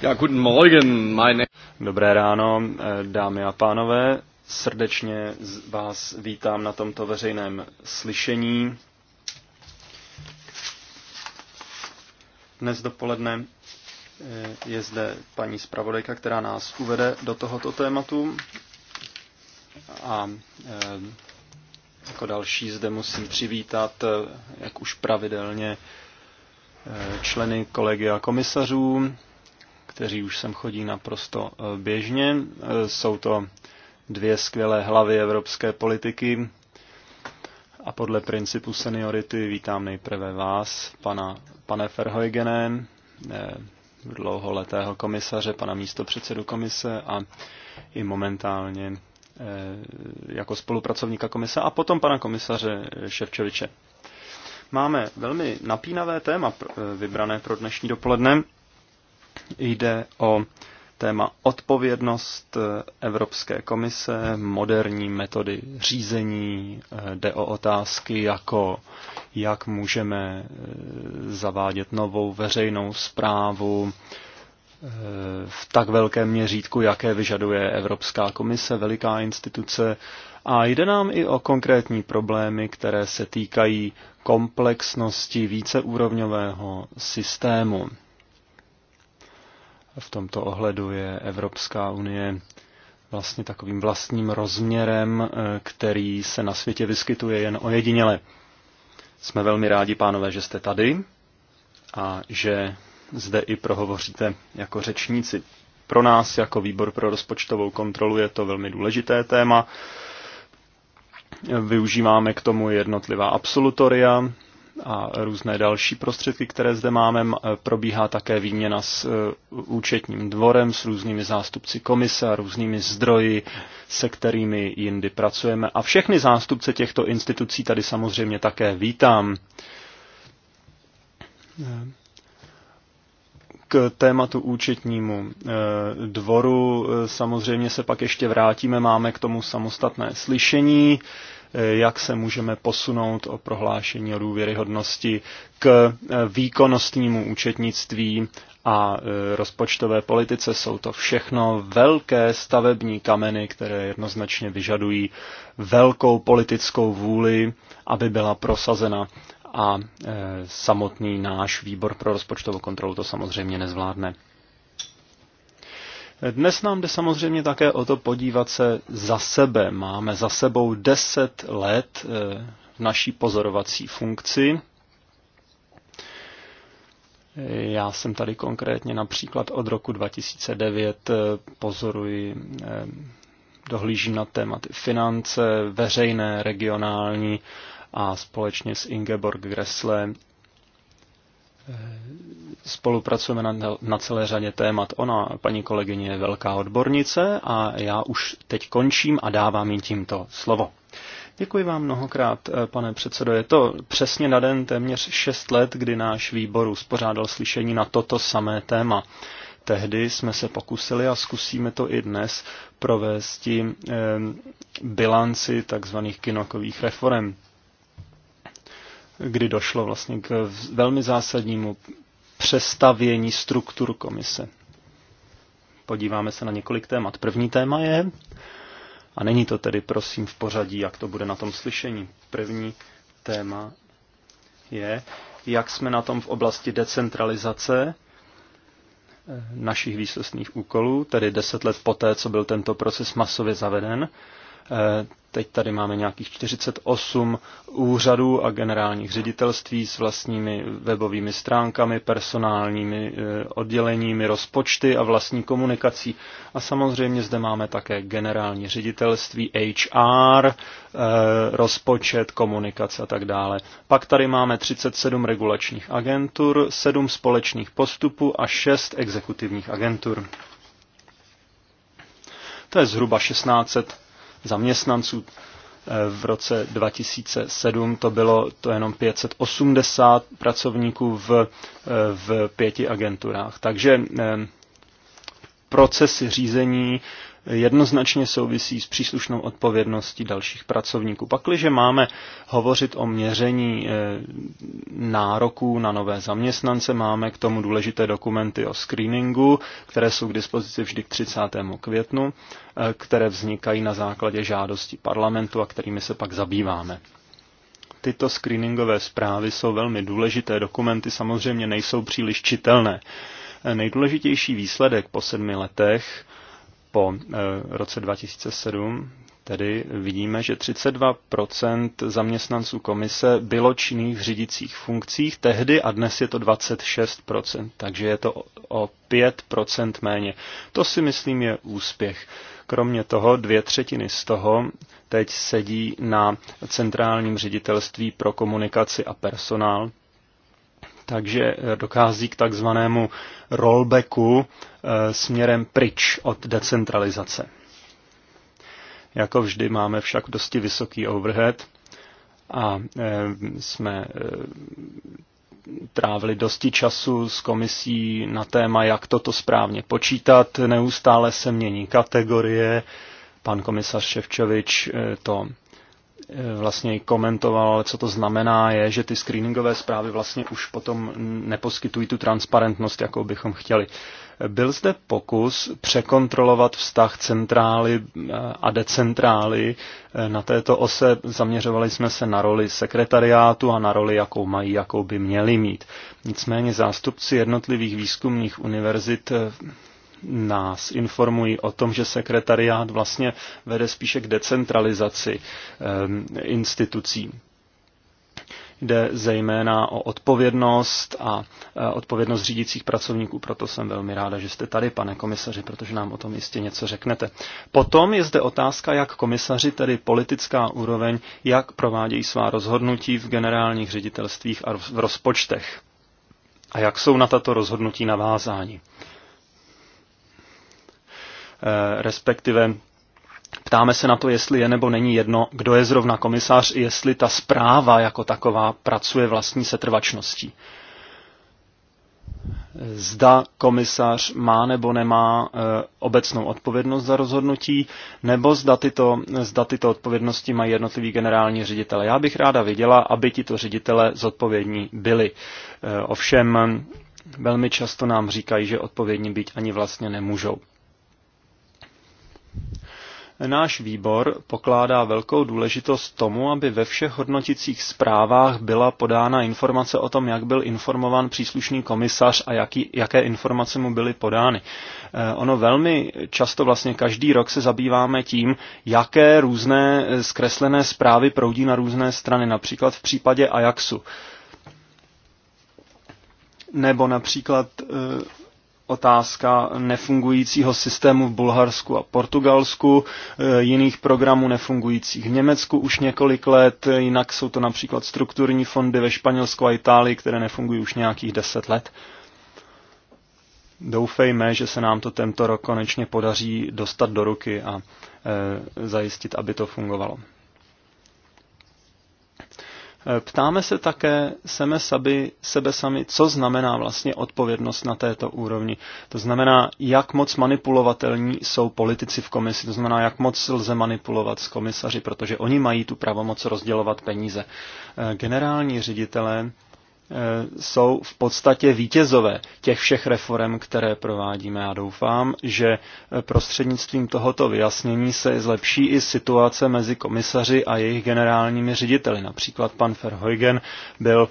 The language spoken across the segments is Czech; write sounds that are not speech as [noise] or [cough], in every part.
Ja, guten Morgen, meine... Dobré ráno, eh, dámy a pánové. Srdečně vás vítám na tomto veřejném slyšení. Dnes dopoledne eh, je zde paní zpravodajka, která nás uvede do tohoto tématu. A eh, jako další zde musím přivítat, jak už pravidelně, členy a komisařů, kteří už sem chodí naprosto eh, běžně. Eh, jsou to dvě skvělé hlavy evropské politiky a podle principu seniority vítám nejprve vás, pana, pane Ferhojgené, eh, dlouholetého komisaře, pana místopředsedu komise a i momentálně jako spolupracovníka komise a potom pana komisaře Ševčoviče. Máme velmi napínavé téma vybrané pro dnešní dopoledne. Jde o téma odpovědnost eh, Evropské komise, moderní metody řízení, eh, jde o otázky jako jak můžeme eh, zavádět novou veřejnou zprávu v tak velkém měřítku, jaké vyžaduje Evropská komise, veliká instituce. A jde nám i o konkrétní problémy, které se týkají komplexnosti víceúrovňového systému. V tomto ohledu je Evropská unie vlastně takovým vlastním rozměrem, eh, který se na světě vyskytuje jen ojediněle. Jsme velmi rádi, pánové, že jste tady a že zde i prohovoříte jako řečníci. Pro nás, jako výbor pro rozpočtovou kontrolu, je to velmi důležité téma. Využíváme k tomu jednotlivá absolutoria, a různé další prostředky, které zde máme. E, probíhá také výměna s e, účetním dvorem, s různými zástupci komise a různými zdroji, se kterými jindy pracujeme. A všechny zástupce těchto institucí tady samozřejmě také vítám. K tématu účetnímu e, dvoru samozřejmě se pak ještě vrátíme, máme k tomu samostatné slyšení jak se můžeme posunout o prohlášení o důvěryhodnosti k e, výkonnostnímu účetnictví a e, rozpočtové politice. Jsou to všechno velké stavební kameny, které jednoznačně vyžadují velkou politickou vůli, aby byla prosazena a e, samotný náš výbor pro rozpočtovou kontrolu to samozřejmě nezvládne. Dnes nám jde samozřejmě také o to podívat se za sebe. Máme za sebou deset let eh, v naší pozorovací funkci. Já jsem tady konkrétně například od roku 2009 eh, pozoruji, eh, dohlížím na tématy finance, veřejné, regionální a společně s Ingeborg Gressle spolupracujeme na, na celé řadě témat. Ona, paní kolegyně, je velká odbornice a já už teď končím a dávám jí tímto slovo. Děkuji vám mnohokrát, eh, pane předsedo. Je to přesně na den téměř 6 let, kdy náš výbor uspořádal slyšení na toto samé téma. Tehdy jsme se pokusili a zkusíme to i dnes provést tím eh, bilanci tzv. kinokových reform kdy došlo vlastně k velmi zásadnímu přestavění struktur komise. Podíváme se na několik témat. První téma je, a není to tedy prosím v pořadí, jak to bude na tom slyšení. První téma je, jak jsme na tom v oblasti decentralizace eh, našich výsostných úkolů, tedy deset let poté, co byl tento proces masově zaveden, Eh, teď tady máme nějakých 48 úřadů a generálních ředitelství s vlastními webovými stránkami, personálními eh, odděleními, rozpočty a vlastní komunikací. A samozřejmě zde máme také generální ředitelství, HR, eh, rozpočet, komunikace a tak dále. Pak tady máme 37 regulačních agentur, 7 společných postupů a 6 exekutivních agentur. To je zhruba 1600 zaměstnanců. Eh, v roce 2007 to bylo to jenom 580 pracovníků v, eh, v pěti agenturách. Takže eh, procesy řízení jednoznačně souvisí s příslušnou odpovědností dalších pracovníků. Pakliže máme hovořit o měření eh, nároků na nové zaměstnance, máme k tomu důležité dokumenty o screeningu, které jsou k dispozici vždy k 30. květnu, eh, které vznikají na základě žádosti parlamentu a kterými se pak zabýváme tyto screeningové zprávy jsou velmi důležité, dokumenty samozřejmě nejsou příliš čitelné. Eh, nejdůležitější výsledek po sedmi letech po eh, roce 2007, tedy vidíme, že 32 zaměstnanců komise bylo činných v řídicích funkcích tehdy a dnes je to 26 takže je to o 5 méně. To si myslím je úspěch. Kromě toho dvě třetiny z toho teď sedí na centrálním ředitelství pro komunikaci a personál, takže eh, dokází k takzvanému rollbacku eh, směrem pryč od decentralizace. Jako vždy máme však dosti vysoký overhead a eh, jsme trávili dosti času s komisí na téma, jak toto správně počítat. Neustále se mění kategorie. Pan komisař Ševčovič to vlastně komentoval, co to znamená je, že ty screeningové zprávy vlastně už potom neposkytují tu transparentnost, jakou bychom chtěli. Byl zde pokus překontrolovat vztah centrály eh, a decentrály. Eh, na této ose zaměřovali jsme se na roli sekretariátu a na roli, jakou mají, jakou by měli mít. Nicméně zástupci jednotlivých výzkumných univerzit eh, nás informují o tom, že sekretariát vlastně vede spíše k decentralizaci ehm, institucí. Jde zejména o odpovědnost a e, odpovědnost řídících pracovníků, proto jsem velmi ráda, že jste tady, pane komisaři, protože nám o tom jistě něco řeknete. Potom je zde otázka, jak komisaři, tedy politická úroveň, jak provádějí svá rozhodnutí v generálních ředitelstvích a v rozpočtech a jak jsou na tato rozhodnutí navázáni. Eh, respektive Ptáme se na to, jestli je nebo není jedno, kdo je zrovna komisař, jestli ta zpráva jako taková pracuje vlastní setrvačností. Zda komisař má nebo nemá eh, obecnou odpovědnost za rozhodnutí, nebo zda tyto, zda tyto odpovědnosti mají jednotliví generální ředitele. Já bych ráda viděla, aby tito ředitele zodpovědní byli. Eh, ovšem, velmi často nám říkají, že odpovědní být ani vlastně nemůžou. Náš výbor pokládá velkou důležitost tomu, aby ve všech hodnoticích zprávách byla podána informace o tom, jak byl informován příslušný komisař a jaký, jaké informace mu byly podány. Eh, ono velmi často vlastně každý rok se zabýváme tím, jaké různé eh, zkreslené zprávy proudí na různé strany, například v případě Ajaxu. Nebo například eh, otázka nefungujícího systému v Bulharsku a Portugalsku, e, jiných programů nefungujících v Německu už několik let, jinak jsou to například strukturní fondy ve Španělsku a Itálii, které nefungují už nějakých deset let. Doufejme, že se nám to tento rok konečně podaří dostat do ruky a e, zajistit, aby to fungovalo. Ptáme se také seme saby, sebe sami, co znamená vlastně odpovědnost na této úrovni. To znamená, jak moc manipulovatelní jsou politici v komisi, to znamená, jak moc lze manipulovat s komisaři, protože oni mají tu pravomoc rozdělovat peníze. Eh, generální ředitelé Eh, jsou v podstatě vítězové těch všech reform, které provádíme. Já doufám, že eh, prostřednictvím tohoto vyjasnění se zlepší i situace mezi komisaři a jejich generálními řediteli. Například pan Verheugen byl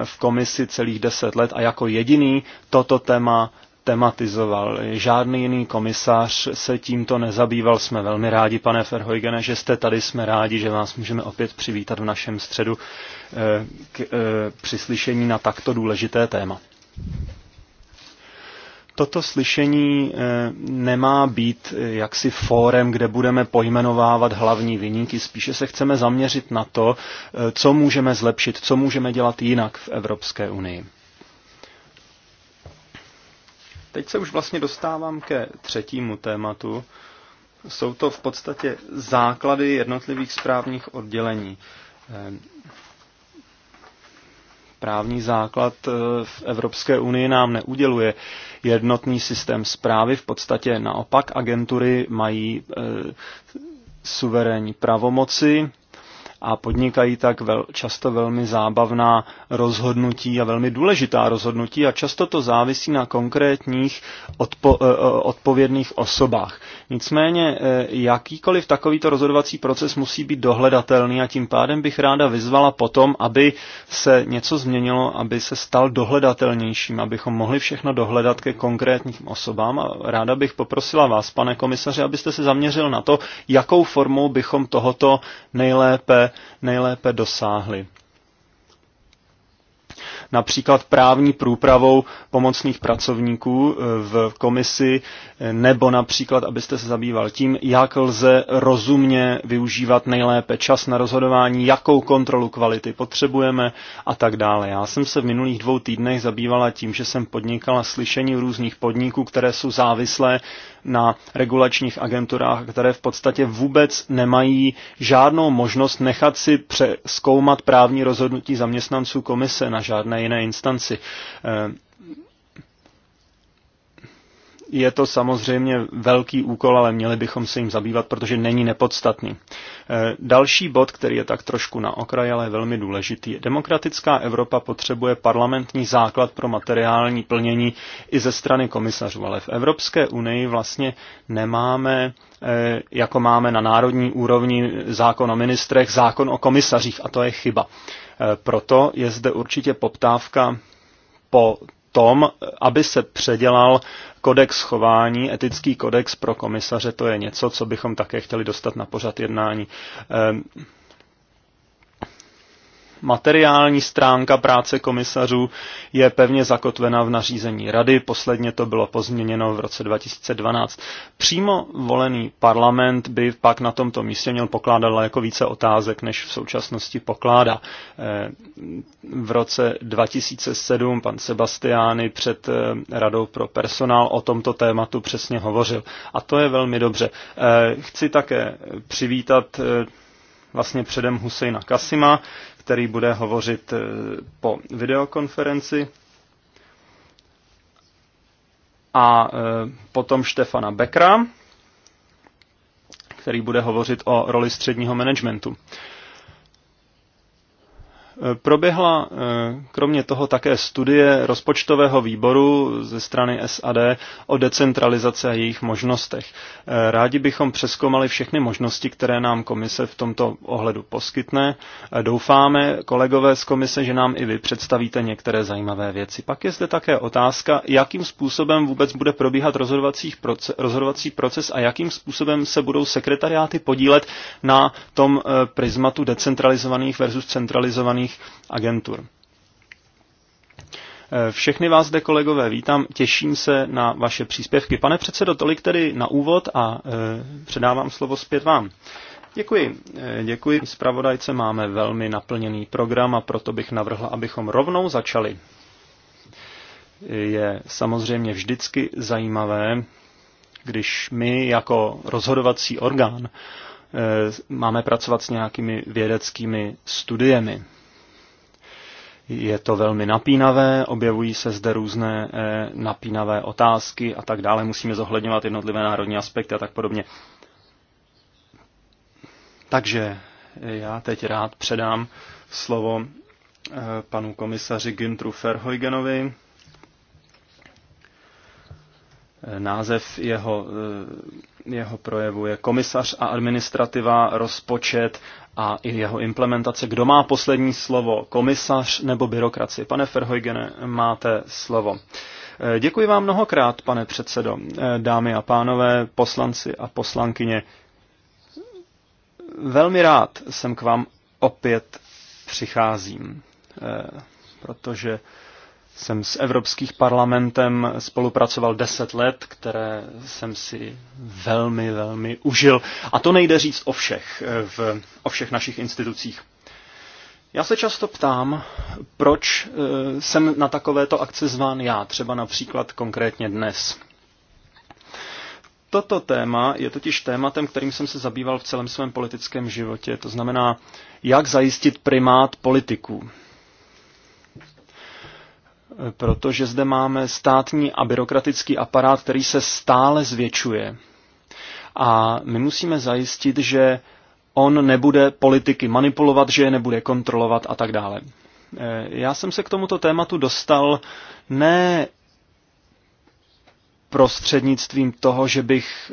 eh, v komisi celých deset let a jako jediný toto téma tematizoval. Žádný jiný komisář se tímto nezabýval. Jsme velmi rádi, pane Ferhojgene, že jste tady. Jsme rádi, že vás můžeme opět přivítat v našem středu eh, k eh, přislyšení na takto důležité téma. Toto slyšení eh, nemá být jaksi fórem, kde budeme pojmenovávat hlavní vyníky, spíše se chceme zaměřit na to, co můžeme zlepšit, co můžeme dělat jinak v Evropské unii. Teď se už vlastně dostávám ke třetímu tématu. Jsou to v podstatě základy jednotlivých správních oddělení. Eh, právní základ eh, v Evropské unii nám neuděluje jednotný systém zprávy, v podstatě naopak agentury mají eh, suverénní pravomoci, a podnikají tak vel, často velmi zábavná rozhodnutí a velmi důležitá rozhodnutí a často to závisí na konkrétních odpo, e, e, odpovědných osobách. Nicméně e, jakýkoliv takovýto rozhodovací proces musí být dohledatelný a tím pádem bych ráda vyzvala potom, aby se něco změnilo, aby se stal dohledatelnějším, abychom mohli všechno dohledat ke konkrétním osobám a ráda bych poprosila vás, pane komisaře, abyste se zaměřil na to, jakou formou bychom tohoto nejlépe nejlépe dosáhli. Například právní průpravou pomocných pracovníků eh, v komisi, eh, nebo například, abyste se zabýval tím, jak lze rozumně využívat nejlépe čas na rozhodování, jakou kontrolu kvality potřebujeme a tak dále. Já jsem se v minulých dvou týdnech zabývala tím, že jsem podnikala slyšení různých podniků, které jsou závislé na regulačních agenturách, které v podstatě vůbec nemají žádnou možnost nechat si přeskoumat právní rozhodnutí zaměstnanců komise na žádné jiné instanci. Eh, je to samozřejmě velký úkol, ale měli bychom se jim zabývat, protože není nepodstatný. E, další bod, který je tak trošku na okraji, ale je velmi důležitý. Demokratická Evropa potřebuje parlamentní základ pro materiální plnění i ze strany komisařů, ale v Evropské unii vlastně nemáme e, jako máme na národní úrovni zákon o ministrech, zákon o komisařích a to je chyba. E, proto je zde určitě poptávka po tom, aby se předělal kodex chování, etický kodex pro komisaře, to je něco, co bychom také chtěli dostat na pořad jednání. Ehm, materiální stránka práce komisařů je pevně zakotvena v nařízení rady, posledně to bylo pozměněno v roce 2012. Přímo volený parlament by pak na tomto místě měl pokládat jako více otázek, než v současnosti pokládá. Eh, v roce 2007 pan Sebastiány před eh, radou pro personál o tomto tématu přesně hovořil. A to je velmi dobře. Eh, chci také přivítat vlastně předem Husejna Kasima, který bude hovořit eh, po videokonferenci. A eh, potom Štefana Bekra, který bude hovořit o roli středního managementu. Proběhla eh, kromě toho také studie rozpočtového výboru ze strany SAD o decentralizaci a jejich možnostech. Eh, rádi bychom přeskoumali všechny možnosti, které nám komise v tomto ohledu poskytne. Eh, doufáme, kolegové z komise, že nám i vy představíte některé zajímavé věci. Pak je zde také otázka, jakým způsobem vůbec bude probíhat rozhodovací proces a jakým způsobem se budou sekretariáty podílet na tom prismatu decentralizovaných versus centralizovaných veřejných agentur. E, všechny vás zde, kolegové, vítám, těším se na vaše příspěvky. Pane předsedo, tolik tedy na úvod a e, předávám slovo zpět vám. Děkuji. E, děkuji. Spravodajce máme velmi naplněný program a proto bych navrhl abychom rovnou začali. Je samozřejmě vždycky zajímavé, když my jako rozhodovací orgán máme pracovat s nějakými vědeckými studiemi. Je to velmi napínavé, objevují se zde různé eh, napínavé otázky a tak dále. Musíme zohledňovat jednotlivé národní aspekty a tak podobně. Takže eh, já teď rád předám slovo eh, panu komisaři Gintru Verheugenovi. Název jeho, jeho projevu je Komisař a administrativa, rozpočet a i jeho implementace. Kdo má poslední slovo? Komisař nebo byrokraci? Pane Ferhojgene, máte slovo. Eh, děkuji vám mnohokrát, pane předsedo, eh, dámy a pánové, poslanci a poslankyně. Velmi rád jsem k vám opět přicházím, eh, protože jsem s Evropským parlamentem spolupracoval deset let, které jsem si velmi, velmi užil. A to nejde říct o všech, v, o všech našich institucích. Já se často ptám, proč eh, jsem na takovéto akce zván já, třeba například konkrétně dnes. Toto téma je totiž tématem, kterým jsem se zabýval v celém svém politickém životě, to znamená, jak zajistit primát politiků protože zde máme státní a byrokratický aparát, který se stále zvětšuje. A my musíme zajistit, že on nebude politiky manipulovat, že je nebude kontrolovat a tak dále. Eh, já jsem se k tomuto tématu dostal ne prostřednictvím toho, že bych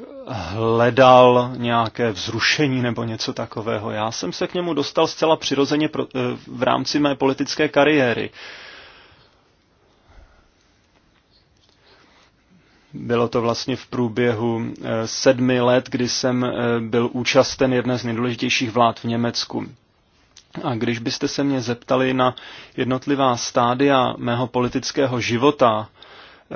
hledal nějaké vzrušení nebo něco takového. Já jsem se k němu dostal zcela přirozeně eh, v rámci mé politické kariéry. Bylo to vlastně v průběhu eh, sedmi let, kdy jsem eh, byl účasten jedné z nejdůležitějších vlád v Německu. A když byste se mě zeptali na jednotlivá stádia mého politického života,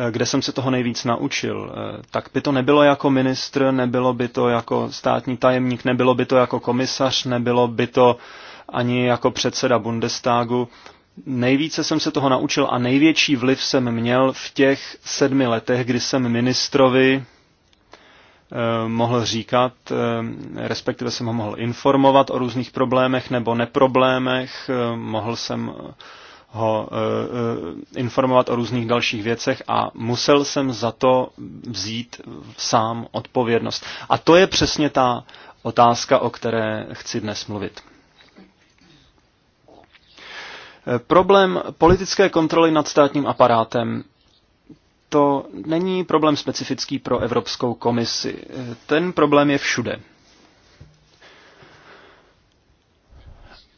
eh, kde jsem se toho nejvíc naučil, tak by to nebylo jako ministr, nebylo by to jako státní tajemník, nebylo by to jako komisař, nebylo by to ani jako předseda Bundestagu, Nejvíce jsem se toho naučil a největší vliv jsem měl v těch sedmi letech, kdy jsem ministrovi eh, mohl říkat, eh, respektive jsem ho mohl informovat o různých problémech nebo neproblémech, eh, mohl jsem ho informovat o různých dalších věcech a musel jsem za to vzít sám odpovědnost. A to je přesně ta otázka, o které chci dnes mluvit. Problém politické kontroly nad státním aparátem to není problém specifický pro Evropskou komisi. Ten problém je všude.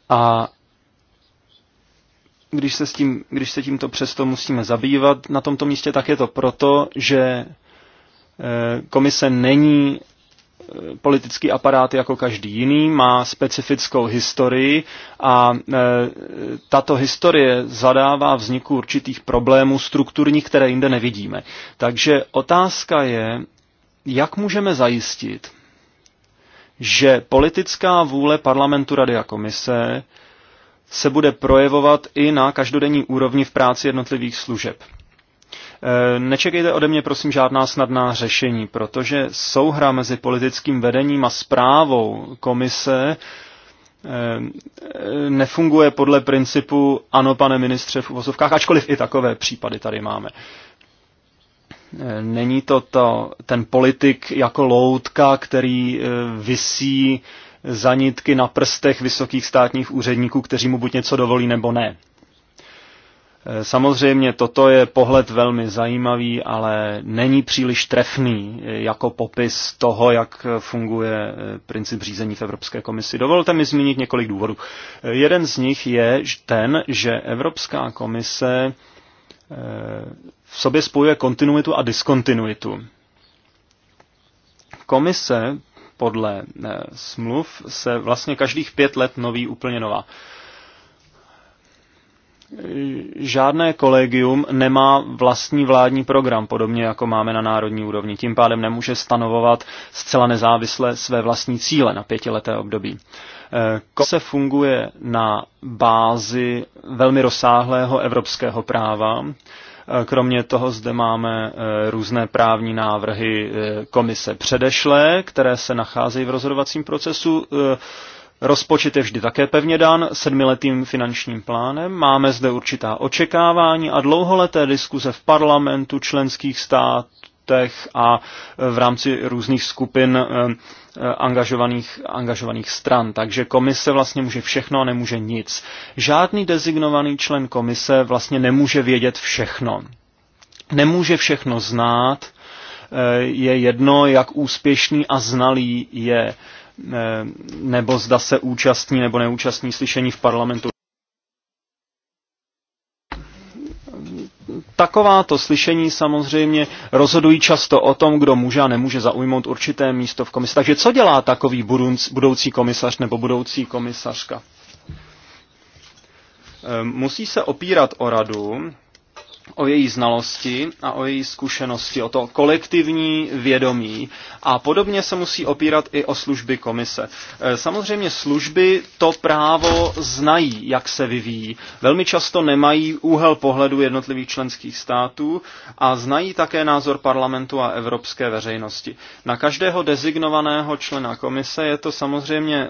A když se, s tím, když se tímto přesto musíme zabývat na tomto místě, tak je to proto, že eh, komise není Eh, politický aparát jako každý jiný, má specifickou historii a eh, tato historie zadává vzniku určitých problémů strukturních, které jinde nevidíme. Takže otázka je, jak můžeme zajistit, že politická vůle parlamentu, rady a komise se bude projevovat i na každodenní úrovni v práci jednotlivých služeb. Eh, nečekejte ode mě prosím žádná snadná řešení, protože souhra mezi politickým vedením a zprávou komise eh, nefunguje podle principu ano, pane ministře, v uvozovkách, ačkoliv i takové případy tady máme. Eh, není to, to ten politik jako loutka, který visí zanitky na prstech vysokých státních úředníků, kteří mu buď něco dovolí nebo ne. Eh, samozřejmě toto je pohled velmi zajímavý, ale není příliš trefný eh, jako popis toho, jak eh, funguje princip řízení v Evropské komisi. Dovolte mi zmínit několik důvodů. Jeden z nich je ten, že Evropská komise v sobě spojuje kontinuitu a diskontinuitu. Komise podle smluv se vlastně každých pět let noví úplně nová žádné kolegium nemá vlastní vládní program, podobně jako máme na národní úrovni. Tím pádem nemůže stanovovat zcela nezávisle své vlastní cíle na pětileté období. Eh, se funguje na bázi velmi rozsáhlého evropského práva. Eh, kromě toho zde máme eh, různé právní návrhy komise předešlé, které se nacházejí v rozhodovacím procesu Rozpočet je vždy také pevně dán sedmiletým finančním plánem. Máme zde určitá očekávání a dlouholeté diskuze v parlamentu, členských státech a v rámci různých skupin eh, eh, angažovaných, angažovaných stran. Takže komise vlastně může všechno a nemůže nic. Žádný dezignovaný člen komise vlastně nemůže vědět všechno. Nemůže všechno znát, eh, je jedno, jak úspěšný a znalý je Eh, nebo zda se účastní nebo neúčastní slyšení v parlamentu. Takováto slyšení samozřejmě rozhodují často o tom, kdo může a nemůže zaujmout určité místo v komisi. Takže co dělá takový budoucí komisař nebo budoucí komisařka? Eh, musí se opírat o radu, o její znalosti a o její zkušenosti, o to kolektivní vědomí. A podobně se musí opírat i o služby komise. E, samozřejmě služby to právo znají, jak se vyvíjí. Velmi často nemají úhel pohledu jednotlivých členských států a znají také názor parlamentu a evropské veřejnosti. Na každého dezignovaného člena komise je to samozřejmě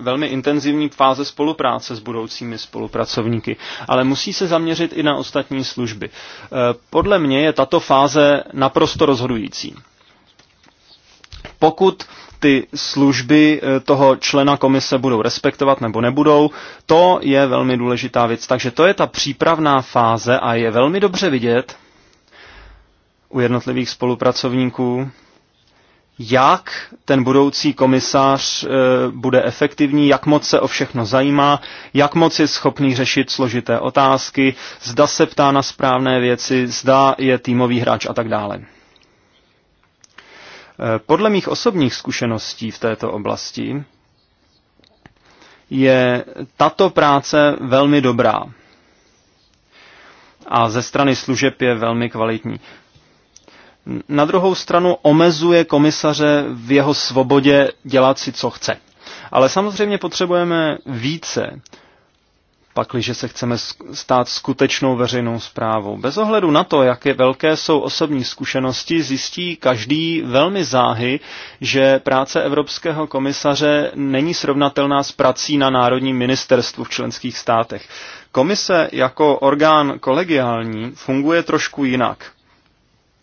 velmi intenzivní fáze spolupráce s budoucími spolupracovníky, ale musí se zaměřit i na ostatní služby služby. Eh, podle mě je tato fáze naprosto rozhodující. Pokud ty služby eh, toho člena komise budou respektovat nebo nebudou, to je velmi důležitá věc. Takže to je ta přípravná fáze a je velmi dobře vidět u jednotlivých spolupracovníků, jak ten budoucí komisář eh, bude efektivní, jak moc se o všechno zajímá, jak moc je schopný řešit složité otázky, zda se ptá na správné věci, zda je týmový hráč a tak dále. Eh, podle mých osobních zkušeností v této oblasti je tato práce velmi dobrá a ze strany služeb je velmi kvalitní na druhou stranu omezuje komisaře v jeho svobodě dělat si, co chce. Ale samozřejmě potřebujeme více, pakliže se chceme stát skutečnou veřejnou zprávou. Bez ohledu na to, jaké velké jsou osobní zkušenosti, zjistí každý velmi záhy, že práce evropského komisaře není srovnatelná s prací na národním ministerstvu v členských státech. Komise jako orgán kolegiální funguje trošku jinak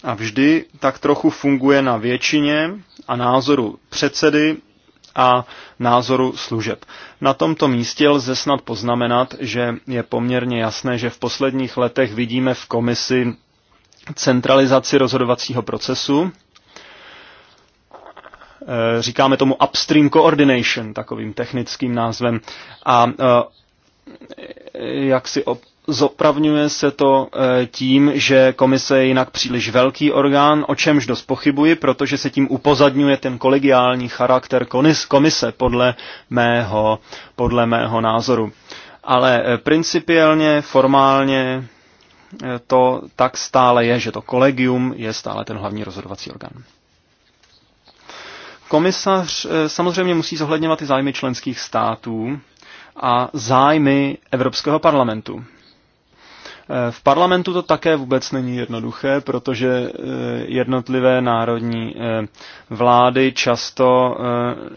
a vždy tak trochu funguje na většině a názoru předsedy a názoru služeb. Na tomto místě lze snad poznamenat, že je poměrně jasné, že v posledních letech vidíme v komisi centralizaci rozhodovacího procesu. Eh, říkáme tomu upstream coordination, takovým technickým názvem. A eh, jak si zopravňuje se to eh, tím, že komise je jinak příliš velký orgán, o čemž dost pochybuji, protože se tím upozadňuje ten kolegiální charakter komise podle mého, podle mého názoru. Ale eh, principiálně, formálně eh, to tak stále je, že to kolegium je stále ten hlavní rozhodovací orgán. Komisař samozřejmě musí zohledňovat i zájmy členských států a zájmy Evropského parlamentu. Eh, v parlamentu to také vůbec není jednoduché, protože eh, jednotlivé národní eh, vlády často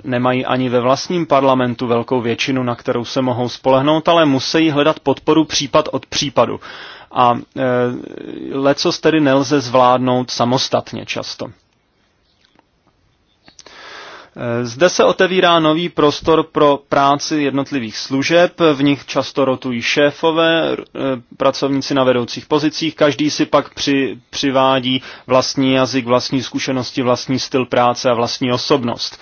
nemají ani ve vlastním parlamentu velkou většinu, na kterou se mohou spolehnout, ale musí hledat podporu případ od případu. A lecos tedy nelze zvládnout samostatně často. Zde se otevírá nový prostor pro práci jednotlivých služeb, v nich často rotují šéfové, eh, pracovníci na vedoucích pozicích, každý si pak při, přivádí vlastní jazyk, vlastní zkušenosti, vlastní styl práce a vlastní osobnost.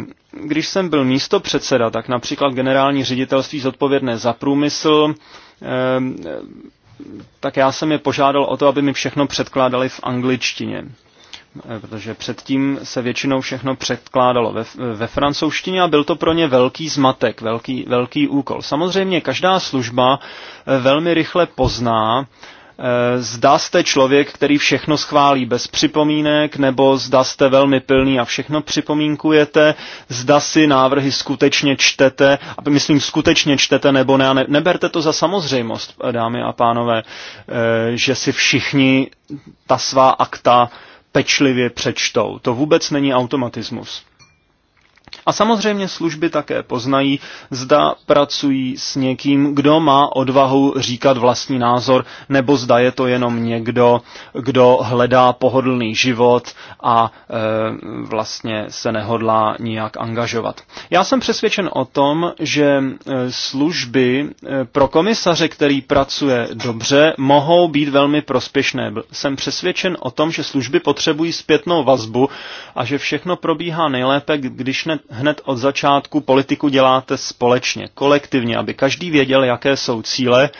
Eh, když jsem byl místo předseda, tak například generální ředitelství zodpovědné za průmysl, eh, tak já jsem je požádal o to, aby mi všechno předkládali v angličtině. Eh, protože předtím se většinou všechno předkládalo ve, ve francouzštině a byl to pro ně velký zmatek, velký, velký úkol. Samozřejmě každá služba eh, velmi rychle pozná, eh, Zda jste člověk, který všechno schválí bez připomínek, nebo zda jste velmi pilný a všechno připomínkujete, zda si návrhy skutečně čtete, a myslím skutečně čtete nebo ne, a ne, neberte to za samozřejmost, dámy a pánové, že si všichni ta svá akta pečlivě přečtou. To vůbec není automatismus. A samozřejmě služby také poznají, zda pracují s někým, kdo má odvahu říkat vlastní názor, nebo zda je to jenom někdo, kdo hledá pohodlný život a e, vlastně se nehodlá nijak angažovat. Já jsem přesvědčen o tom, že e, služby e, pro komisaře, který pracuje dobře, mohou být velmi prospěšné. Jsem přesvědčen o tom, že služby potřebují zpětnou vazbu a že všechno probíhá nejlépe, když ne hned od začátku politiku děláte společně, kolektivně, aby každý věděl, jaké jsou cíle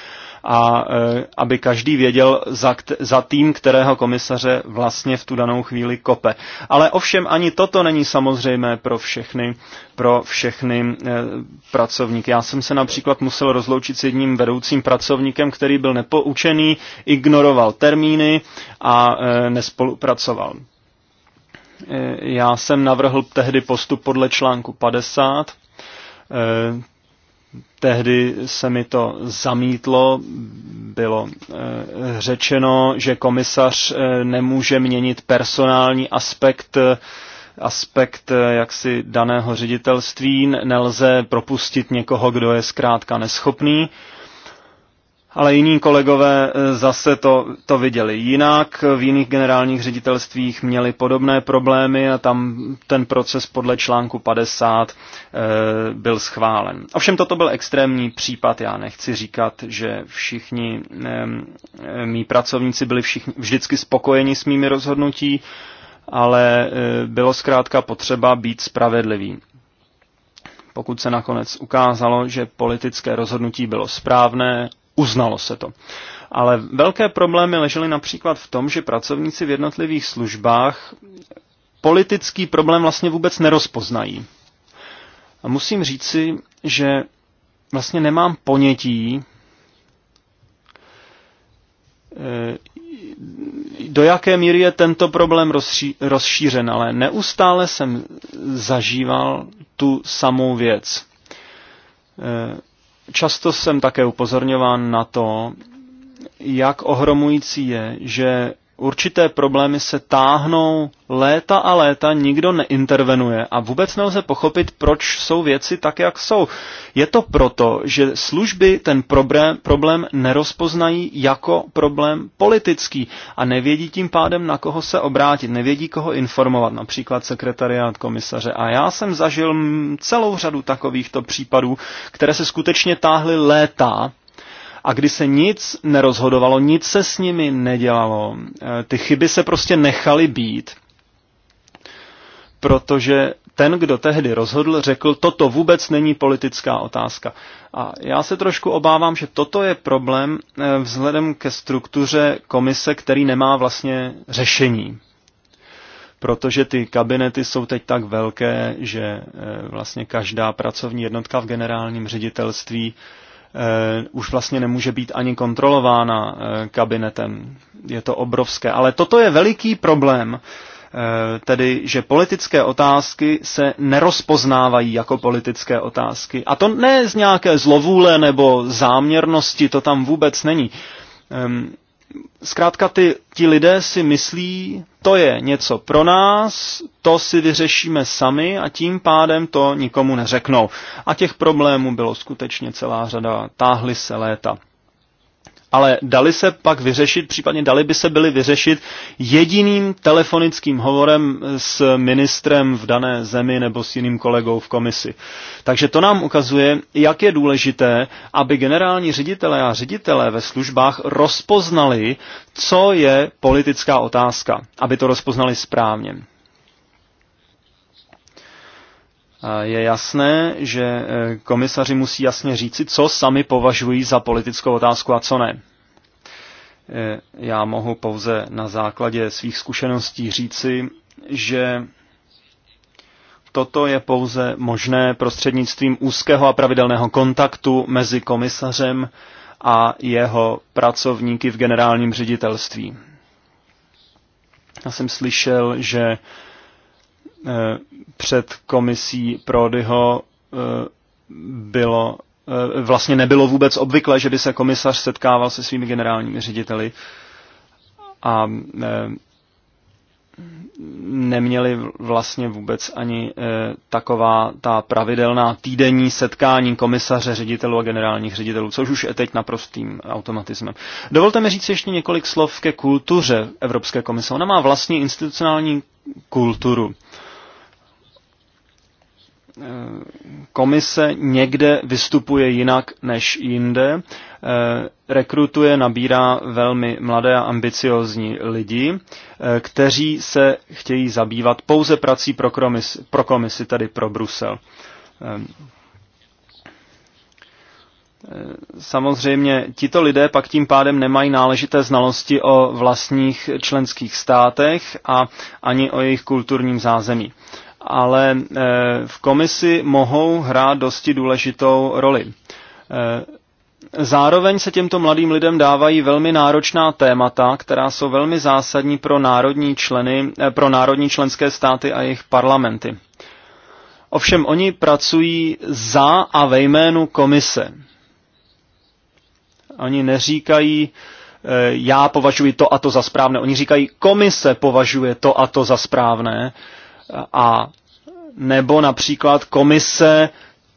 a e, aby každý věděl za, za tým, kterého komisaře vlastně v tu danou chvíli kope. Ale ovšem ani toto není samozřejmé pro všechny, pro všechny e, pracovníky. Já jsem se například musel rozloučit s jedním vedoucím pracovníkem, který byl nepoučený, ignoroval termíny a e, nespolupracoval. Eh, já jsem navrhl tehdy postup podle článku 50. Eh, tehdy se mi to zamítlo, bylo eh, řečeno, že komisař nemůže měnit personální aspekt aspekt jaksi daného ředitelství, nelze propustit někoho, kdo je zkrátka neschopný ale jiní kolegové eh, zase to, to viděli jinak. V jiných generálních ředitelstvích měli podobné problémy a tam ten proces podle článku 50 e, eh, byl schválen. Ovšem toto byl extrémní případ, já nechci říkat, že všichni e, mý pracovníci byli všichni, vždycky spokojeni s mými rozhodnutí, ale e, bylo zkrátka potřeba být spravedlivý pokud se nakonec ukázalo, že politické rozhodnutí bylo správné uznalo se to. Ale velké problémy ležely například v tom, že pracovníci v jednotlivých službách politický problém vlastně vůbec nerozpoznají. A musím říci, že vlastně nemám ponětí, eh, do jaké míry je tento problém rozšířen, ale neustále jsem zažíval tu samou věc eh, Často jsem také upozorňován na to, jak ohromující je, že určité problémy se táhnou léta a léta, nikdo neintervenuje a vůbec nelze pochopit, proč jsou věci tak, jak jsou. Je to proto, že služby ten problém, problém nerozpoznají jako problém politický a nevědí tím pádem, na koho se obrátit, nevědí, koho informovat, například sekretariát komisaře. A já jsem zažil celou řadu takovýchto případů, které se skutečně táhly léta a kdy se nic nerozhodovalo, nic se s nimi nedělalo. Eh, ty chyby se prostě nechaly být, protože ten, kdo tehdy rozhodl, řekl, toto vůbec není politická otázka. A já se trošku obávám, že toto je problém eh, vzhledem ke struktuře komise, který nemá vlastně řešení. Protože ty kabinety jsou teď tak velké, že eh, vlastně každá pracovní jednotka v generálním ředitelství Eh, už vlastně nemůže být ani kontrolována eh, kabinetem. Je to obrovské. Ale toto je veliký problém, eh, tedy že politické otázky se nerozpoznávají jako politické otázky. A to ne z nějaké zlovůle nebo záměrnosti, to tam vůbec není. Ehm, zkrátka ty, ti lidé si myslí, to je něco pro nás, to si vyřešíme sami a tím pádem to nikomu neřeknou. A těch problémů bylo skutečně celá řada, táhly se léta ale dali se pak vyřešit, případně dali by se byly vyřešit jediným telefonickým hovorem s ministrem v dané zemi nebo s jiným kolegou v komisi. Takže to nám ukazuje, jak je důležité, aby generální ředitelé a ředitelé ve službách rozpoznali, co je politická otázka, aby to rozpoznali správně. je jasné, že e, komisaři musí jasně říci, co sami považují za politickou otázku a co ne. E, já mohu pouze na základě svých zkušeností říci, že toto je pouze možné prostřednictvím úzkého a pravidelného kontaktu mezi komisařem a jeho pracovníky v generálním ředitelství. Já jsem slyšel, že Eh, před komisí Prodyho eh, bylo eh, vlastně nebylo vůbec obvykle, že by se komisař setkával se svými generálními řediteli a neměli vlastně vůbec ani taková ta pravidelná týdenní setkání komisaře, ředitelů a generálních ředitelů, což už je teď naprostým automatismem. Dovolte mi říct ještě několik slov ke kultuře Evropské komise. Ona má vlastní institucionální kulturu komise někde vystupuje jinak než jinde, eh, rekrutuje, nabírá velmi mladé a ambiciozní lidi, eh, kteří se chtějí zabývat pouze prací pro komisi, pro komisi tedy pro Brusel. Eh, samozřejmě tito lidé pak tím pádem nemají náležité znalosti o vlastních členských státech a ani o jejich kulturním zázemí ale eh, v komisi mohou hrát dosti důležitou roli. Eh, zároveň se těmto mladým lidem dávají velmi náročná témata, která jsou velmi zásadní pro národní, členy, eh, pro národní členské státy a jejich parlamenty. Ovšem oni pracují za a ve jménu komise. Oni neříkají, já považuji to a to za správné. Oni říkají, komise považuje to a to za správné a nebo například komise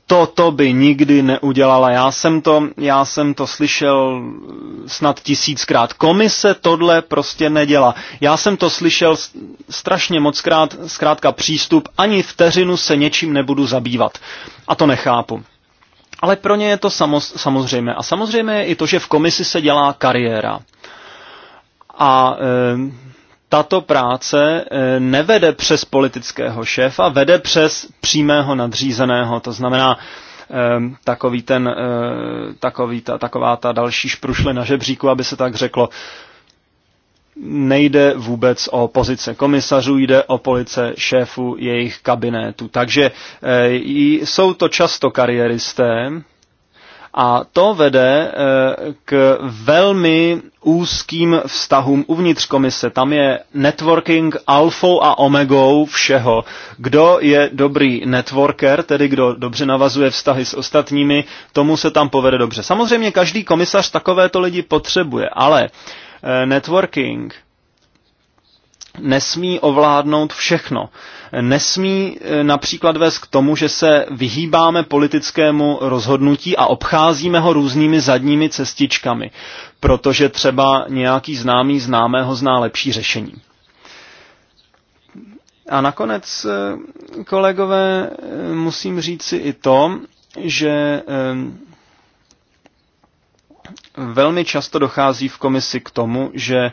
toto by nikdy neudělala. Já jsem to, já jsem to slyšel snad tisíckrát. Komise tohle prostě nedělá. Já jsem to slyšel strašně mockrát, zkrátka přístup, ani vteřinu se něčím nebudu zabývat. A to nechápu. Ale pro ně je to samoz, samozřejmé. A samozřejmě je i to, že v komisi se dělá kariéra. A e, tato práce eh, nevede přes politického šéfa, vede přes přímého nadřízeného, to znamená ehm, takový ten, eh, takový ta, taková ta další šprušle na žebříku, aby se tak řeklo. Nejde vůbec o pozice komisařů, jde o police šéfu jejich kabinetu. Takže eh, jsou to často kariéristé, a to vede eh, k velmi úzkým vztahům uvnitř komise. Tam je networking alfou a omegou všeho. Kdo je dobrý networker, tedy kdo dobře navazuje vztahy s ostatními, tomu se tam povede dobře. Samozřejmě každý komisař takovéto lidi potřebuje, ale eh, networking nesmí ovládnout všechno nesmí eh, například vést k tomu, že se vyhýbáme politickému rozhodnutí a obcházíme ho různými zadními cestičkami, protože třeba nějaký známý známého zná lepší řešení. A nakonec, eh, kolegové, eh, musím říci i to, že velmi často dochází v komisi k tomu, že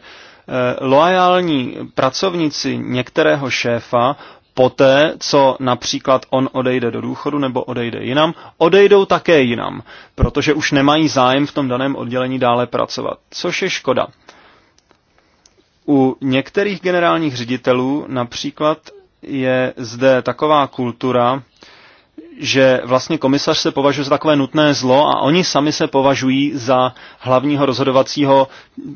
loajální pracovníci některého šéfa poté, co například on odejde do důchodu nebo odejde jinam, odejdou také jinam, protože už nemají zájem v tom daném oddělení dále pracovat, což je škoda. U některých generálních ředitelů například je zde taková kultura, že vlastně komisař se považuje za takové nutné zlo a oni sami se považují za hlavního rozhodovacího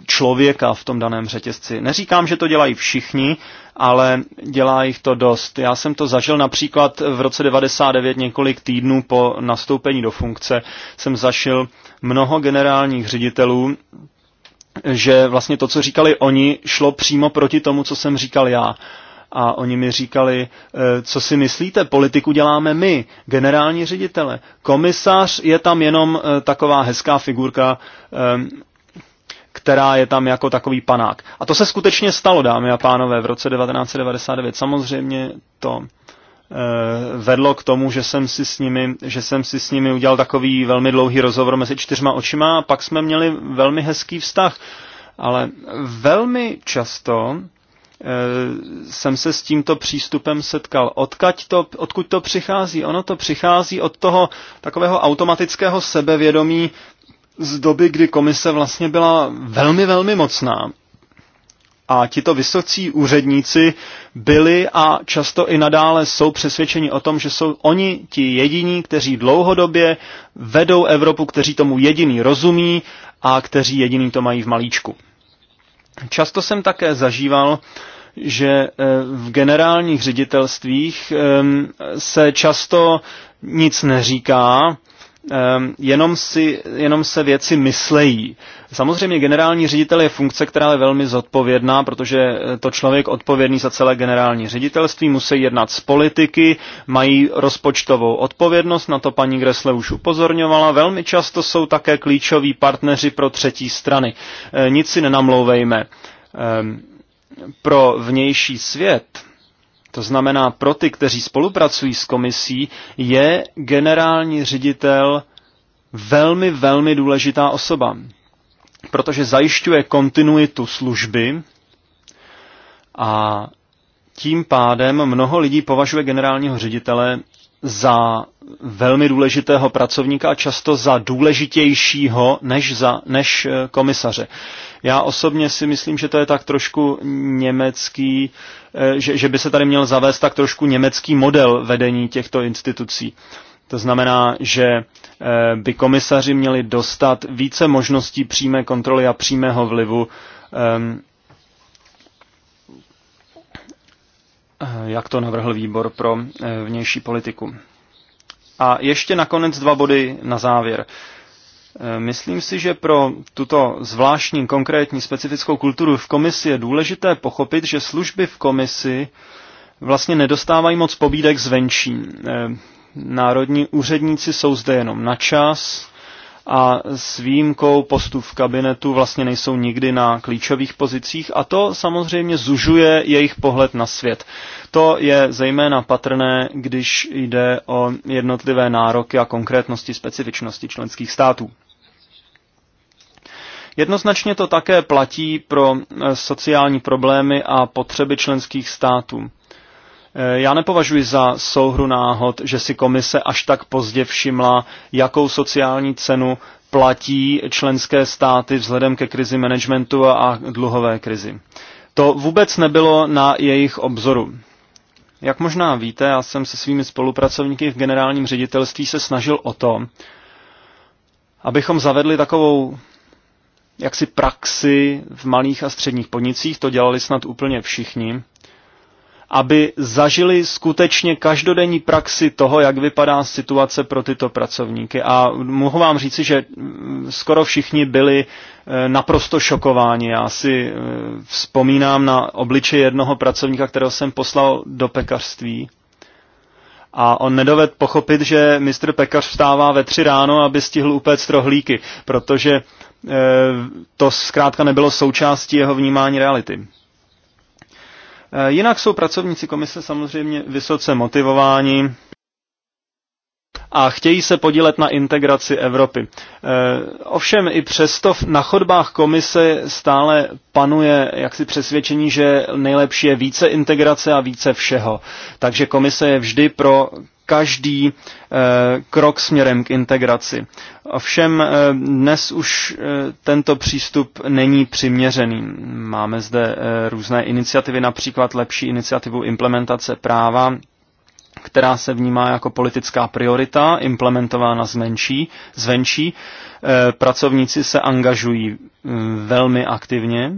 člověka v tom daném řetězci. Neříkám, že to dělají všichni, ale dělá jich to dost. Já jsem to zažil například v roce 99 několik týdnů po nastoupení do funkce. Jsem zašil mnoho generálních ředitelů, že vlastně to, co říkali oni, šlo přímo proti tomu, co jsem říkal já a oni mi říkali, eh, co si myslíte, politiku děláme my, generální ředitele. Komisař je tam jenom eh, taková hezká figurka, eh, která je tam jako takový panák. A to se skutečně stalo, dámy a pánové, v roce 1999. Samozřejmě to vedlo k tomu, že jsem, si s nimi, že jsem si s nimi udělal takový velmi dlouhý rozhovor mezi čtyřma očima a pak jsme měli velmi hezký vztah. Ale velmi často Eh, jsem se s tímto přístupem setkal. Odkaď to, odkud to přichází? Ono to přichází od toho takového automatického sebevědomí z doby, kdy komise vlastně byla velmi, velmi mocná. A tito vysocí úředníci byli a často i nadále jsou přesvědčeni o tom, že jsou oni ti jediní, kteří dlouhodobě vedou Evropu, kteří tomu jediný rozumí a kteří jediný to mají v malíčku. Často jsem také zažíval, že eh, v generálních ředitelstvích ehm, se často nic neříká, Ehm, jenom, si, jenom se věci myslejí. Samozřejmě generální ředitel je funkce, která je velmi zodpovědná, protože eh, to člověk odpovědný za celé generální ředitelství musí jednat s politiky, mají rozpočtovou odpovědnost, na to paní Gresle už upozorňovala. Velmi často jsou také klíčoví partneři pro třetí strany. Eh, nic si nenamlouvejme. Ehm, pro vnější svět to znamená, pro ty, kteří spolupracují s komisí, je generální ředitel velmi, velmi důležitá osoba, protože zajišťuje kontinuitu služby a tím pádem mnoho lidí považuje generálního ředitele za velmi důležitého pracovníka a často za důležitějšího než, za, než eh, komisaře. Já osobně si myslím, že to je tak trošku německý, eh, že, že by se tady měl zavést tak trošku německý model vedení těchto institucí. To znamená, že eh, by komisaři měli dostat více možností přímé kontroly a přímého vlivu ehm, jak to navrhl výbor pro vnější politiku. A ještě nakonec dva body na závěr. E, myslím si, že pro tuto zvláštní, konkrétní, specifickou kulturu v komisi je důležité pochopit, že služby v komisi vlastně nedostávají moc pobídek zvenčí. E, národní úředníci jsou zde jenom na čas, a s výjimkou postu v kabinetu vlastně nejsou nikdy na klíčových pozicích a to samozřejmě zužuje jejich pohled na svět. To je zejména patrné, když jde o jednotlivé nároky a konkrétnosti specifičnosti členských států. Jednoznačně to také platí pro eh, sociální problémy a potřeby členských států. Eh, já nepovažuji za souhru náhod, že si komise až tak pozdě všimla, jakou sociální cenu platí členské státy vzhledem ke krizi managementu a dluhové krizi. To vůbec nebylo na jejich obzoru. Jak možná víte, já jsem se svými spolupracovníky v generálním ředitelství se snažil o to, abychom zavedli takovou jaksi praxi v malých a středních podnicích, to dělali snad úplně všichni, aby zažili skutečně každodenní praxi toho, jak vypadá situace pro tyto pracovníky. A mohu vám říci, že mm, skoro všichni byli e, naprosto šokováni. Já si e, vzpomínám na obličej jednoho pracovníka, kterého jsem poslal do pekařství. A on nedoved pochopit, že mistr pekař vstává ve tři ráno, aby stihl upéct rohlíky, protože e, to zkrátka nebylo součástí jeho vnímání reality. Eh, jinak jsou pracovníci komise samozřejmě vysoce motivováni a chtějí se podílet na integraci Evropy. Eh, ovšem i přesto na chodbách komise stále panuje jaksi přesvědčení, že nejlepší je více integrace a více všeho. Takže komise je vždy pro každý eh, krok směrem k integraci. Ovšem eh, dnes už eh, tento přístup není přiměřený. Máme zde různé iniciativy, například lepší iniciativu implementace práva, která se vnímá jako politická priorita, implementována zmenší, zvenčí. Pracovníci se angažují mm, velmi aktivně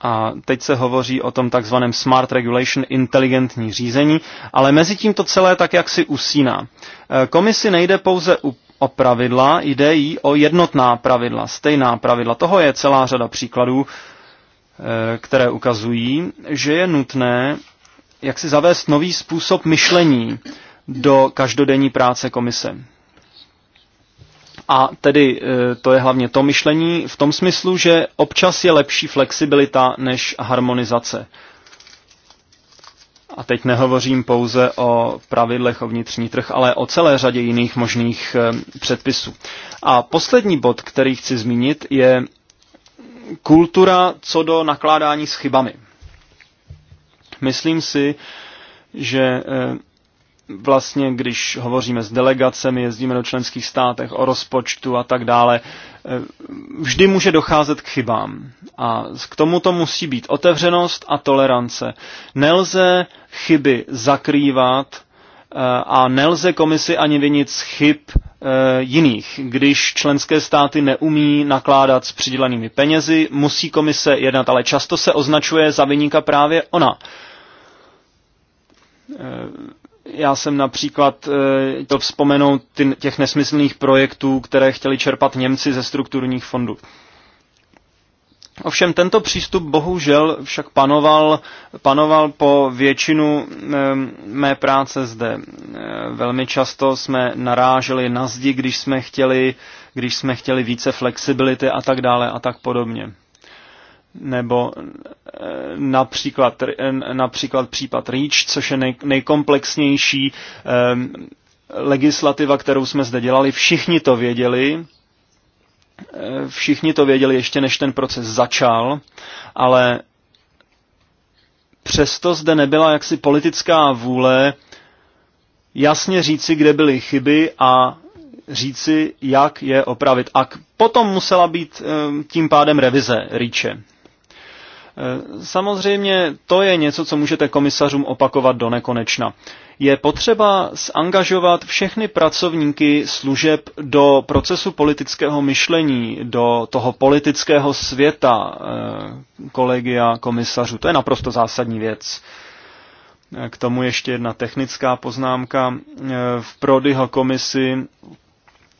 a teď se hovoří o tom takzvaném smart regulation, inteligentní řízení, ale mezi tím to celé tak jak si usíná. E, komisi nejde pouze o pravidla, jde jí o jednotná pravidla, stejná pravidla. Toho je celá řada příkladů, e, které ukazují, že je nutné jak si zavést nový způsob myšlení do každodenní práce komise. A tedy eh, to je hlavně to myšlení v tom smyslu, že občas je lepší flexibilita než harmonizace. A teď nehovořím pouze o pravidlech o vnitřní trh, ale o celé řadě jiných možných eh, předpisů. A poslední bod, který chci zmínit, je kultura co do nakládání s chybami. Myslím si, že eh, vlastně, když hovoříme s delegacemi, jezdíme do členských státech o rozpočtu a tak dále, eh, vždy může docházet k chybám. A k tomuto musí být otevřenost a tolerance. Nelze chyby zakrývat eh, a nelze komisi ani vinit z chyb eh, jiných. Když členské státy neumí nakládat s přidělenými penězi, musí komise jednat, ale často se označuje za vyníka právě ona já jsem například eh, to vzpomenout těch nesmyslných projektů, které chtěli čerpat Němci ze strukturních fondů. Ovšem tento přístup bohužel však panoval, panoval po většinu ehm, mé práce zde. Eh, velmi často jsme naráželi na zdi, když jsme chtěli, když jsme chtěli více flexibility a tak dále a tak podobně nebo eh, například, eh, například případ REACH, což je nej, nejkomplexnější eh, legislativa, kterou jsme zde dělali. Všichni to věděli, všichni to věděli ještě než ten proces začal, ale přesto zde nebyla jaksi politická vůle jasně říci, kde byly chyby a říci, jak je opravit. A potom musela být tím pádem revize Ríče. Eh, samozřejmě to je něco, co můžete komisařům opakovat do nekonečna. Je potřeba zangažovat všechny pracovníky služeb do procesu politického myšlení, do toho politického světa eh, kolegia komisařů. To je naprosto zásadní věc. Eh, k tomu ještě jedna technická poznámka. V Prodyho komisi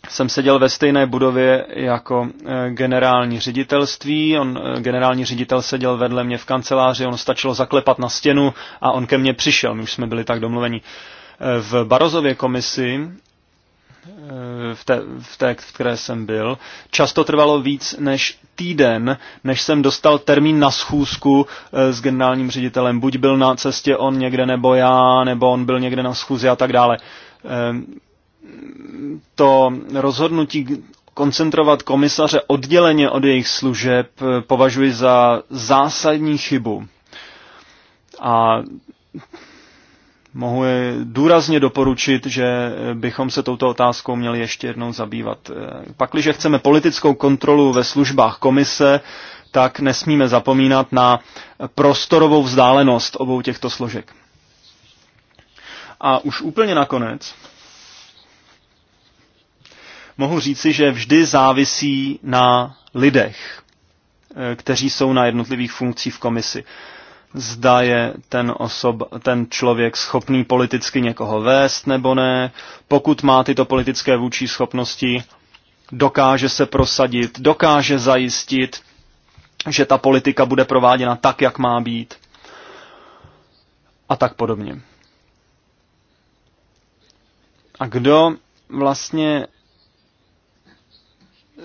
jsem seděl ve stejné budově jako e, generální ředitelství. On, e, generální ředitel seděl vedle mě v kanceláři, on stačilo zaklepat na stěnu a on ke mně přišel. My už jsme byli tak domluveni. E, v Barozově komisi, v té, v té, v které jsem byl, často trvalo víc než týden, než jsem dostal termín na schůzku s generálním ředitelem. Buď byl na cestě on někde, nebo já, nebo on byl někde na schůzi a tak dále to rozhodnutí koncentrovat komisaře odděleně od jejich služeb eh, považuji za zásadní chybu. A mohu je důrazně doporučit, že bychom se touto otázkou měli ještě jednou zabývat. Eh, Pakliže chceme politickou kontrolu ve službách komise, tak nesmíme zapomínat na prostorovou vzdálenost obou těchto složek. A už úplně nakonec mohu říci, že vždy závisí na lidech, eh, kteří jsou na jednotlivých funkcích v komisi. Zda je ten, osob, ten člověk schopný politicky někoho vést nebo ne, pokud má tyto politické vůči schopnosti, dokáže se prosadit, dokáže zajistit, že ta politika bude prováděna tak, jak má být a tak podobně. A kdo vlastně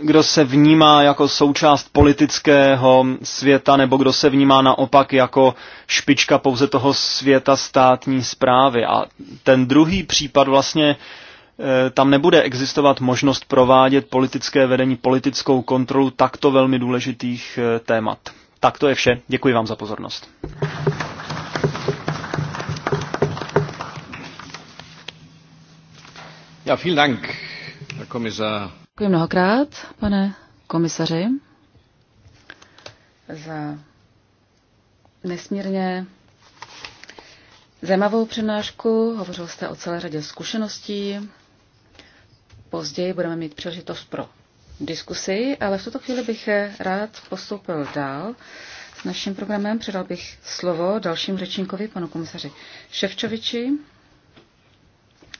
kdo se vnímá jako součást politického světa, nebo kdo se vnímá naopak jako špička pouze toho světa státní zprávy. A ten druhý případ vlastně e, tam nebude existovat možnost provádět politické vedení, politickou kontrolu takto velmi důležitých e, témat. Tak to je vše. Děkuji vám za pozornost. Ja, vielen Dank, Herr Kommissar Děkuji mnohokrát, pane komisaři, za nesmírně zajímavou přednášku. Hovořil jste o celé řadě zkušeností. Později budeme mít příležitost pro diskusi, ale v tuto chvíli bych rád postoupil dál s naším programem. Předal bych slovo dalším řečníkovi, panu komisaři Ševčoviči.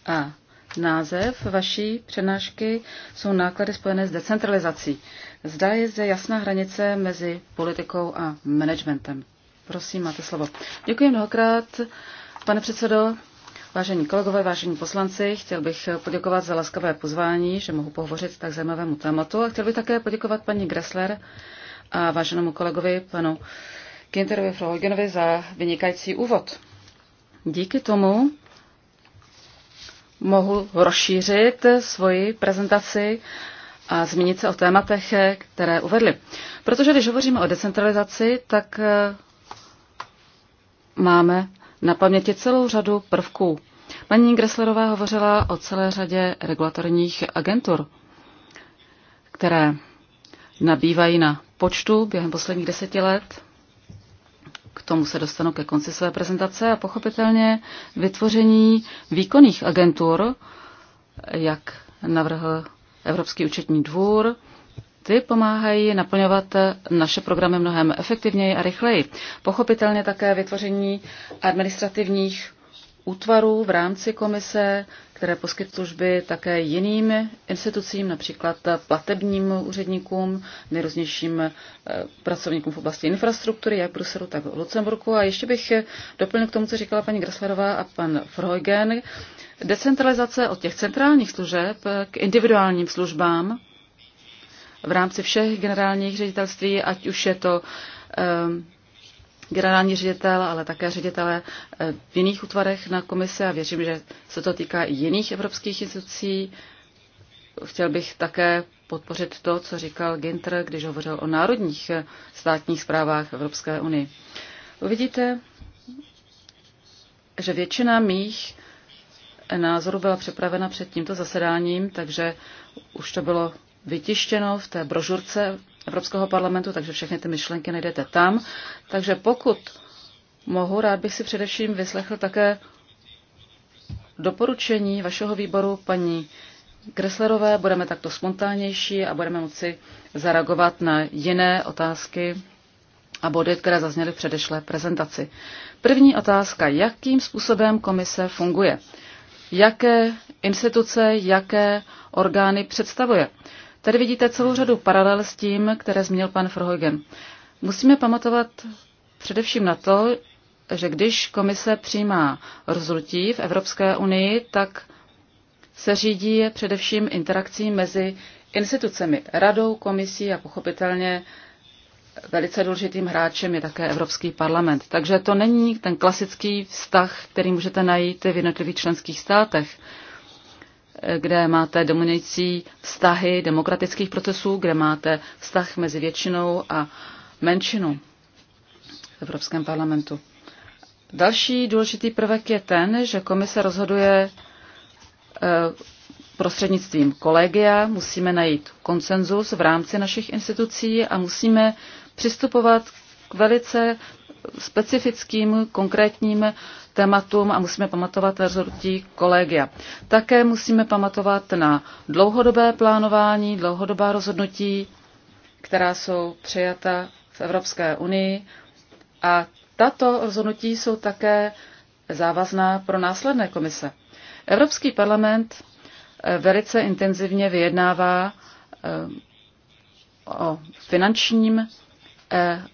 A Název vaší přednášky jsou náklady spojené s decentralizací. Zda je zde jasná hranice mezi politikou a managementem. Prosím, máte slovo. Děkuji mnohokrát, pane předsedo. Vážení kolegové, vážení poslanci, chtěl bych poděkovat za laskavé pozvání, že mohu pohovořit tak zajímavému tématu a chtěl bych také poděkovat paní Gressler a váženému kolegovi panu Kinterovi Frohogenovi za vynikající úvod. Díky tomu mohu rozšířit svoji prezentaci a zmínit se o tématech, které uvedli. Protože když hovoříme o decentralizaci, tak eh, máme na paměti celou řadu prvků. Paní Gresslerová hovořila o celé řadě regulatorních agentur, které nabývají na počtu během posledních deseti let k tomu se dostanu ke konci své prezentace, a pochopitelně vytvoření výkonných agentur, jak navrhl Evropský účetní dvůr, ty pomáhají naplňovat naše programy mnohem efektivněji a rychleji. Pochopitelně také vytvoření administrativních útvarů v rámci komise, které poskytují služby také jiným institucím, například platebním úředníkům, nejrůznějším eh, pracovníkům v oblasti infrastruktury, jak v Bruselu, tak v Lucemburku. A ještě bych doplnil k tomu, co říkala paní Graslerová a pan Freugen. Decentralizace od těch centrálních služeb k individuálním službám v rámci všech generálních ředitelství, ať už je to eh, generální ředitel, ale také ředitele eh, v jiných útvarech na komise a věřím, že se to týká i jiných evropských institucí. Chtěl bych také podpořit to, co říkal Ginter, když hovořil o národních eh, státních zprávách Evropské unii. Uvidíte, že většina mých eh, názorů byla připravena před tímto zasedáním, takže už to bylo vytištěno v té brožurce Evropského parlamentu, takže všechny ty myšlenky najdete tam. Takže pokud mohu, rád bych si především vyslechl také doporučení vašeho výboru paní Kreslerové. Budeme takto spontánnější a budeme moci zareagovat na jiné otázky a body, které zazněly v předešlé prezentaci. První otázka. Jakým způsobem komise funguje? Jaké instituce, jaké orgány představuje? Tady vidíte celou řadu paralel s tím, které zmínil pan Frohojgen. Musíme pamatovat především na to, že když komise přijímá rozhodnutí v Evropské unii, tak se řídí především interakcí mezi institucemi, radou, komisí a pochopitelně velice důležitým hráčem je také Evropský parlament. Takže to není ten klasický vztah, který můžete najít v jednotlivých členských státech kde máte dominující vztahy demokratických procesů, kde máte vztah mezi většinou a menšinou v Evropském parlamentu. Další důležitý prvek je ten, že komise rozhoduje eh, prostřednictvím kolegia, musíme najít konsenzus v rámci našich institucí a musíme přistupovat k velice specifickým konkrétním tématům a musíme pamatovat na rozhodnutí kolegia. Také musíme pamatovat na dlouhodobé plánování, dlouhodobá rozhodnutí, která jsou přijata v Evropské unii a tato rozhodnutí jsou také závazná pro následné komise. Evropský parlament eh, velice intenzivně vyjednává eh, o finančním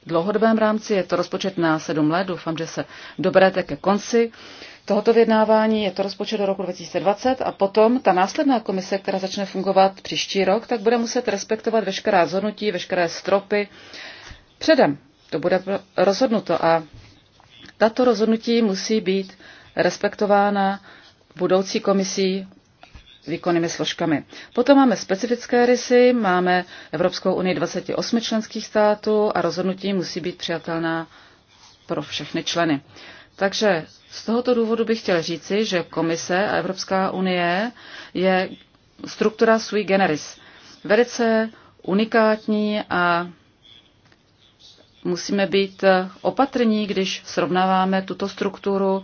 dlouhodobém rámci, je to rozpočet na sedm let, doufám, že se doberete ke konci tohoto vyjednávání, je to rozpočet do roku 2020 a potom ta následná komise, která začne fungovat příští rok, tak bude muset respektovat veškerá rozhodnutí, veškeré stropy předem. To bude rozhodnuto a tato rozhodnutí musí být respektována budoucí komisí výkonnými složkami. Potom máme specifické rysy, máme Evropskou unii 28 členských států a rozhodnutí musí být přijatelná pro všechny členy. Takže z tohoto důvodu bych chtěl říci, že Komise a Evropská unie je struktura sui generis. Velice unikátní a musíme být opatrní, když srovnáváme tuto strukturu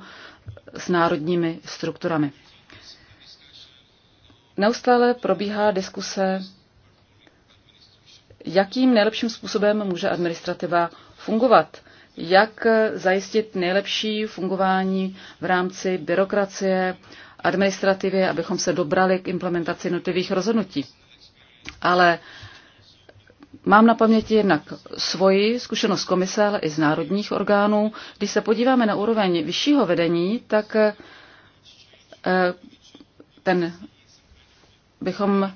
s národními strukturami. Neustále probíhá diskuse, jakým nejlepším způsobem může administrativa fungovat, jak zajistit nejlepší fungování v rámci byrokracie, administrativy, abychom se dobrali k implementaci jednotlivých rozhodnutí. Ale Mám na paměti jednak svoji zkušenost komise, ale i z národních orgánů. Když se podíváme na úroveň vyššího vedení, tak eh, ten bychom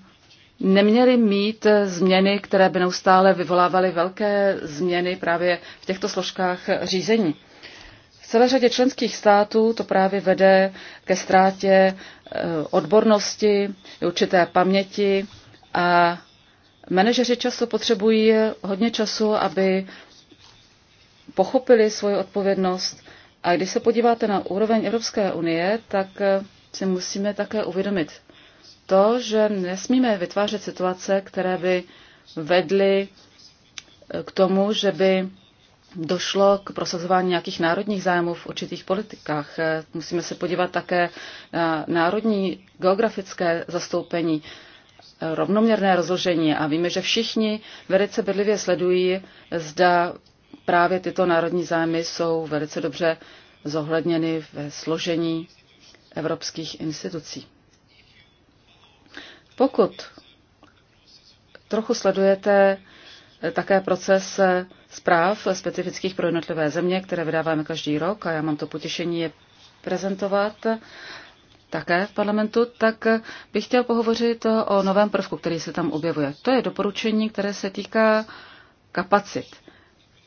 neměli mít změny, které by neustále vyvolávaly velké změny právě v těchto složkách řízení. V celé řadě členských států to právě vede ke ztrátě eh, odbornosti, určité paměti a manažeři často potřebují hodně času, aby pochopili svoji odpovědnost. A když se podíváte na úroveň Evropské unie, tak eh, si musíme také uvědomit to, že nesmíme vytvářet situace, které by vedly eh, k tomu, že by došlo k prosazování nějakých národních zájmů v určitých politikách. Eh, musíme se podívat také na národní geografické zastoupení, eh, rovnoměrné rozložení a víme, že všichni velice bedlivě sledují, zda právě tyto národní zájmy jsou velice dobře zohledněny ve složení evropských institucí. Pokud trochu sledujete eh, také proces eh, zpráv specifických pro jednotlivé země, které vydáváme každý rok a já mám to potěšení je prezentovat také v parlamentu, tak eh, bych chtěl pohovořit o novém prvku, který se tam objevuje. To je doporučení, které se týká kapacit.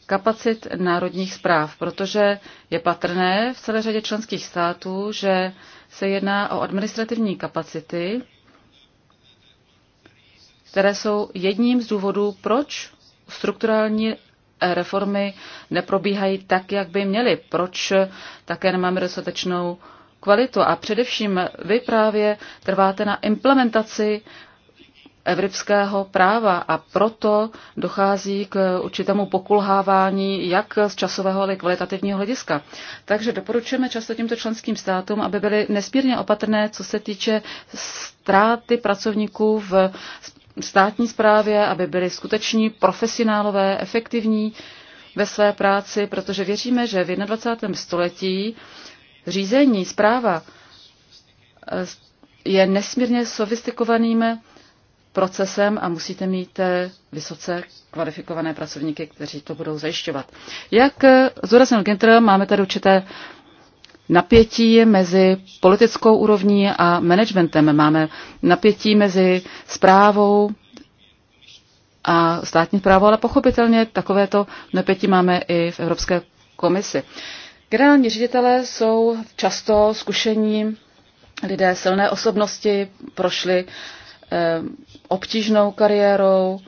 Kapacit národních zpráv, protože je patrné v celé řadě členských států, že se jedná o administrativní kapacity, které jsou jedním z důvodů, proč strukturální reformy neprobíhají tak, jak by měly, proč také nemáme dostatečnou kvalitu. A především vy právě trváte na implementaci evropského práva a proto dochází k určitému pokulhávání jak z časového, ale kvalitativního hlediska. Takže doporučujeme často těmto členským státům, aby byly nesmírně opatrné, co se týče ztráty pracovníků v státní správě, aby byli skuteční profesionálové, efektivní ve své práci, protože věříme, že v 21. století řízení, zpráva eh, je nesmírně sofistikovaným procesem a musíte mít eh, vysoce kvalifikované pracovníky, kteří to budou zajišťovat. Jak eh, zúraznil Ginter, máme tady určité napětí mezi politickou úrovní a managementem. Máme napětí mezi zprávou a státní zprávou, ale pochopitelně takovéto napětí máme i v Evropské komisi. Generální ředitelé jsou často zkušení lidé silné osobnosti, prošli eh, obtížnou kariérou,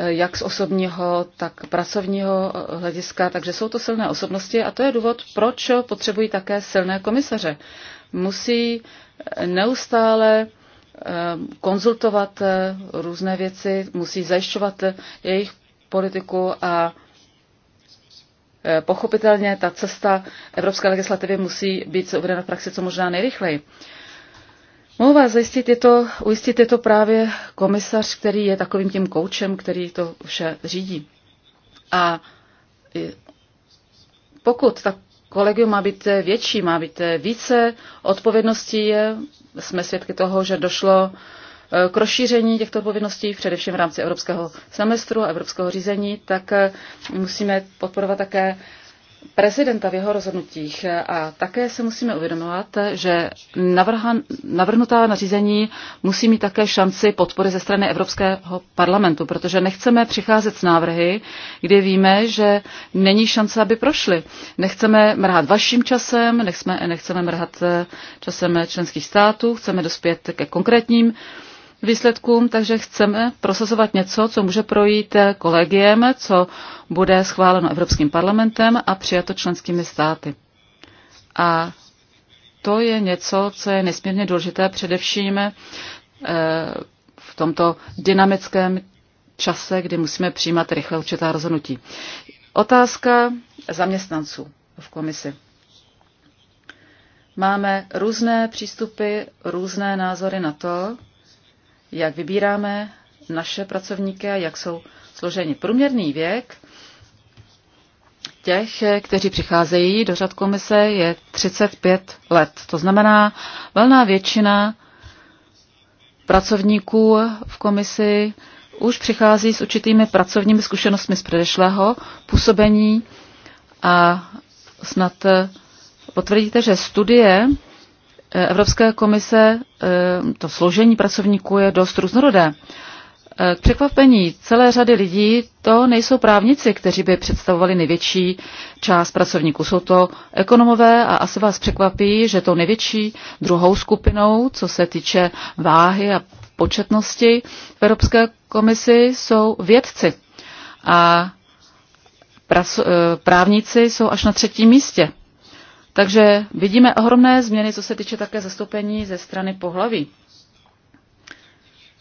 Eh, jak z osobního, tak pracovního eh, hlediska, takže jsou to silné osobnosti a to je důvod, proč potřebují také silné komisaře. Musí eh, neustále konzultovat různé věci, musí zajišťovat jejich politiku a pochopitelně ta cesta evropské legislativy musí být uvedena v praxi co možná nejrychleji. Mohu vás zajistit, je to, ujistit je to právě komisař, který je takovým tím koučem, který to vše řídí. A pokud ta kolegium má být větší, má být více odpovědností, jsme svědky toho, že došlo eh, k rozšíření těchto odpovědností, především v rámci evropského semestru a evropského řízení, tak eh, musíme podporovat také prezidenta v jeho rozhodnutích a také se musíme uvědomovat, že navrhnutá nařízení musí mít také šanci podpory ze strany Evropského parlamentu, protože nechceme přicházet s návrhy, kdy víme, že není šance, aby prošly. Nechceme mrhat vaším časem, nechceme, nechceme mrhat eh, časem členských států, chceme dospět ke konkrétním uh, výsledkům, takže chceme prosazovat něco, co může projít kolegiem, co bude schváleno Evropským parlamentem a přijato členskými státy. A to je něco, co je nesmírně důležité především eh, v tomto dynamickém čase, kdy musíme přijímat rychle určitá rozhodnutí. Otázka zaměstnanců v komisi. Máme různé přístupy, různé názory na to, jak vybíráme naše pracovníky a jak jsou složeni. Průměrný věk těch, kteří přicházejí do řad komise, je 35 let. To znamená, velná většina pracovníků v komisi už přichází s určitými pracovními zkušenostmi z předešlého působení a snad potvrdíte, že studie Eh, Evropské komise eh, to složení pracovníků je dost různorodé. Eh, k překvapení celé řady lidí to nejsou právníci, kteří by představovali největší část pracovníků. Jsou to ekonomové a asi vás překvapí, že tou největší druhou skupinou, co se týče váhy a početnosti v Evropské komisi, jsou vědci. A právníci jsou až na třetím místě. Takže vidíme ohromné změny, co se týče také zastoupení ze strany pohlaví.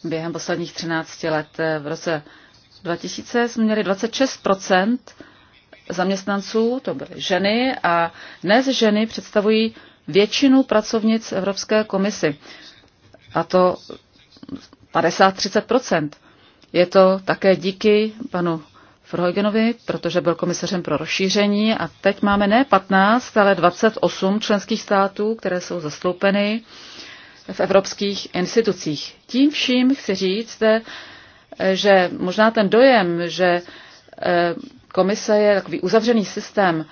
Během posledních 13 let eh, v roce 2000 jsme měli 26 zaměstnanců, to byly ženy, a dnes ženy představují většinu pracovnic Evropské komisy. A to 50-30 Je to také díky panu Verheugenovi, protože byl komisařem pro rozšíření a teď máme ne 15, ale 28 členských států, které jsou zastoupeny v evropských institucích. Tím vším chci říct, eh, že možná ten dojem, že eh, komise je takový uzavřený systém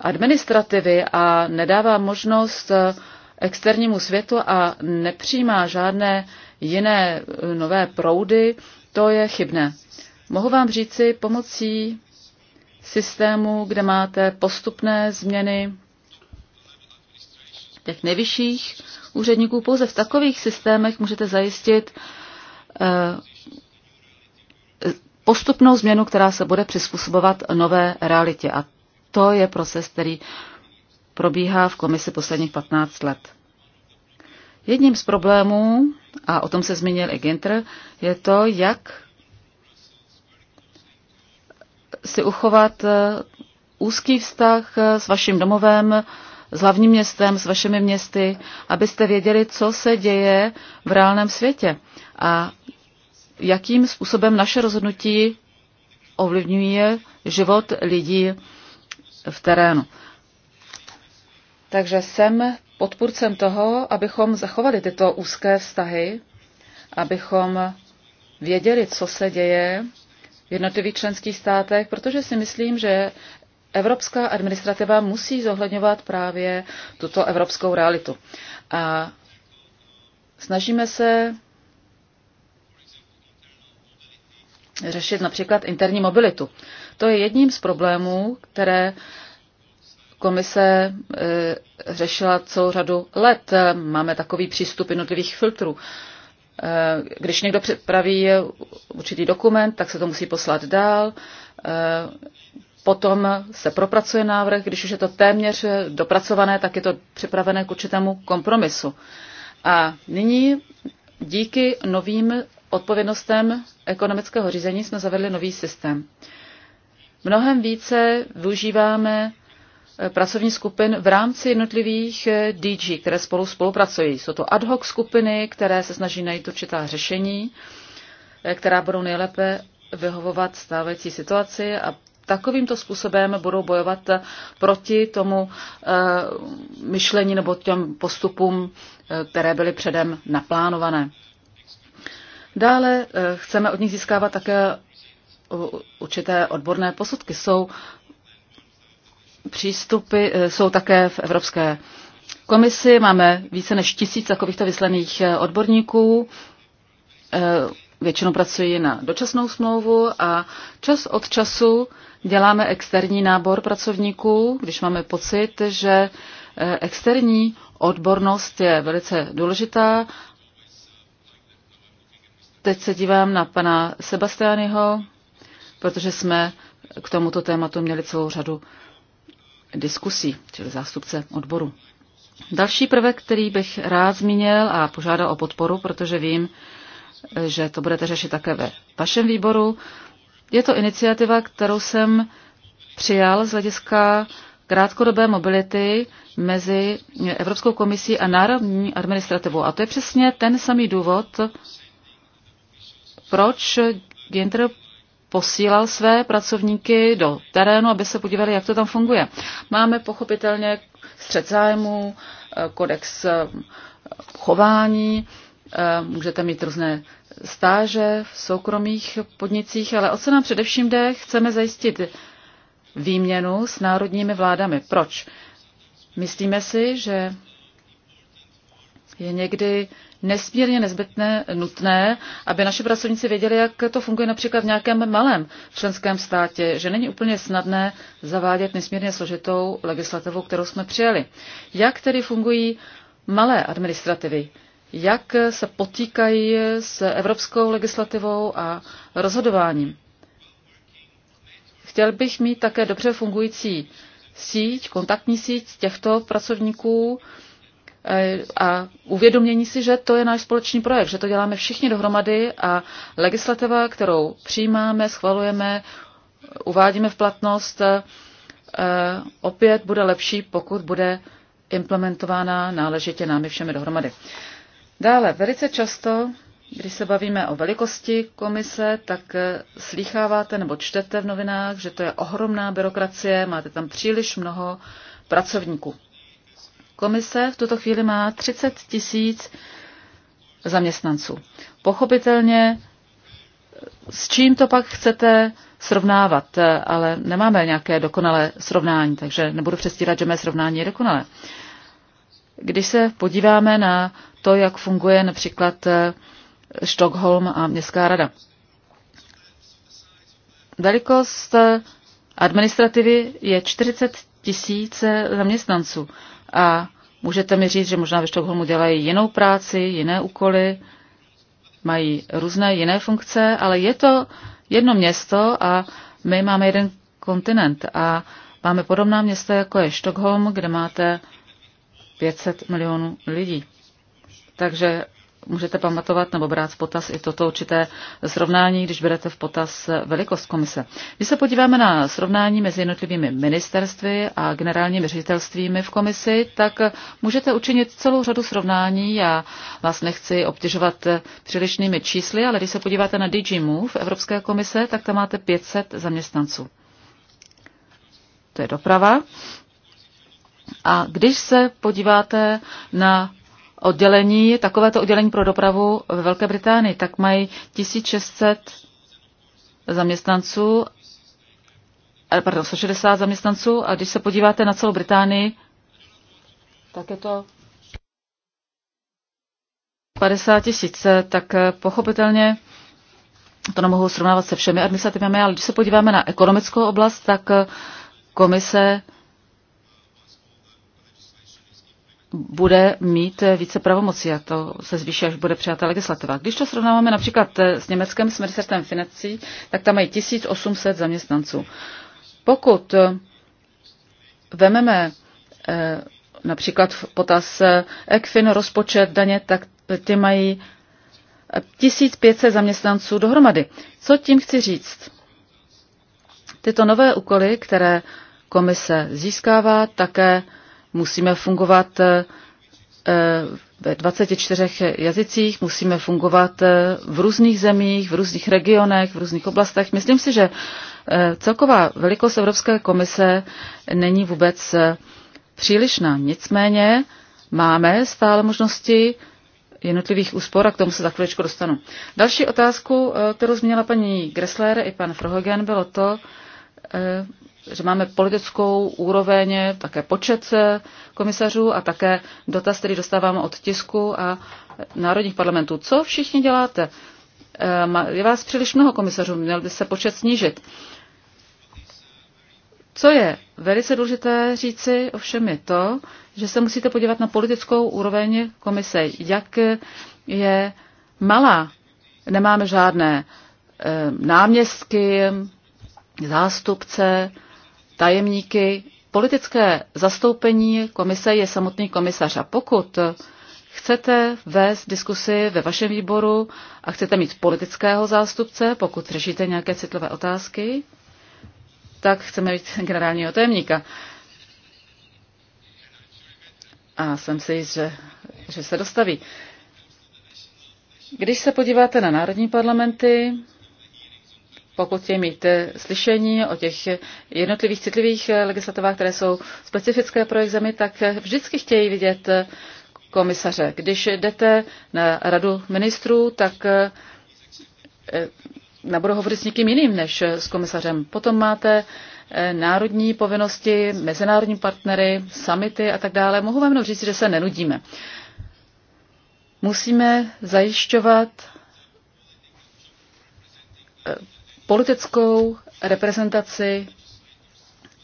administrativy a nedává možnost eh, externímu světu a nepřijímá žádné jiné nové proudy, to je chybné. Mohu vám říci pomocí systému, kde máte postupné změny těch nejvyšších úředníků. Pouze v takových systémech můžete zajistit eh, postupnou změnu, která se bude přizpůsobovat nové realitě. A to je proces, který probíhá v komisi posledních 15 let. Jedním z problémů, a o tom se zmínil i Ginter, je to, jak si uchovat eh, úzký vztah eh, s vaším domovem, s hlavním městem, s vašimi městy, abyste věděli, co se děje v reálném světě a jakým způsobem naše rozhodnutí ovlivňuje život lidí v terénu. Takže jsem podpůrcem toho, abychom zachovali tyto úzké vztahy, abychom věděli, co se děje v jednotlivých členských státech, protože si myslím, že evropská administrativa musí zohledňovat právě tuto evropskou realitu. A snažíme se řešit například interní mobilitu. To je jedním z problémů, které komise eh, řešila celou řadu let. Máme takový přístup jednotlivých filtrů. Eh, když někdo připraví určitý dokument, tak se to musí poslat dál. Eh, potom se propracuje návrh, když už je to téměř dopracované, tak je to připravené k určitému kompromisu. A nyní díky novým odpovědnostem ekonomického řízení jsme zavedli nový systém. Mnohem více využíváme Pracovní skupin v rámci jednotlivých eh, DG, které spolu spolupracují. Jsou to ad hoc skupiny, které se snaží najít určitá řešení, eh, která budou nejlépe vyhovovat stávající situaci a takovýmto způsobem budou bojovat eh, proti tomu myšlení nebo těm postupům, které byly předem naplánované. Dále chceme od nich získávat také určité odborné posudky. Jsou přístupy eh, jsou také v Evropské komisi. Máme více než tisíc takovýchto vyslaných eh, odborníků. Eh, většinou pracují na dočasnou smlouvu a čas od času děláme externí nábor pracovníků, když máme pocit, že externí odbornost je velice důležitá. Teď se dívám na pana Sebastiányho, protože jsme k tomuto tématu měli celou řadu diskusí, čili zástupce odboru. Další prvek, který bych rád zmínil a požádal o podporu, protože vím, že to budete řešit také ve vašem výboru, je to iniciativa, kterou jsem přijal z hlediska krátkodobé mobility mezi Evropskou komisí a národní administrativou. A to je přesně ten samý důvod, proč Ginter posílal své pracovníky do terénu, aby se podívali, jak to tam funguje. Máme pochopitelně střed zájmu, eh, kodex eh, chování, eh, můžete mít různé stáže v soukromých podnicích, ale o co nám především jde, chceme zajistit výměnu s národními vládami. Proč? Myslíme si, že je někdy nesmírně nezbytné, nutné, aby naši pracovníci věděli, jak to funguje například v nějakém malém členském státě, že není úplně snadné zavádět nesmírně složitou legislativu, kterou jsme přijali. Jak tedy fungují malé administrativy? Jak se potýkají s evropskou legislativou a rozhodováním? Chtěl bych mít také dobře fungující síť, kontaktní síť těchto pracovníků, Eh, a uvědomění si, že to je náš společný projekt, že to děláme všichni dohromady a legislativa, kterou přijímáme, schvalujeme, uvádíme v platnost, eh, opět bude lepší, pokud bude implementována náležitě námi všemi dohromady. Dále, velice často, když se bavíme o velikosti komise, tak eh, slýcháváte nebo čtete v novinách, že to je ohromná byrokracie, máte tam příliš mnoho pracovníků. Komise v tuto chvíli má 30 tisíc zaměstnanců. Pochopitelně, s čím to pak chcete srovnávat, ale nemáme nějaké dokonalé srovnání, takže nebudu přestírat, že mé srovnání je dokonalé. Když se podíváme na to, jak funguje například eh, Stockholm a Městská rada. Velikost eh, administrativy je 40 tisíc eh, zaměstnanců. A můžete mi říct, že možná ve Štokholmu dělají jinou práci, jiné úkoly, mají různé jiné funkce, ale je to jedno město a my máme jeden kontinent a máme podobná města, jako je Štokholm, kde máte 500 milionů lidí. Takže můžete pamatovat nebo brát v potaz i toto určité srovnání, když berete v potaz velikost komise. Když se podíváme na srovnání mezi jednotlivými ministerstvy a generálními ředitelstvími v komisi, tak můžete učinit celou řadu srovnání. Já vás nechci obtěžovat přílišnými čísly, ale když se podíváte na DG Move Evropské komise, tak tam máte 500 zaměstnanců. To je doprava. A když se podíváte na oddělení, takovéto oddělení pro dopravu ve Velké Británii, tak mají 1600 zaměstnanců, eh, pardon, 160 zaměstnanců a když se podíváte na celou Británii, tak je to 50 tisíc, eh, tak eh, pochopitelně to nemohu srovnávat se všemi administrativami, ale když se podíváme na ekonomickou oblast, tak komise bude mít více pravomocí a to se zvýší, až bude přijata legislativa. Když to srovnáváme například eh, s Německem, s ministerstvem financí, tak tam mají 1800 zaměstnanců. Pokud eh, vememe eh, například v potaz ECFIN, rozpočet, daně, tak ty mají 1500 zaměstnanců dohromady. Co tím chci říct? Tyto nové úkoly, které komise získává, také musíme fungovat eh, eh, ve 24 jazycích, musíme fungovat eh, v různých zemích, v různých regionech, v různých oblastech. Myslím si, že celková velikost Evropské komise není vůbec přílišná. Nicméně máme stále možnosti jednotlivých úspor a k tomu se za chvíličku dostanu. Další otázku, kterou změnila paní Gressler i pan Frohogen, bylo to, že máme politickou úroveň, také počet eh, komisařů a také dotaz, který dostáváme od tisku a národních parlamentů. Co všichni děláte? Eh, je vás příliš mnoho komisařů, měl by se počet snížit. Co je velice důležité říci, ovšem je to, že se musíte podívat na politickou úroveň komise, jak je malá. Nemáme žádné eh, náměstky, zástupce, tajemníky. Politické zastoupení komise je samotný komisař a pokud chcete vést diskusi ve vašem výboru a chcete mít politického zástupce, pokud řešíte nějaké citlivé otázky, tak chceme mít generálního tajemníka. A jsem si jist, že, že se dostaví. Když se podíváte na národní parlamenty, pokud je mít eh, slyšení o těch jednotlivých citlivých eh, legislativách, které jsou specifické pro jejich zemi, tak eh, vždycky chtějí vidět komisaře. Když jdete na radu ministrů, tak nebudu hovořit s nikým jiným než s komisařem. Potom máte národní povinnosti, mezinárodní partnery, samity a tak dále. Mohu vám jenom říct, že se nenudíme. Musíme zajišťovat politickou reprezentaci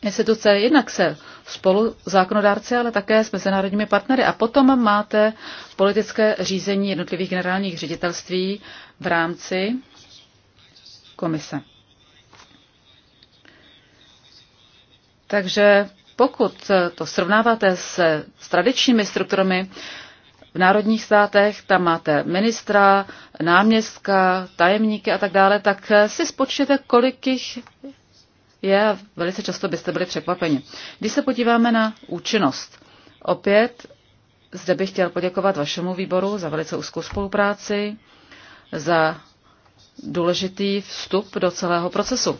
instituce. Jednak se spolu zákonodárci, ale také s mezinárodními partnery. A potom máte politické řízení jednotlivých generálních ředitelství v rámci komise. Takže pokud to srovnáváte s, s tradičními strukturami v národních státech, tam máte ministra, náměstka, tajemníky a tak dále, tak si spočtěte, kolik jich je a velice často byste byli překvapeni. Když se podíváme na účinnost, opět zde bych chtěl poděkovat vašemu výboru za velice úzkou spolupráci, za důležitý vstup do celého procesu.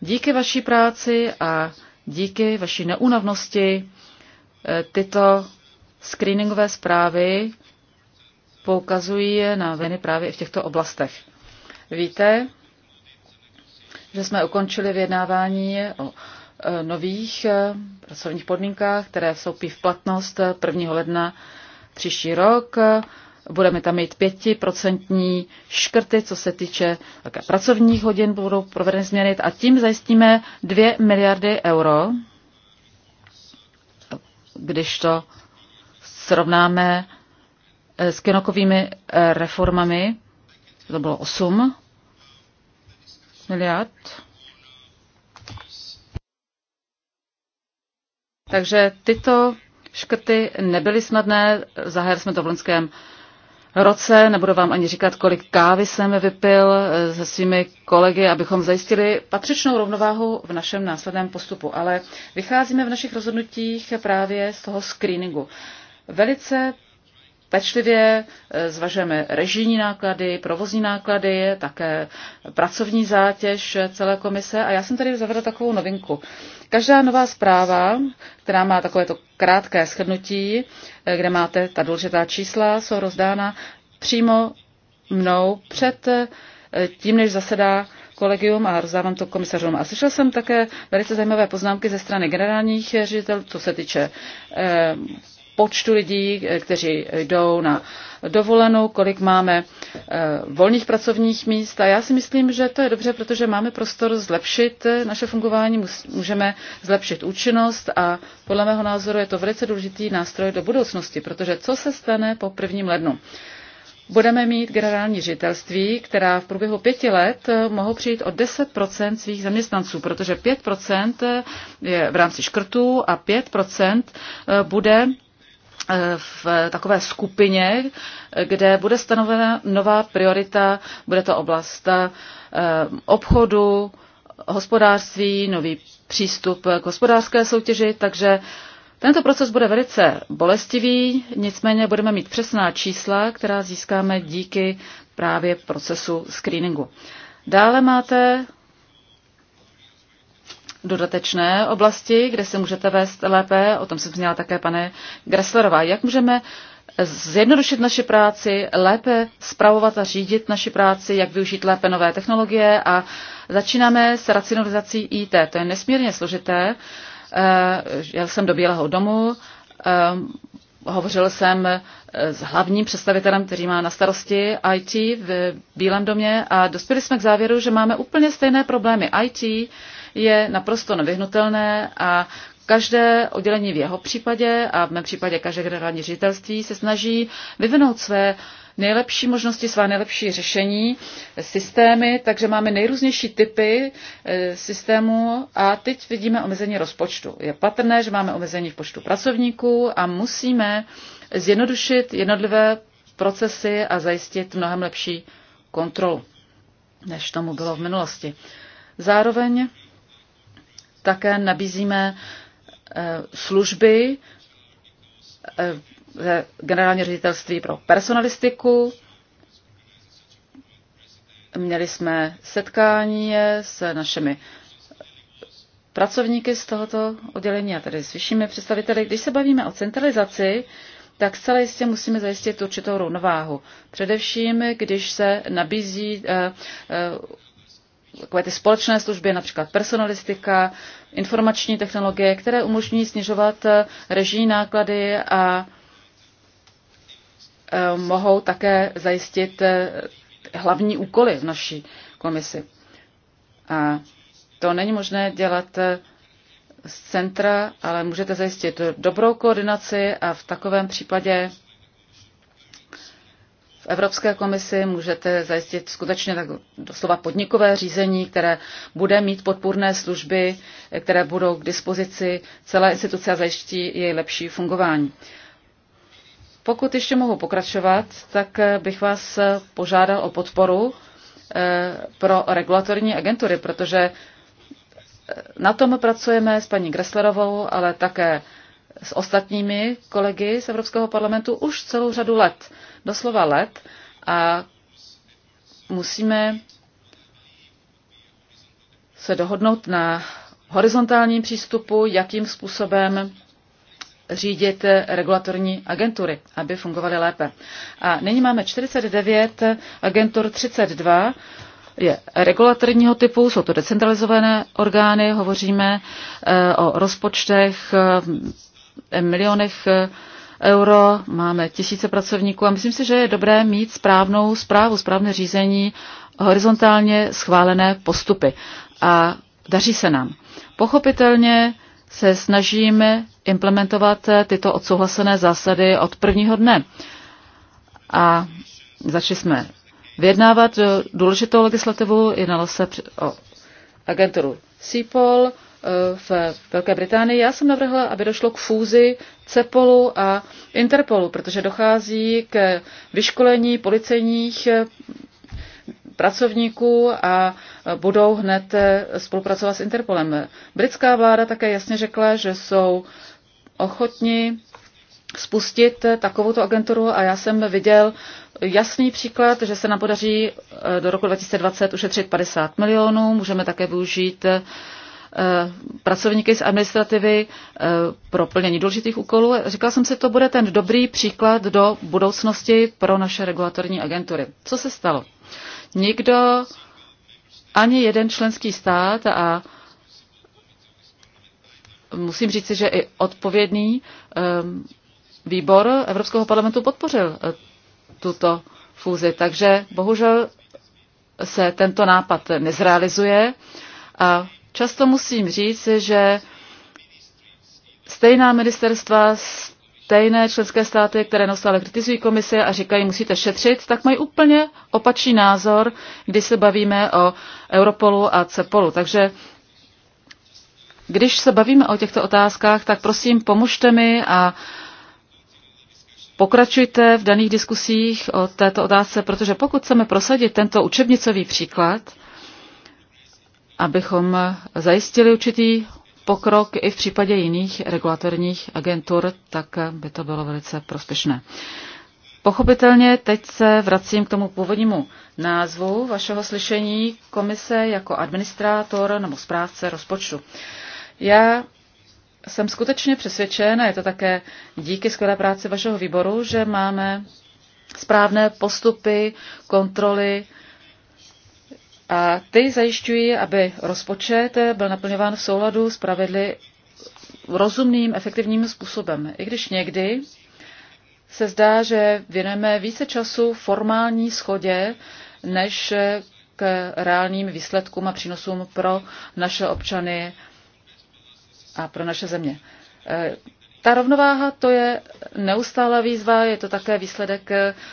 Díky vaší práci a díky vaší neúnavnosti eh, tyto Screeningové zprávy poukazují na viny právě i v těchto oblastech. Víte, že jsme ukončili vyjednávání o e, nových e, pracovních podmínkách, které vstoupí v platnost 1. ledna příští rok. Budeme tam mít pětiprocentní škrty, co se týče také pracovních hodin, budou provedeny změny a tím zajistíme 2 miliardy euro, když to srovnáme eh, s kinokovými eh, reformami, to bylo 8 miliard. Takže tyto škrty nebyly snadné, zahájili jsme to v loňském roce, nebudu vám ani říkat, kolik kávy jsem vypil eh, se svými kolegy, abychom zajistili patřičnou rovnováhu v našem následném postupu. Ale vycházíme v našich rozhodnutích právě z toho screeningu. Velice pečlivě eh, zvažujeme režijní náklady, provozní náklady, také pracovní zátěž celé komise. A já jsem tady zavedla takovou novinku. Každá nová zpráva, která má takovéto krátké shrnutí, eh, kde máte ta důležitá čísla, jsou rozdána přímo mnou před eh, tím, než zasedá kolegium a rozdávám to komisařům. A slyšel jsem také velice zajímavé poznámky ze strany generálních ředitelů, co se týče počtu lidí, eh, kteří jdou na dovolenou, kolik máme eh, volných pracovních míst. A já si myslím, že to je dobře, protože máme prostor zlepšit eh, naše fungování, můžeme zlepšit účinnost a podle mého názoru je to velice důležitý nástroj do budoucnosti, protože co se stane po prvním lednu? Budeme mít generální ředitelství, která v průběhu pěti let mohou přijít o 10 svých zaměstnanců, protože 5 je v rámci škrtů a 5 bude Eh, v takové skupině, kde bude stanovena nová priorita, bude to oblast eh, obchodu, hospodářství, nový přístup k hospodářské soutěži, takže tento proces bude velice bolestivý, nicméně budeme mít přesná čísla, která získáme díky právě procesu screeningu. Dále máte dodatečné oblasti, kde se můžete vést lépe. O tom jsem zmínila také pane Gresslerová. Jak můžeme zjednodušit naši práci, lépe zpravovat a řídit naši práci, jak využít lépe nové technologie a začínáme s racionalizací IT. To je nesmírně složité. Eh, Já jsem do Bílého domu, eh, hovořil jsem eh, s hlavním představitelem, který má na starosti IT v Bílém domě a dospěli jsme k závěru, že máme úplně stejné problémy IT, je naprosto nevyhnutelné a Každé oddělení v jeho případě a v mém případě každé generální ředitelství se snaží vyvinout své nejlepší možnosti, svá nejlepší řešení, systémy, takže máme nejrůznější typy eh, systému a teď vidíme omezení rozpočtu. Je patrné, že máme omezení v počtu pracovníků a musíme zjednodušit jednotlivé procesy a zajistit mnohem lepší kontrolu, než tomu bylo v minulosti. Zároveň také nabízíme eh, služby eh, generální ředitelství pro personalistiku. Měli jsme setkání s našimi pracovníky z tohoto oddělení a tedy s vyššími představiteli. Když se bavíme o centralizaci, tak zcela jistě musíme zajistit určitou rovnováhu. Především, když se nabízí eh, takové ty společné služby, například personalistika, informační technologie, které umožňují snižovat eh, režijní náklady a eh, mohou také zajistit eh, hlavní úkoly v naší komisi. A to není možné dělat z centra, ale můžete zajistit dobrou koordinaci a v takovém případě v Evropské komisi můžete zajistit skutečně tak doslova podnikové řízení, které bude mít podpůrné služby, které budou k dispozici celé instituce a zajistí její lepší fungování. Pokud ještě mohu pokračovat, tak eh, bych vás eh, požádal o podporu eh, pro regulatorní agentury, protože na tom pracujeme s paní Gresslerovou, ale také s ostatními kolegy z Evropského parlamentu už celou řadu let, doslova let, a musíme se dohodnout na horizontálním přístupu, jakým způsobem řídit regulatorní agentury, aby fungovaly lépe. A nyní máme 49 agentur, 32 je regulatorního typu, jsou to decentralizované orgány, hovoříme eh, o rozpočtech, milionech eh, euro, máme tisíce pracovníků a myslím si, že je dobré mít správnou zprávu, správné řízení, horizontálně schválené postupy. A daří se nám. Pochopitelně se snažíme implementovat eh, tyto odsouhlasené zásady od prvního dne. A začali jsme vyjednávat eh, důležitou legislativu, jednalo se o agenturu CIPOL, Eh, v Velké Británii. Já jsem navrhla, aby došlo k fúzi CEPOLu a Interpolu, protože dochází k vyškolení policejních eh, pracovníků a eh, budou hned spolupracovat s Interpolem. Britská vláda také jasně řekla, že jsou ochotni spustit takovouto agenturu a já jsem viděl jasný příklad, že se nám podaří do roku 2020 ušetřit 50 milionů. Můžeme také využít Eh, pracovníky z administrativy eh, pro plnění důležitých úkolů. Říkala jsem si, to bude ten dobrý příklad do budoucnosti pro naše regulatorní agentury. Co se stalo? Nikdo, ani jeden členský stát a musím říct, že i odpovědný eh, výbor Evropského parlamentu podpořil tuto fúzi. Takže bohužel se tento nápad nezrealizuje a Často musím říct, že stejná ministerstva, stejné členské státy, které neustále kritizují komise a říkají, musíte šetřit, tak mají úplně opačný názor, když se bavíme o Europolu a Cepolu. Takže když se bavíme o těchto otázkách, tak prosím, pomožte mi a pokračujte v daných diskusích o této otázce, protože pokud chceme prosadit tento učebnicový příklad, abychom zajistili určitý pokrok i v případě jiných regulatorních agentur, tak by to bylo velice prospěšné. Pochopitelně teď se vracím k tomu původnímu názvu vašeho slyšení komise jako administrátor nebo správce rozpočtu. Já jsem skutečně přesvědčen, a je to také díky skvělé práci vašeho výboru, že máme správné postupy, kontroly, a ty zajišťují, aby rozpočet byl naplňován v souladu s pravidly rozumným, efektivním způsobem. I když někdy se zdá, že věnujeme více času formální schodě, než k reálným výsledkům a přínosům pro naše občany a pro naše země. E, ta rovnováha to je neustále výzva, je to také výsledek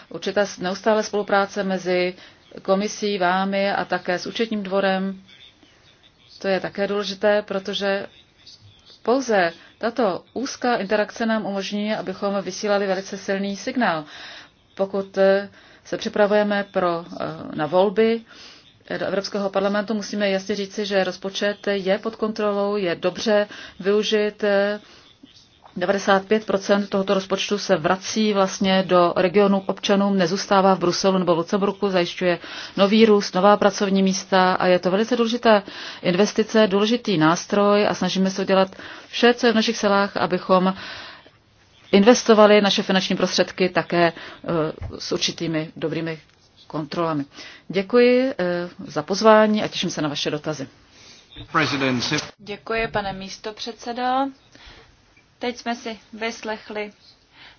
určité neustále spolupráce mezi komisí, vámi a také s účetním dvorem. To je také důležité, protože pouze tato úzká interakce nám umožní, abychom vysílali velice silný signál. Pokud eh, se připravujeme pro, eh, na volby eh, do Evropského parlamentu, musíme jasně říci, že rozpočet je pod kontrolou, je dobře využit, 95 tohoto rozpočtu se vrací vlastně do regionů občanům, nezůstává v Bruselu nebo v Lucemburku, zajišťuje nový růst, nová pracovní místa a je to velice důležitá investice, důležitý nástroj a snažíme se udělat vše, co je v našich silách, abychom investovali naše finanční prostředky také eh, s určitými dobrými kontrolami. Děkuji eh, za pozvání a těším se na vaše dotazy. Děkuji, pane místo předsedo. Teď jsme si vyslechli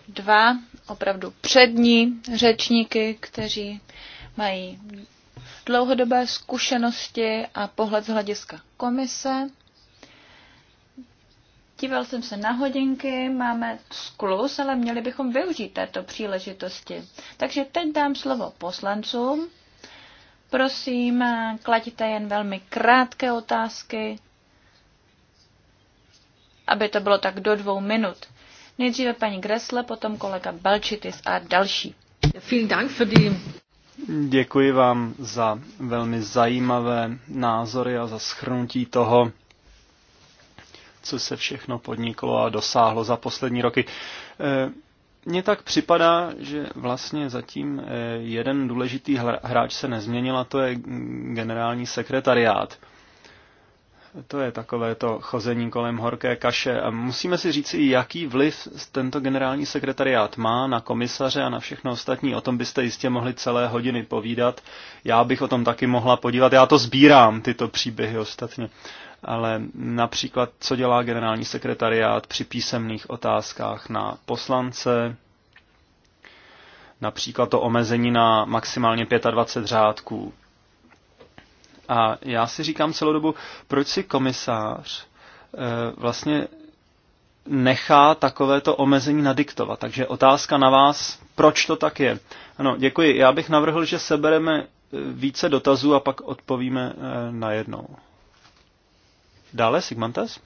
dva opravdu přední řečníky, kteří mají dlouhodobé zkušenosti a pohled z hlediska komise. Díval jsem se na hodinky, máme sklus, ale měli bychom využít této příležitosti. Takže teď dám slovo poslancům. Prosím, kladíte jen velmi krátké otázky, aby to bylo tak do dvou minut. Nejdříve paní Gresle, potom kolega Belčitis a další. Děkuji vám za velmi zajímavé názory a za schrnutí toho, co se všechno podniklo a dosáhlo za poslední roky. Eh, mně tak připadá, že vlastně zatím eh, jeden důležitý hráč se nezměnil a to je generální sekretariát. To je takové to chození kolem horké kaše. A musíme si říct, jaký vliv tento generální sekretariát má na komisaře a na všechno ostatní. O tom byste jistě mohli celé hodiny povídat. Já bych o tom taky mohla podívat. Já to sbírám, tyto příběhy ostatně. Ale například, co dělá generální sekretariát při písemných otázkách na poslance, například to omezení na maximálně 25 řádků a já si říkám celou dobu, proč si komisář eh, vlastně nechá takovéto omezení nadiktovat. Takže otázka na vás, proč to tak je. Ano, děkuji. Já bych navrhl, že sebereme eh, více dotazů a pak odpovíme eh, na jednou. Dále, Sigmantas?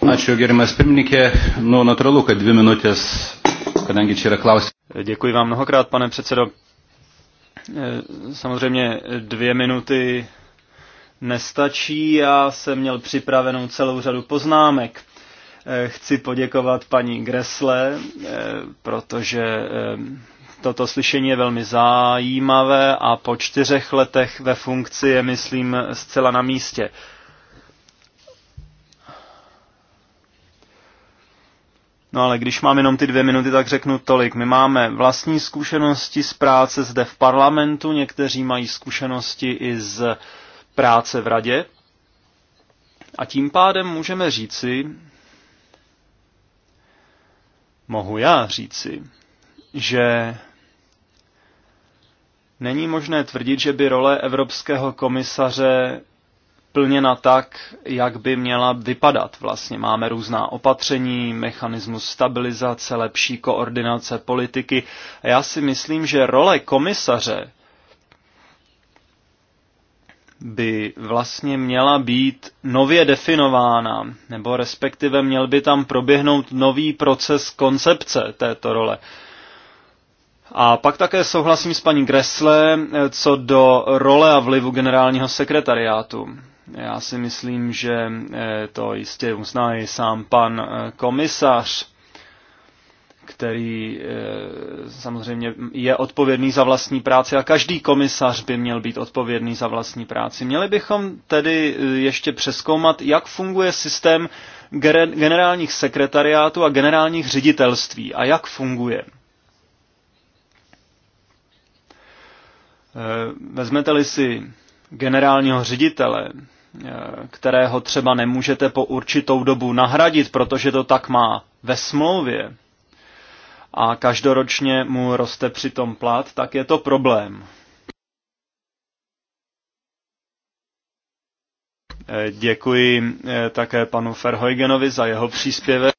Ačiū, gerimas pirmininkė. No, natūralu, kad dvi minutės, kadangi čia yra klausimas. Děkuji vám mnohokrát, pane předsedo. Eh, samozřejmě dvě minuty nestačí, já jsem měl připravenou celou řadu poznámek. Eh, chci poděkovat paní Gresle, eh, protože toto slyšení je velmi zajímavé a po čtyřech letech ve funkci je, myslím, zcela na místě. No ale když mám jenom ty dvě minuty, tak řeknu tolik. My máme vlastní zkušenosti z práce zde v parlamentu, někteří mají zkušenosti i z práce v radě. A tím pádem můžeme říci, mohu já říci, že není možné tvrdit, že by role evropského komisaře plněna tak, jak by měla vypadat. Vlastně máme různá opatření, mechanismus stabilizace, lepší koordinace politiky. A já si myslím, že role komisaře by vlastně měla být nově definována, nebo respektive měl by tam proběhnout nový proces koncepce této role. A pak také souhlasím s paní Gressle eh, co do role a vlivu generálního sekretariátu. Já si myslím, že eh, to jistě uzná i sám pan eh, komisař, který eh, samozřejmě je odpovědný za vlastní práci a každý komisař by měl být odpovědný za vlastní práci. Měli bychom tedy ještě přeskoumat, jak funguje systém generálních sekretariátů a generálních ředitelství a jak funguje. Vezmete-li si generálního ředitele, Eh, kterého třeba nemůžete po určitou dobu nahradit, protože to tak má ve smlouvě, a každoročně mu roste přitom plat, tak je to problém. Eh, děkuji eh, také panu Ferhojgenovi za jeho příspěvek.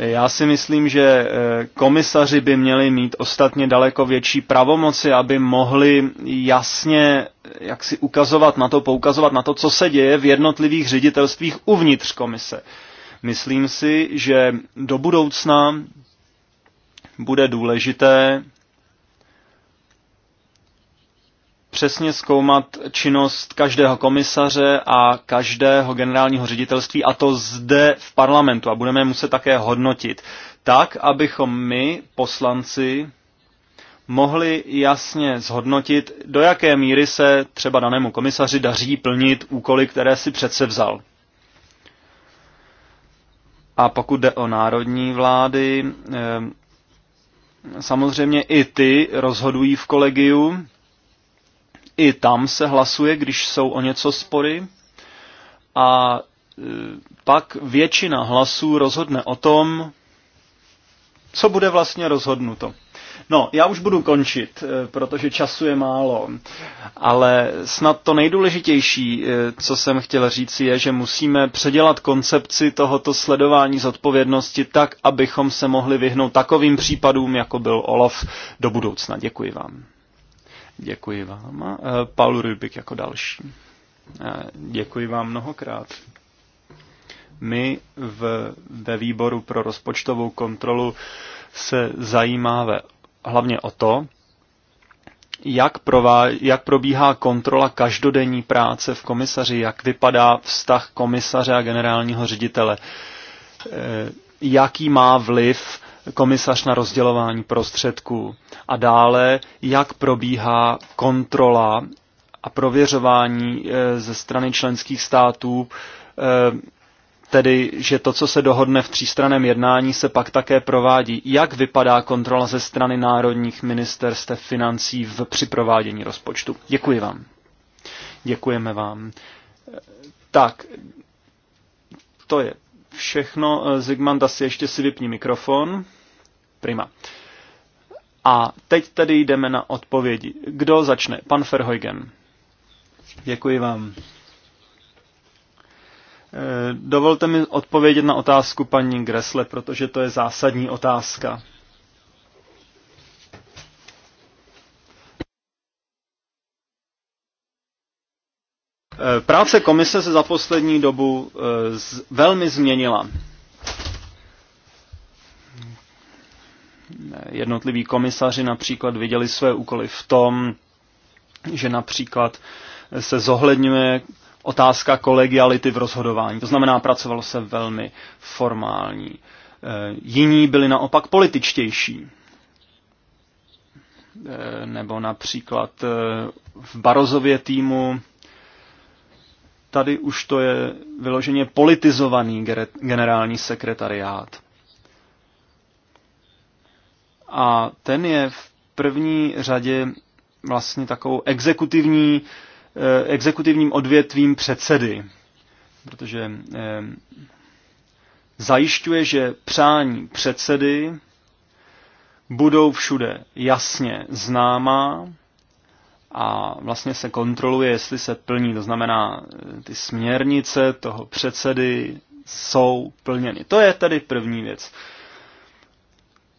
Já si myslím, že eh, komisaři by měli mít ostatně daleko větší pravomoci, aby mohli jasně eh, jak si ukazovat na to, poukazovat na to, co se děje v jednotlivých ředitelstvích uvnitř komise. Myslím si, že do budoucna bude důležité přesně zkoumat činnost každého komisaře a každého generálního ředitelství, a to zde v parlamentu. A budeme muset také hodnotit tak, abychom my, poslanci, mohli jasně zhodnotit, do jaké míry se třeba danému komisaři daří plnit úkoly, které si přece vzal. A pokud jde o národní vlády, eh, samozřejmě i ty rozhodují v kolegiu, i tam se hlasuje, když jsou o něco spory. A e, pak většina hlasů rozhodne o tom, co bude vlastně rozhodnuto. No, já už budu končit, e, protože času je málo, ale snad to nejdůležitější, e, co jsem chtěl říct, je, že musíme předělat koncepci tohoto sledování zodpovědnosti tak, abychom se mohli vyhnout takovým případům, jako byl Olaf do budoucna. Děkuji vám. Děkuji vám. E, Paul Rybik jako další. E, děkuji vám mnohokrát. My v, ve výboru pro rozpočtovou kontrolu se zajímáme hlavně o to, jak, prová, jak probíhá kontrola každodenní práce v komisaři, jak vypadá vztah komisaře a generálního ředitele, e, jaký má vliv komisař na rozdělování prostředků a dále, jak probíhá kontrola a prověřování eh, ze strany členských států, eh, tedy že to, co se dohodne v třístraném jednání, se pak také provádí. Jak vypadá kontrola ze strany národních ministerstev financí v, připrovádění rozpočtu? Děkuji vám. Děkujeme vám. Eh, tak, to je všechno. Eh, Zigmanda si ještě si vypni mikrofon. Prima. A teď tedy jdeme na odpovědi. Kdo začne? Pan Ferhojgen. Děkuji vám. Eh, dovolte mi odpovědět na otázku paní Gresle, protože to je zásadní otázka. Eh, práce komise se za poslední dobu eh, velmi změnila. Jednotliví komisaři například viděli své úkoly v tom, že například se zohledňuje otázka kolegiality v rozhodování. To znamená, pracovalo se velmi formální. Eh, jiní byli naopak političtější. Nebo například v Barozově týmu tady už to je vyloženě politizovaný generální sekretariát. A ten je v první řadě vlastně takovou exekutivní, eh, exekutivním odvětvím předsedy, protože eh, zajišťuje, že přání předsedy budou všude jasně známá a vlastně se kontroluje, jestli se plní. To znamená, eh, ty směrnice toho předsedy jsou plněny. To je tedy první věc.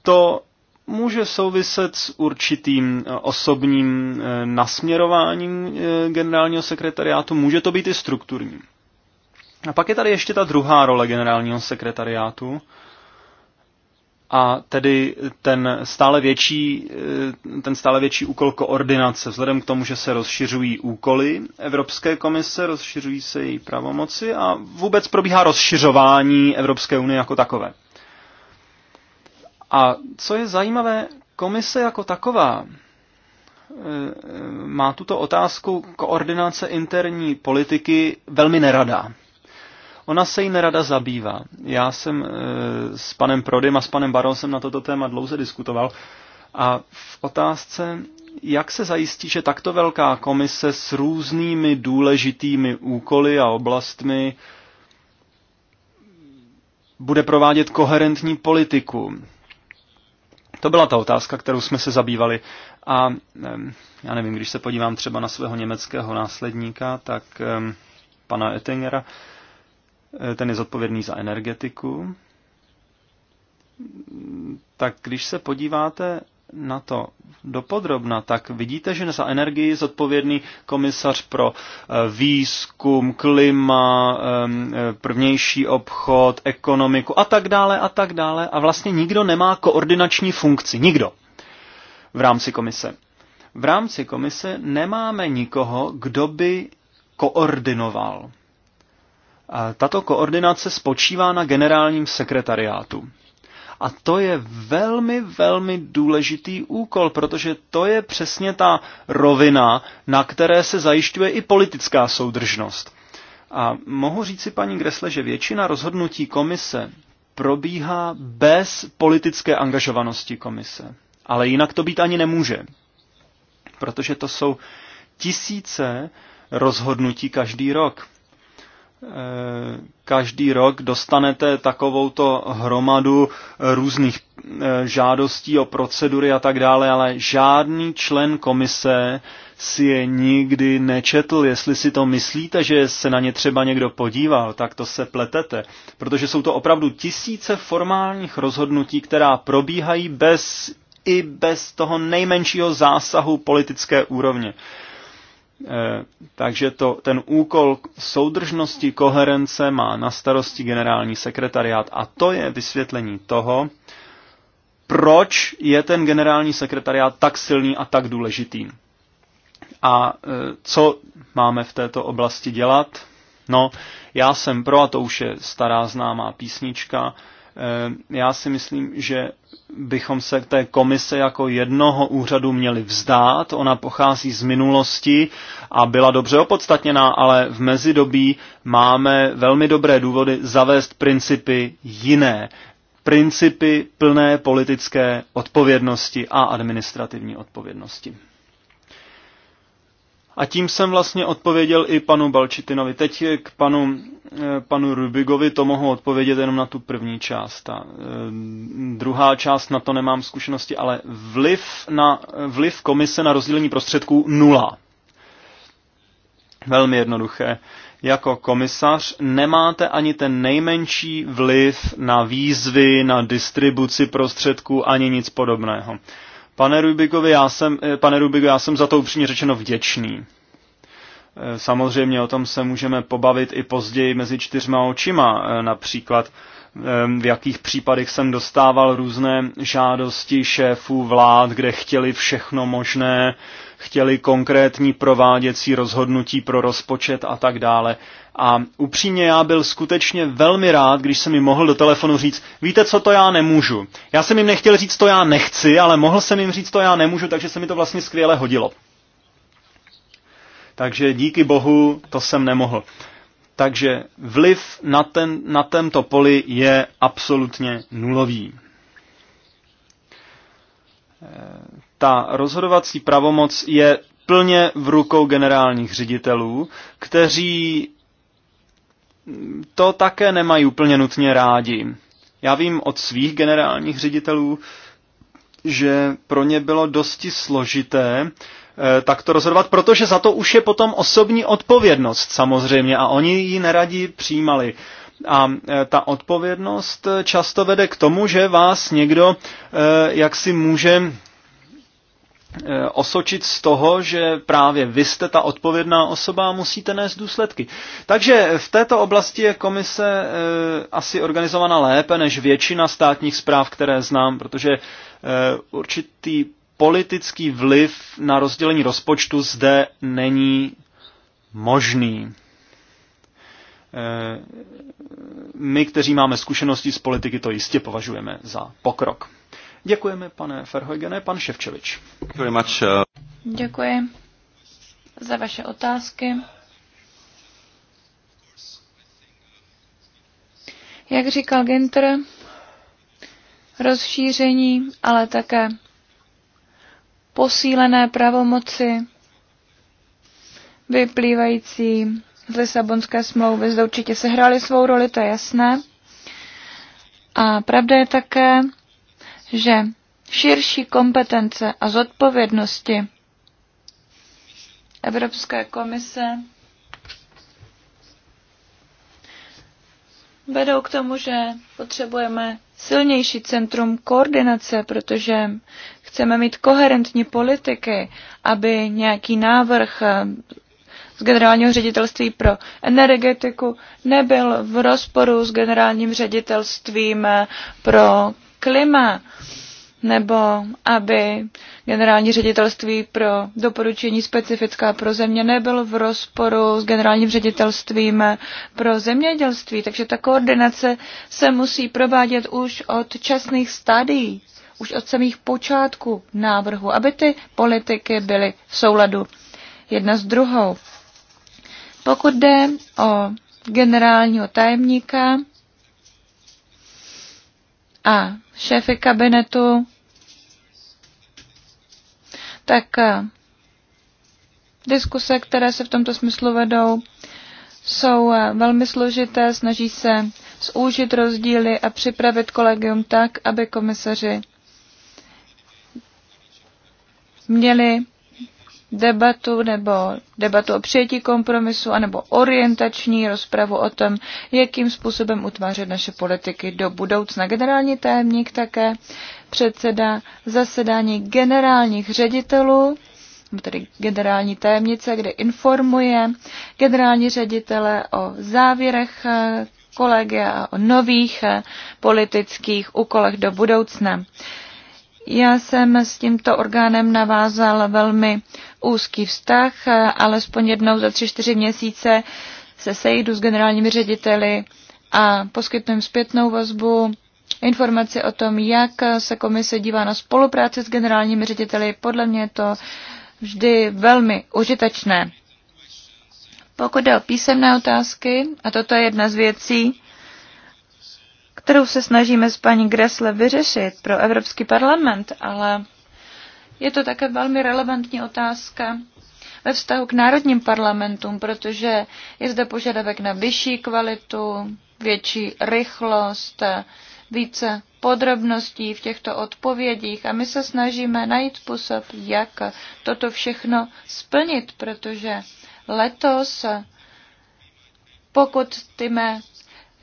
To může souviset s určitým eh, osobním eh, nasměrováním generálního sekretariátu, může to být i strukturní. A pak je tady ještě ta druhá role generálního sekretariátu, a tedy ten stále větší, eh, ten stále větší úkol koordinace, vzhledem k tomu, že se rozšiřují úkoly Evropské komise, rozšiřují se její pravomoci a vůbec probíhá rozšiřování Evropské unie jako takové. A co je zajímavé, komise jako taková eh, eh, má tuto otázku koordinace interní politiky velmi nerada. Ona se jí nerada zabývá. Já jsem eh, s panem Prodym a s panem Barosem na toto téma dlouze diskutoval a v otázce, jak se zajistí, že takto velká komise s různými důležitými úkoly a oblastmi bude provádět koherentní politiku. To byla ta otázka, kterou jsme se zabývali. A já nevím, když se podívám třeba na svého německého následníka, tak pana Ettingera, Eh, ten je zodpovědný za energetiku. Tak když se podíváte na to dopodrobna, tak vidíte, že za energii je zodpovědný komisař pro eh, výzkum, klima, ehm, eh, prvnější obchod, ekonomiku a tak dále a tak dále. A vlastně nikdo nemá koordinační funkci. Nikdo. V rámci komise. V rámci komise nemáme nikoho, kdo by koordinoval a tato koordinace spočívá na generálním sekretariátu. A to je velmi, velmi důležitý úkol, protože to je přesně ta rovina, na které se zajišťuje i politická soudržnost. A mohu říci paní Gresle, že většina rozhodnutí komise probíhá bez politické angažovanosti komise. Ale jinak to být ani nemůže, protože to jsou tisíce rozhodnutí každý rok. Eh, každý rok dostanete takovouto hromadu eh, různých eh, žádostí o procedury a tak dále, ale žádný člen komise si je nikdy nečetl. Jestli si to myslíte, že se na ně třeba někdo podíval, tak to se pletete. Protože jsou to opravdu tisíce formálních rozhodnutí, která probíhají bez i bez toho nejmenšího zásahu politické úrovně. Uh, Eh, takže to, ten úkol soudržnosti koherence má na starosti generální sekretariát a to je vysvětlení toho, proč je ten generální sekretariát tak silný a tak důležitý. A eh, co máme v této oblasti dělat? No, já jsem pro, a to už je stará známá písnička, Eh, já si myslím, že bychom se té komise jako jednoho úřadu měli vzdát. Ona pochází z minulosti a byla dobře opodstatněná, ale v mezidobí máme velmi dobré důvody zavést principy jiné. Principy plné politické odpovědnosti a administrativní odpovědnosti. A tím jsem vlastně odpověděl i panu Balčitinovi. Teď k panu, eh, panu Rubigovi to mohu odpovědět jenom na tu první část. Ta eh, druhá část na to nemám zkušenosti, ale vliv, na, vliv komise na rozdělení prostředků nula. Velmi jednoduché. Jako komisař nemáte ani ten nejmenší vliv na výzvy, na distribuci prostředků, ani nic podobného. Pane Rubikovi, já jsem, eh, pane Rubiku, já jsem za to upřímně řečeno vděčný. Eh, samozřejmě o tom se můžeme pobavit i později mezi čtyřma očima, eh, například ehm, v jakých případech jsem dostával různé žádosti šéfů vlád, kde chtěli všechno možné, chtěli konkrétní prováděcí rozhodnutí pro rozpočet a tak dále. A upřímně já byl skutečně velmi rád, když jsem mi mohl do telefonu říct, víte co, to já nemůžu. Já jsem jim nechtěl říct, to já nechci, ale mohl jsem jim říct, to já nemůžu, takže se mi to vlastně skvěle hodilo. Takže díky bohu to jsem nemohl. Takže vliv na, ten, na tento poli je absolutně nulový ta rozhodovací pravomoc je plně v rukou generálních ředitelů, kteří to také nemají úplně nutně rádi. Já vím od svých generálních ředitelů, že pro ně bylo dosti složité eh, takto rozhodovat, protože za to už je potom osobní odpovědnost samozřejmě a oni ji neradí přijímali. A eh, ta odpovědnost často vede k tomu, že vás někdo eh, jak si může Eh, osočit z toho, že právě vy jste ta odpovědná osoba a musíte nést důsledky. Takže v této oblasti je komise eh, asi organizovaná lépe než většina státních zpráv, které znám, protože eh, určitý politický vliv na rozdělení rozpočtu zde není možný. My, kteří máme zkušenosti z politiky, to jistě považujeme za pokrok. Děkujeme, pane Ferhojgene. Pan Ševčevič. Uh, Děkuji za vaše otázky. Jak říkal Ginter, rozšíření, ale také posílené pravomoci vyplývající z Lisabonské smlouvy zde určitě sehrály svou roli, to je jasné. A pravda je také, že širší kompetence a zodpovědnosti Evropské komise vedou k tomu, že potřebujeme silnější centrum koordinace, protože chceme mít koherentní politiky, aby nějaký návrh eh, z generálního ředitelství pro energetiku nebyl v rozporu s generálním ředitelstvím eh, pro klima, nebo aby generální ředitelství pro doporučení specifická pro země nebyl v rozporu s generálním ředitelstvím pro zemědělství. Takže ta koordinace se musí provádět už od časných stadií, už od samých počátků návrhu, aby ty politiky byly v souladu jedna s druhou. Pokud jde o generálního tajemníka, a šéfy kabinetu, tak eh, diskuse, které se v tomto smyslu vedou, jsou eh, velmi složité, snaží se zúžit rozdíly a připravit kolegium tak, aby komisaři měli debatu nebo debatu o přijetí kompromisu anebo orientační rozpravu o tom, jakým způsobem utvářet naše politiky do budoucna. Generální tajemník také předseda zasedání generálních ředitelů tedy generální tajemnice, kde informuje generální ředitele o závěrech eh, kolegia a o nových eh, politických úkolech do budoucna. Já jsem s tímto orgánem navázal velmi úzký vztah, alespoň jednou za tři, čtyři měsíce se sejdu s generálními řediteli a poskytnu jim zpětnou vazbu, informaci o tom, jak se komise dívá na spolupráci s generálními řediteli. Podle mě je to vždy velmi užitečné. Pokud jde o písemné otázky, a toto je jedna z věcí, kterou se snažíme s paní Gressle vyřešit pro Evropský parlament, ale je to také velmi relevantní otázka ve vztahu k národním parlamentům, protože je zde požadavek na vyšší kvalitu, větší rychlost, více podrobností v těchto odpovědích a my se snažíme najít způsob, jak toto všechno splnit, protože letos, pokud ty mé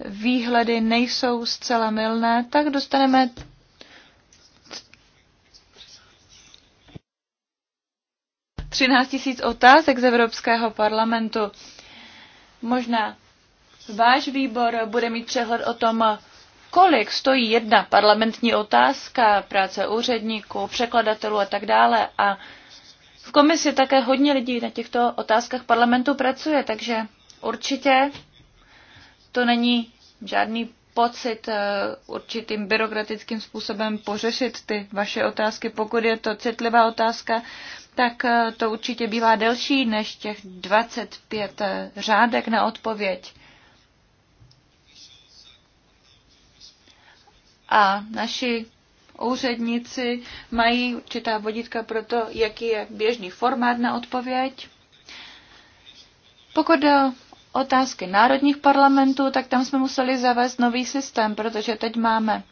výhledy nejsou zcela mylné, tak dostaneme třináct tisíc otázek z Evropského parlamentu. Možná váš výbor bude mít přehled o tom, kolik stojí jedna parlamentní otázka, práce úředníků, překladatelů a tak dále. A v komisi také hodně lidí na těchto otázkách parlamentu pracuje, takže určitě to není žádný pocit eh, určitým byrokratickým způsobem pořešit ty vaše otázky. Pokud je to citlivá otázka, tak eh, to určitě bývá delší než těch 25 eh, řádek na odpověď. A naši úředníci mají určitá vodítka pro to, jaký je běžný formát na odpověď. Pokud jde o otázky národních parlamentů, tak tam jsme museli zavést nový systém, protože teď máme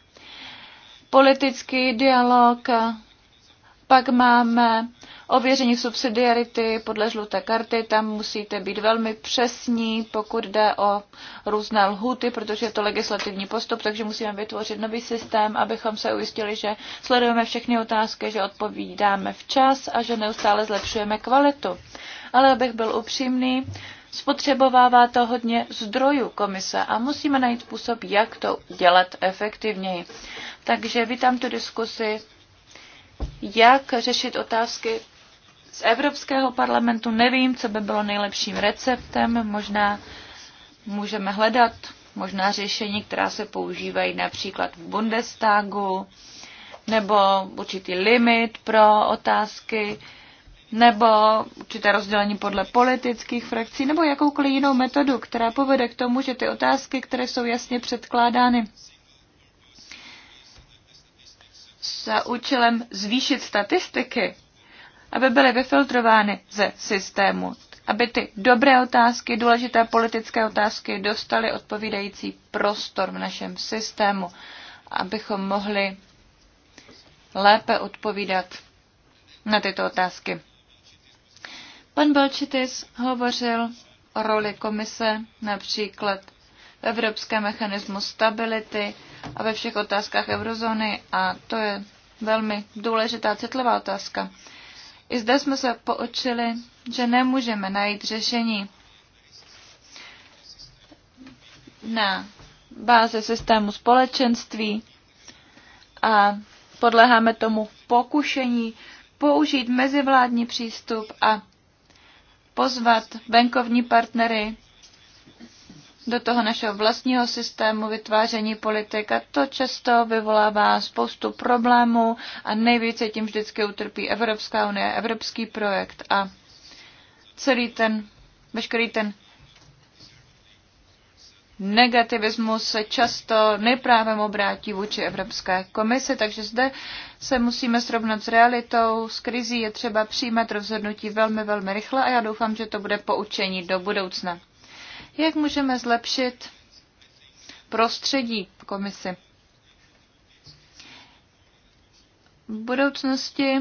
politický dialog, pak máme ověření subsidiarity podle žluté karty, tam musíte být velmi přesní, pokud jde o různé lhuty, protože je to legislativní postup, takže musíme vytvořit nový systém, abychom se ujistili, že sledujeme všechny otázky, že odpovídáme včas a že neustále zlepšujeme kvalitu. Ale abych byl upřímný, Spotřebovává to hodně zdrojů komise a musíme najít způsob, jak to dělat efektivněji. Takže vítám tu diskusi, jak řešit otázky z Evropského parlamentu. Nevím, co by bylo nejlepším receptem. Možná můžeme hledat možná řešení, která se používají například v Bundestagu, nebo určitý limit pro otázky nebo určité rozdělení podle politických frakcí, nebo jakoukoliv jinou metodu, která povede k tomu, že ty otázky, které jsou jasně předkládány za účelem zvýšit statistiky, aby byly vyfiltrovány ze systému, aby ty dobré otázky, důležité politické otázky dostaly odpovídající prostor v našem systému, abychom mohli lépe odpovídat na tyto otázky. Pan Balčitis hovořil o roli komise například v evropském mechanismu stability a ve všech otázkách eurozóny a to je velmi důležitá citlivá otázka. I zde jsme se poučili, že nemůžeme najít řešení na báze systému společenství a podleháme tomu pokušení použít mezivládní přístup a pozvat venkovní partnery do toho našeho vlastního systému vytváření politik a to často vyvolává spoustu problémů a nejvíce tím vždycky utrpí Evropská unie, evropský projekt a celý ten, veškerý ten negativismus se často neprávem obrátí vůči Evropské komisi, takže zde se musíme srovnat s realitou, s krizí je třeba přijímat rozhodnutí velmi, velmi rychle a já doufám, že to bude poučení do budoucna. Jak můžeme zlepšit prostředí komisi? V budoucnosti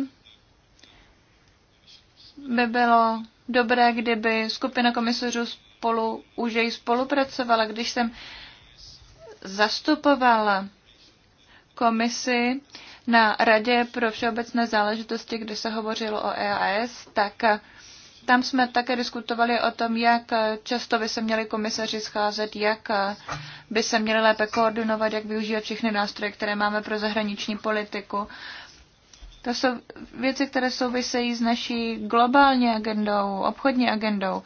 by bylo dobré, kdyby skupina komisařů spolu už jej spolupracovala, když jsem zastupovala komisi na Radě pro všeobecné záležitosti, kde se hovořilo o EAS, tak eh, tam jsme také diskutovali o tom, jak eh, často by se měli komisaři scházet, jak eh, by se měli lépe koordinovat, jak využívat všechny nástroje, které máme pro zahraniční politiku. To jsou věci, které souvisejí s naší globální agendou, obchodní agendou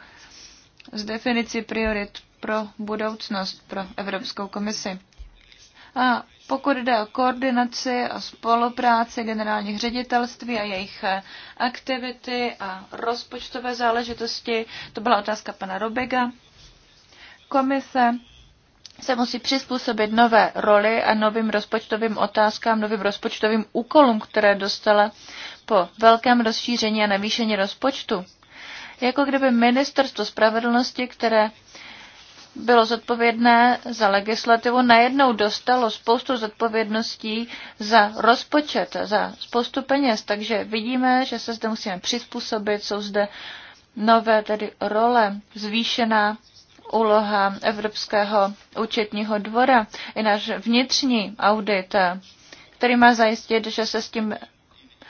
s definicí priorit pro budoucnost pro Evropskou komisi. A pokud jde o koordinaci a spolupráci generálních ředitelství a jejich eh, aktivity a rozpočtové záležitosti, to byla otázka pana Robega. Komise se musí přizpůsobit nové roli a novým rozpočtovým otázkám, novým rozpočtovým úkolům, které dostala po velkém rozšíření a navýšení rozpočtu jako kdyby ministerstvo spravedlnosti, které bylo zodpovědné za legislativu, najednou dostalo spoustu zodpovědností za rozpočet, za spoustu peněz. Takže vidíme, že se zde musíme přizpůsobit, jsou zde nové tedy role, zvýšená úloha Evropského účetního dvora i náš vnitřní audit, který má zajistit, že se s tím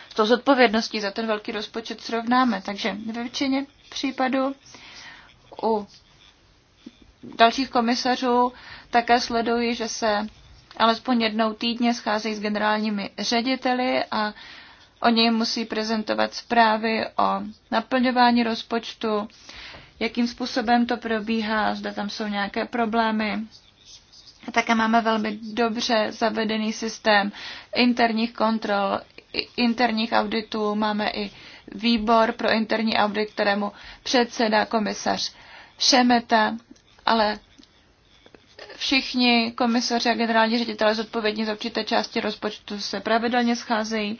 s tou zodpovědností za ten velký rozpočet srovnáme. Takže ve většině případu U dalších komisařů také sleduji, že se alespoň jednou týdně scházejí s generálními řediteli a oni musí prezentovat zprávy o naplňování rozpočtu, jakým způsobem to probíhá, zda tam jsou nějaké problémy. A také máme velmi dobře zavedený systém interních kontrol, interních auditů, máme i výbor pro interní audit, kterému předsedá komisař Šemeta, ale všichni komisaři a generální ředitele zodpovědní za určité části rozpočtu se pravidelně scházejí.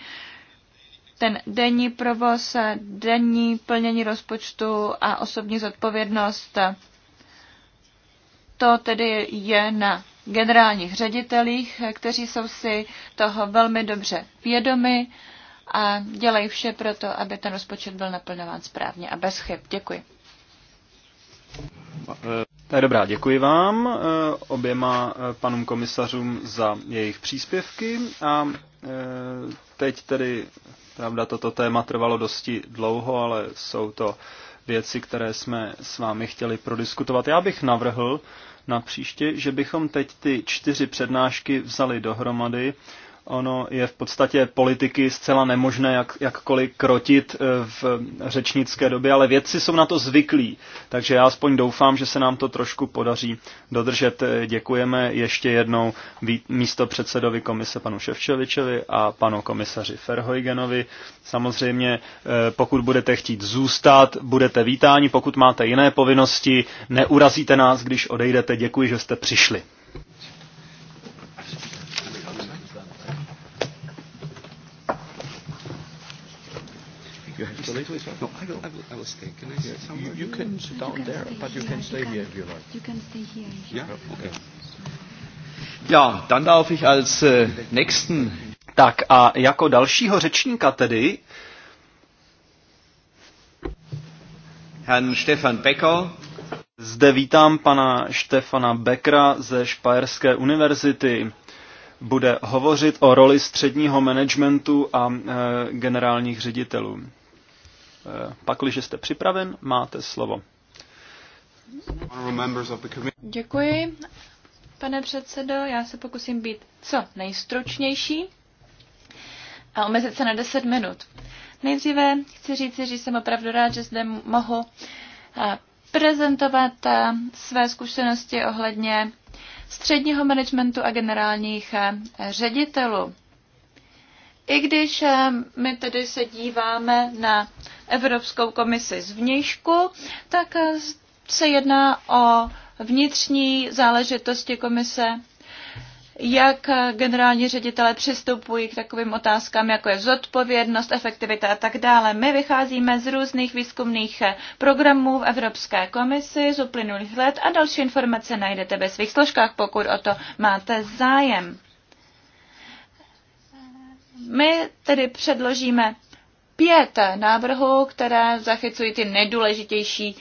Ten denní provoz, denní plnění rozpočtu a osobní zodpovědnost, to tedy je na generálních ředitelích, kteří jsou si toho velmi dobře vědomi a dělají vše pro to, aby ten rozpočet byl naplňován správně a bez chyb. Děkuji. Tak dobrá, děkuji vám eh, oběma eh, panům komisařům za jejich příspěvky a eh, teď tedy, pravda, toto téma trvalo dosti dlouho, ale jsou to věci, které jsme s vámi chtěli prodiskutovat. Já bych navrhl na příště, že bychom teď ty čtyři přednášky vzali dohromady ono je v podstatě politiky zcela nemožné jak, jakkoliv krotit eh, v řečnické době, ale vědci jsou na to zvyklí, takže já aspoň doufám, že se nám to trošku podaří dodržet. Eh, děkujeme ještě jednou místo předsedovi komise panu Ševčevičovi a panu komisaři Ferhojgenovi. Samozřejmě, eh, pokud budete chtít zůstat, budete vítáni, pokud máte jiné povinnosti, neurazíte nás, když odejdete. Děkuji, že jste přišli. You have to leave No, I will, I will, I will stay. Can I yeah. sit somewhere? You, you can sit down can there, but you here. can stay you can, here if you like. You can stay here. Yeah, okay. Ja, dann darf ich als äh, nächsten. Tak a jako dalšího řečníka tedy Herrn Stefan Becker. Zde vítám pana Stefana Beckera ze Špajerské univerzity bude hovořit o roli středního managementu a e, generálních ředitelů. Eh, pakliže jste připraven, máte slovo. Děkuji, pane předsedo. Já se pokusím být co nejstručnější a omezit se na 10 minut. Nejdříve chci říct, že jsem opravdu rád, že zde mohu eh, prezentovat eh, své zkušenosti ohledně středního managementu a generálních ředitelů. I když my tedy se díváme na Evropskou komisi zvnějšku, tak se jedná o vnitřní záležitosti komise, jak generální ředitele přistupují k takovým otázkám, jako je zodpovědnost, efektivita a tak dále. My vycházíme z různých výzkumných programů v Evropské komisi z uplynulých let a další informace najdete ve svých složkách, pokud o to máte zájem. My tedy předložíme pět návrhů, které zachycují ty nejdůležitější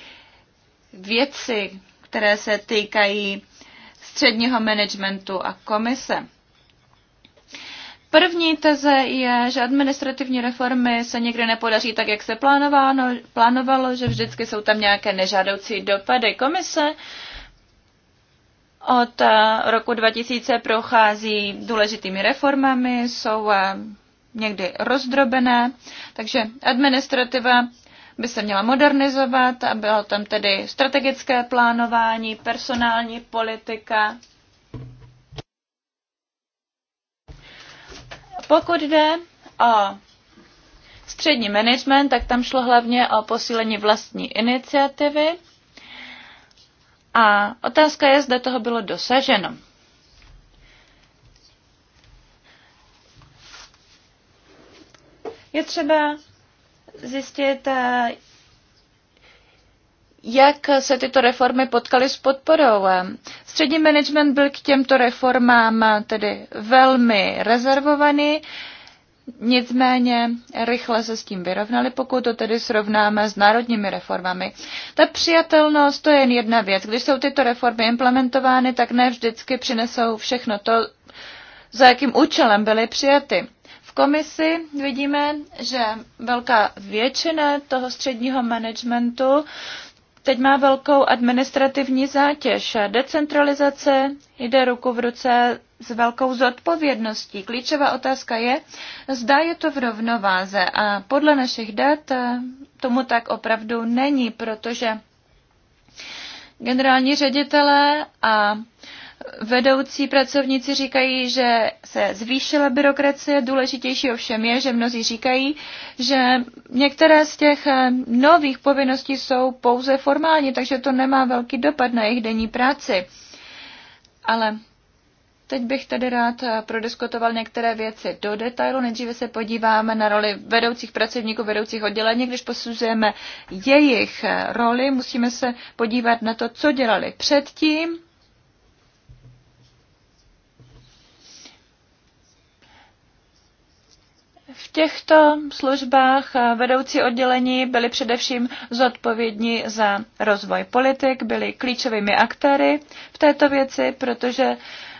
věci, které se týkají středního managementu a komise. První teze je, že administrativní reformy se někdy nepodaří tak, jak se plánováno, plánovalo, že vždycky jsou tam nějaké nežádoucí dopady. Komise od roku 2000 prochází důležitými reformami, jsou eh, někdy rozdrobené, takže administrativa by se měla modernizovat a bylo tam tedy strategické plánování, personální politika. Pokud jde o střední management, tak tam šlo hlavně o posílení vlastní iniciativy. A otázka je, zda toho bylo dosaženo. Je třeba zjistit, eh, jak se tyto reformy potkaly s podporou. Eh, střední management byl k těmto reformám eh, tedy velmi rezervovaný, nicméně rychle se s tím vyrovnali, pokud to tedy srovnáme s národními reformami. Ta přijatelnost to je jen jedna věc. Když jsou tyto reformy implementovány, tak ne vždycky přinesou všechno to, za jakým účelem byly přijaty. V komisi vidíme, že velká většina toho středního managementu teď má velkou administrativní zátěž. Decentralizace jde ruku v ruce s velkou zodpovědností. Klíčová otázka je, zda je to v rovnováze a podle našich dat tomu tak opravdu není, protože generální ředitelé a Vedoucí pracovníci říkají, že se zvýšila byrokracie, důležitější ovšem je, že mnozí říkají, že některé z těch eh, nových povinností jsou pouze formální, takže to nemá velký dopad na jejich denní práci. Ale Teď bych tedy rád eh, prodiskutoval některé věci do detailu. Nejdříve se podíváme na roli vedoucích pracovníků, vedoucích oddělení. Když posuzujeme jejich eh, roli, musíme se podívat na to, co dělali předtím V těchto službách eh, vedoucí oddělení byli především zodpovědní za rozvoj politik, byli klíčovými aktéry v této věci, protože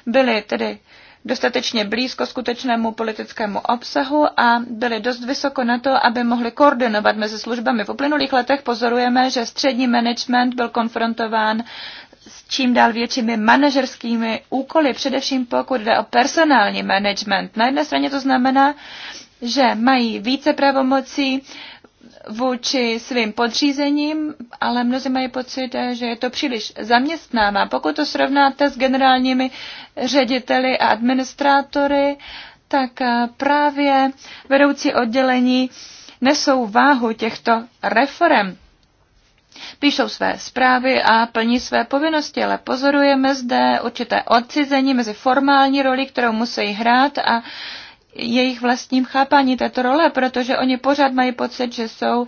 byli tedy dostatečně blízko skutečnému politickému obsahu a byli dost vysoko na to, aby mohli koordinovat mezi službami. V uplynulých letech pozorujeme, že střední management byl konfrontován s čím dál většími manažerskými úkoly, především pokud jde o personální management. Na jedné straně to znamená, že mají více pravomocí vůči svým podřízením, ale mnozí mají pocit, že je to příliš zaměstnává. Pokud to srovnáte s generálními řediteli a administrátory, tak eh, právě vedoucí oddělení nesou váhu těchto reform. Píšou své zprávy a plní své povinnosti, ale pozorujeme zde určité odcizení mezi formální roli, kterou musí hrát a jejich vlastním chápání této role, protože oni pořád mají pocit, že jsou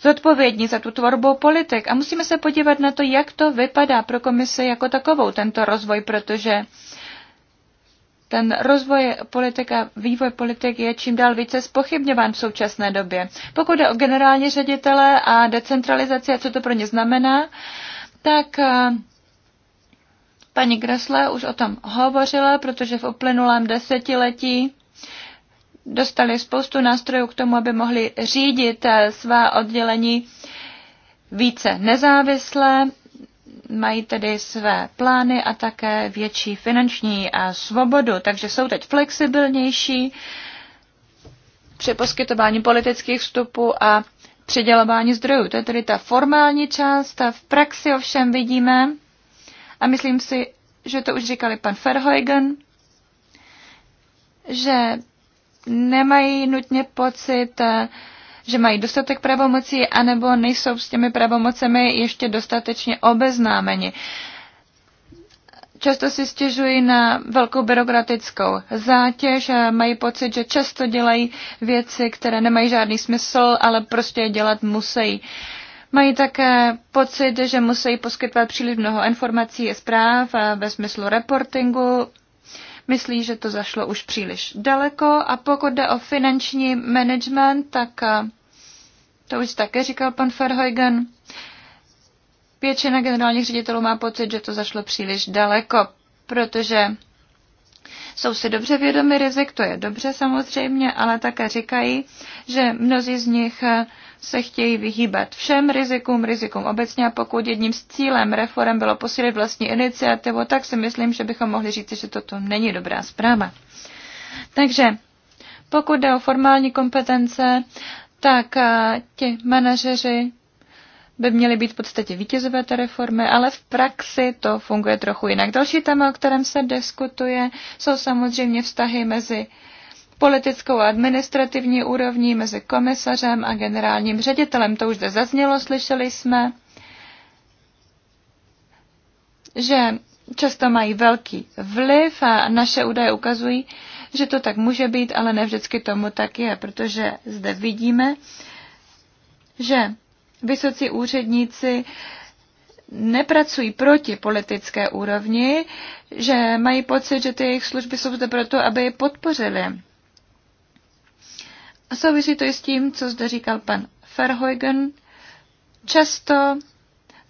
zodpovědní za tu tvorbu politik. A musíme se podívat na to, jak to vypadá pro komisi jako takovou, tento rozvoj, protože ten rozvoj a vývoj politik je čím dál více spochybňován v současné době. Pokud jde o generální ředitele a decentralizaci a co to pro ně znamená, tak eh, paní Gresle už o tom hovořila, protože v uplynulém desetiletí dostali spoustu nástrojů k tomu, aby mohli řídit eh, svá oddělení více nezávisle, mají tedy své plány a také větší finanční a svobodu, takže jsou teď flexibilnější při poskytování politických vstupů a přidělování zdrojů. To je tedy ta formální část. V praxi ovšem vidíme, a myslím si, že to už říkali pan Verheugen, že nemají nutně pocit, eh, že mají dostatek pravomocí, anebo nejsou s těmi pravomocemi ještě dostatečně obeznámeni. Často si stěžují na velkou byrokratickou zátěž a mají pocit, že často dělají věci, které nemají žádný smysl, ale prostě je dělat musí. Mají také pocit, že musí poskytovat příliš mnoho informací a zpráv ve smyslu reportingu myslí, že to zašlo už příliš daleko. A pokud jde o finanční management, tak eh, to už také říkal pan Verheugen. Většina generálních ředitelů má pocit, že to zašlo příliš daleko, protože jsou si dobře vědomi rizik, to je dobře samozřejmě, ale také říkají, že mnozí z nich eh, se chtějí vyhýbat všem rizikům, rizikům obecně a pokud jedním z cílem reform bylo posílit vlastní iniciativu, tak si myslím, že bychom mohli říct, že toto není dobrá zpráva. Takže pokud jde o formální kompetence, tak eh, ti manažeři by měli být v podstatě vítězové té reformy, ale v praxi to funguje trochu jinak. Další téma, o kterém se diskutuje, jsou samozřejmě vztahy mezi politickou a administrativní úrovní mezi komisařem a generálním ředitelem. To už zde zaznělo, slyšeli jsme, že často mají velký vliv a naše údaje ukazují, že to tak může být, ale ne vždycky tomu tak je, protože zde vidíme, že vysocí úředníci nepracují proti politické úrovni, že mají pocit, že ty jejich služby jsou zde proto, aby je podpořili. A souvisí to i s tím, co zde říkal pan Verheugen. Často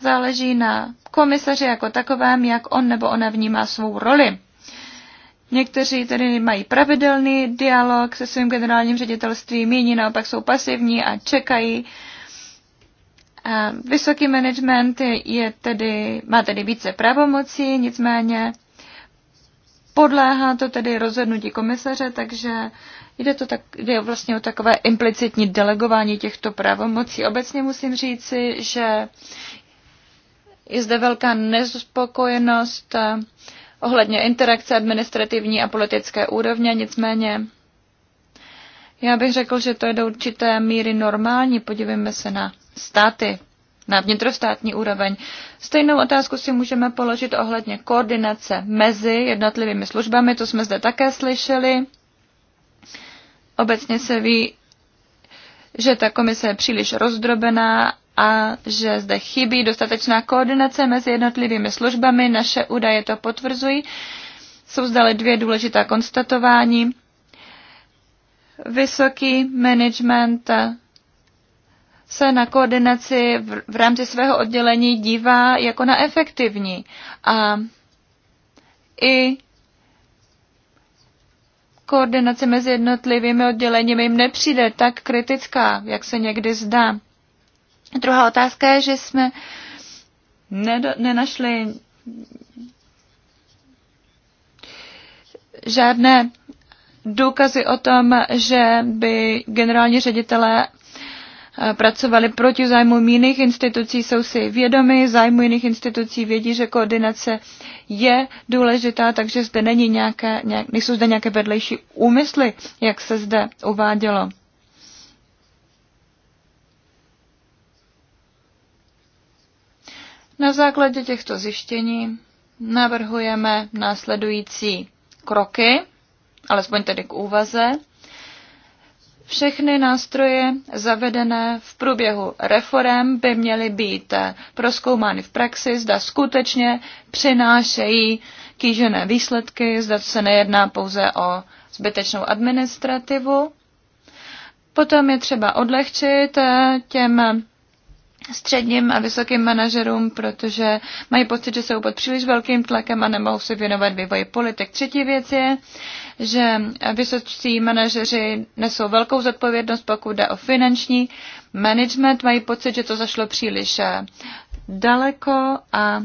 záleží na komisaři jako takovém, jak on nebo ona vnímá svou roli. Někteří tedy mají pravidelný dialog se svým generálním ředitelstvím, jiní naopak jsou pasivní a čekají. A vysoký management je tedy, má tedy více pravomocí, nicméně podléhá to tedy rozhodnutí komisaře, takže Jde, to tak, jde vlastně o takové implicitní delegování těchto pravomocí. Obecně musím říci, že je zde velká nespokojenost eh, ohledně interakce administrativní a politické úrovně, nicméně já bych řekl, že to je do určité míry normální. Podívejme se na státy, na vnitrostátní úroveň. Stejnou otázku si můžeme položit ohledně koordinace mezi jednotlivými službami, to jsme zde také slyšeli. Obecně se ví, že ta komise je příliš rozdrobená a že zde chybí dostatečná koordinace mezi jednotlivými službami. Naše údaje to potvrzují. Jsou zde dvě důležitá konstatování. Vysoký management se na koordinaci v, v rámci svého oddělení dívá jako na efektivní. A i koordinace mezi jednotlivými odděleními jim nepřijde tak kritická, jak se někdy zdá. Druhá otázka je, že jsme nenašli žádné důkazy o tom, že by generální ředitelé Eh, pracovali proti zájmům jiných institucí, jsou si vědomi zájmu jiných institucí, vědí, že koordinace je důležitá, takže zde není nějaké, nějak, nejsou zde nějaké vedlejší úmysly, jak se zde uvádělo. Na základě těchto zjištění navrhujeme následující kroky, alespoň tedy k úvaze. Všechny nástroje zavedené v průběhu reform by měly být proskoumány v praxi, zda skutečně přinášejí kýžené výsledky, zda se nejedná pouze o zbytečnou administrativu. Potom je třeba odlehčit těm středním a vysokým manažerům, protože mají pocit, že jsou pod příliš velkým tlakem a nemohou se věnovat vývoji politik. Třetí věc je, že vysocí manažeři nesou velkou zodpovědnost, pokud jde o finanční management, mají pocit, že to zašlo příliš eh, daleko a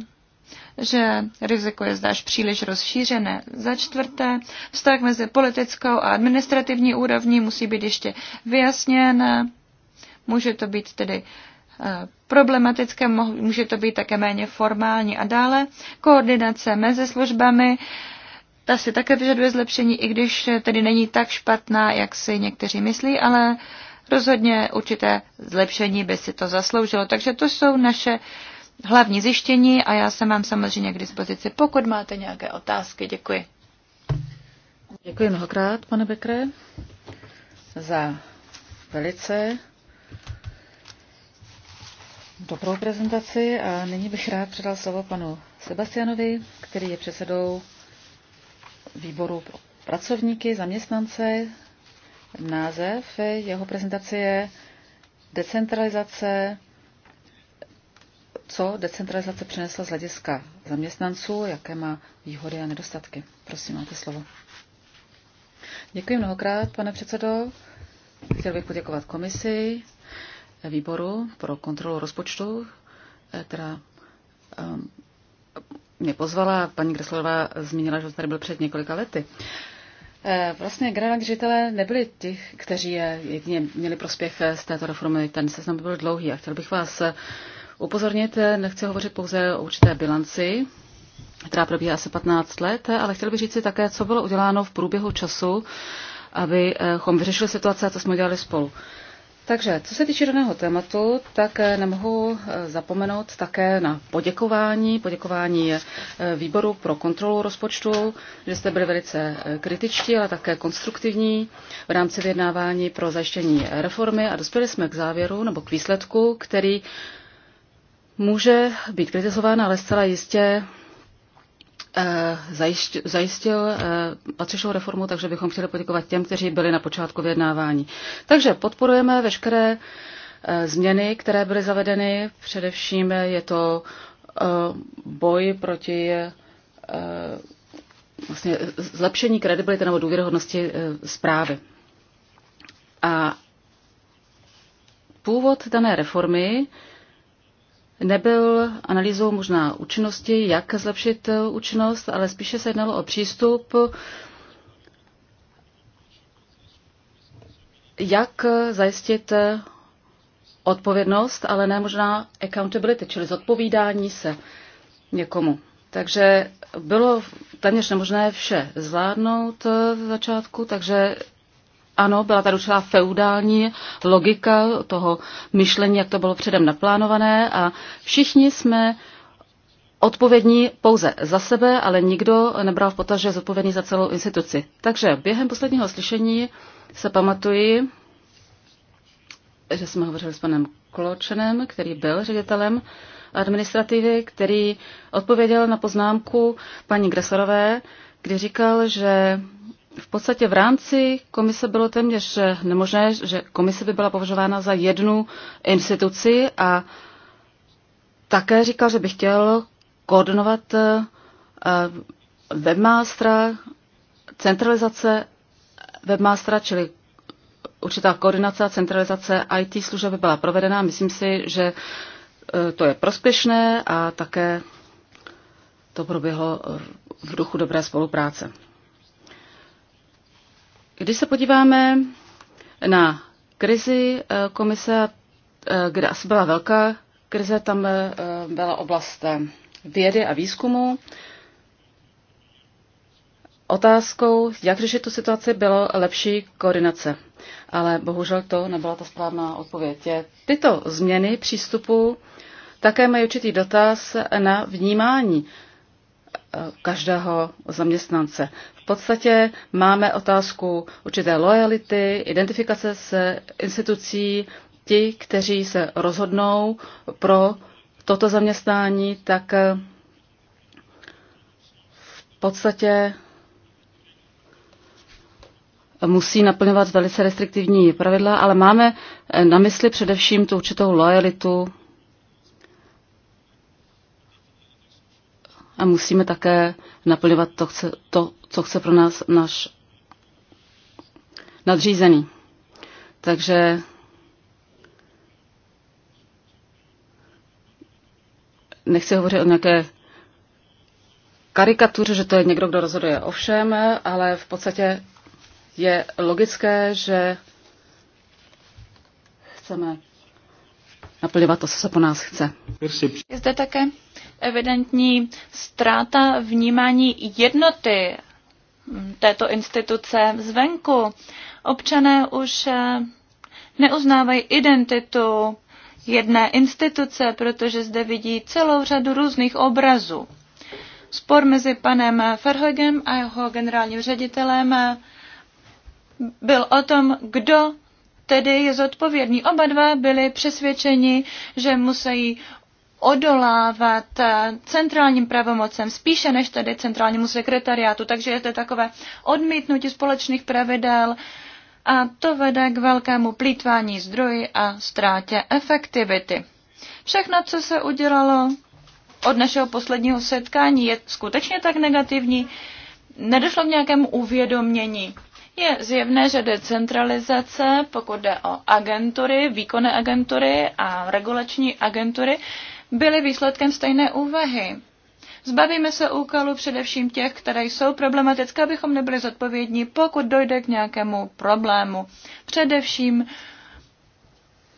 že riziko je zdáš příliš rozšířené. Za čtvrté, vztah mezi politickou a administrativní úrovní musí být ještě vyjasněn. Může to být tedy uh, problematické, může to být také méně formální a dále. Koordinace mezi službami, ta si také vyžaduje zlepšení, i když tedy není tak špatná, jak si někteří myslí, ale rozhodně určité zlepšení by si to zasloužilo. Takže to jsou naše hlavní zjištění a já se mám samozřejmě k dispozici, pokud máte nějaké otázky. Děkuji. Děkuji mnohokrát, pane Bekre, za velice dobrou prezentaci a nyní bych rád předal slovo panu Sebastianovi, který je předsedou výboru pro pracovníky, zaměstnance. Název jeho prezentace je Decentralizace, co decentralizace přinesla z hlediska zaměstnanců, jaké má výhody a nedostatky. Prosím, máte slovo. Děkuji mnohokrát, pane předsedo. Chtěl bych poděkovat komisi výboru pro kontrolu rozpočtu, eh, která ehm, mě pozvala. Paní Greslová zmínila, že tady byl před několika lety. Eh, vlastně generální ředitelé nebyli ti, kteří jedině měli prospěch eh, z této reformy. Ten seznam byl dlouhý a chtěl bych vás upozornit, nechci hovořit pouze o určité bilanci, která probíhá asi 15 let, ale chtěl bych říct si také, co bylo uděláno v průběhu času, abychom vyřešili situace, a co jsme udělali spolu. Takže, co se týče daného tématu, tak eh, nemohu eh, zapomenout také na poděkování, poděkování eh, výboru pro kontrolu rozpočtu, že jste byli velice kritičtí, ale také konstruktivní v rámci vyjednávání pro zajištění reformy a dospěli jsme k závěru nebo k výsledku, který může být kritizován, ale zcela jistě Eh, zajistil, zajistil eh, patřičnou reformu, takže bychom chtěli poděkovat těm, kteří byli na počátku vyjednávání. Takže podporujeme veškeré eh, změny, které byly zavedeny. Především je to boj proti vlastně zlepšení kredibility nebo důvěryhodnosti zprávy. A původ dané reformy nebyl analýzou možná účinnosti, jak zlepšit eh, účinnost, ale spíše se jednalo o přístup, jak eh, zajistit eh, odpovědnost, ale ne možná accountability, čili zodpovídání se někomu. Takže bylo téměř nemožné vše zvládnout v začátku, takže ano, byla tady určitá feudální logika toho myšlení, jak to bylo předem naplánované a všichni jsme odpovědní pouze za sebe, ale nikdo nebral v potaz, že je zodpovědný za celou instituci. Takže během posledního slyšení se pamatuji, že jsme hovořili s panem Kločenem, který byl ředitelem administrativy, který odpověděl na poznámku paní Gresorové, kdy říkal, že v podstatě v rámci komise bylo téměř nemožné, že komise by byla považována za jednu instituci a také říkal, že by chtěl koordinovat eh, webmástra, centralizace webmástra, čili určitá koordinace a centralizace IT služeb by byla provedena. Myslím si, že eh, to je prospěšné a také to proběhlo eh, v duchu dobré spolupráce. Když se podíváme na krizi eh, komise, eh, kde asi byla velká krize, tam eh, byla oblast vědy a výzkumu. Otázkou, jak řešit tu situaci, bylo lepší koordinace. Ale bohužel to nebyla ta správná odpověď. Tyto změny přístupu také mají určitý dotaz na vnímání každého zaměstnance podstatě máme otázku určité lojality, identifikace s institucí, ti, kteří se rozhodnou pro toto zaměstnání, tak eh, v podstatě musí naplňovat velice restriktivní pravidla, ale máme eh, na mysli především tu určitou lojalitu a musíme také naplňovat to, chce, to co chce pro nás náš nadřízený. Takže nechci hovořit o nějaké karikatuře, že to je někdo, kdo rozhoduje o všem, ale v podstatě je logické, že chceme naplňovat to, co se po nás chce. Je zde také evidentní ztráta vnímání jednoty této instituce zvenku. Občané už eh, neuznávají identitu jedné instituce, protože zde vidí celou řadu různých obrazů. Spor mezi panem Ferhogem a jeho generálním ředitelem eh, byl o tom, kdo tedy je zodpovědný. Oba dva byli přesvědčeni, že musí odolávat eh, centrálním pravomocem, spíše než tedy centrálnímu sekretariátu. Takže je to takové odmítnutí společných pravidel a to vede k velkému plítvání zdroji a ztrátě efektivity. Všechno, co se udělalo od našeho posledního setkání, je skutečně tak negativní, nedošlo k nějakému uvědomění. Je zjevné, že decentralizace, pokud jde o agentury, výkonné agentury a regulační agentury, byly výsledkem stejné úvahy. Zbavíme se úkolů především těch, které jsou problematické, abychom nebyli zodpovědní, pokud dojde k nějakému problému. Především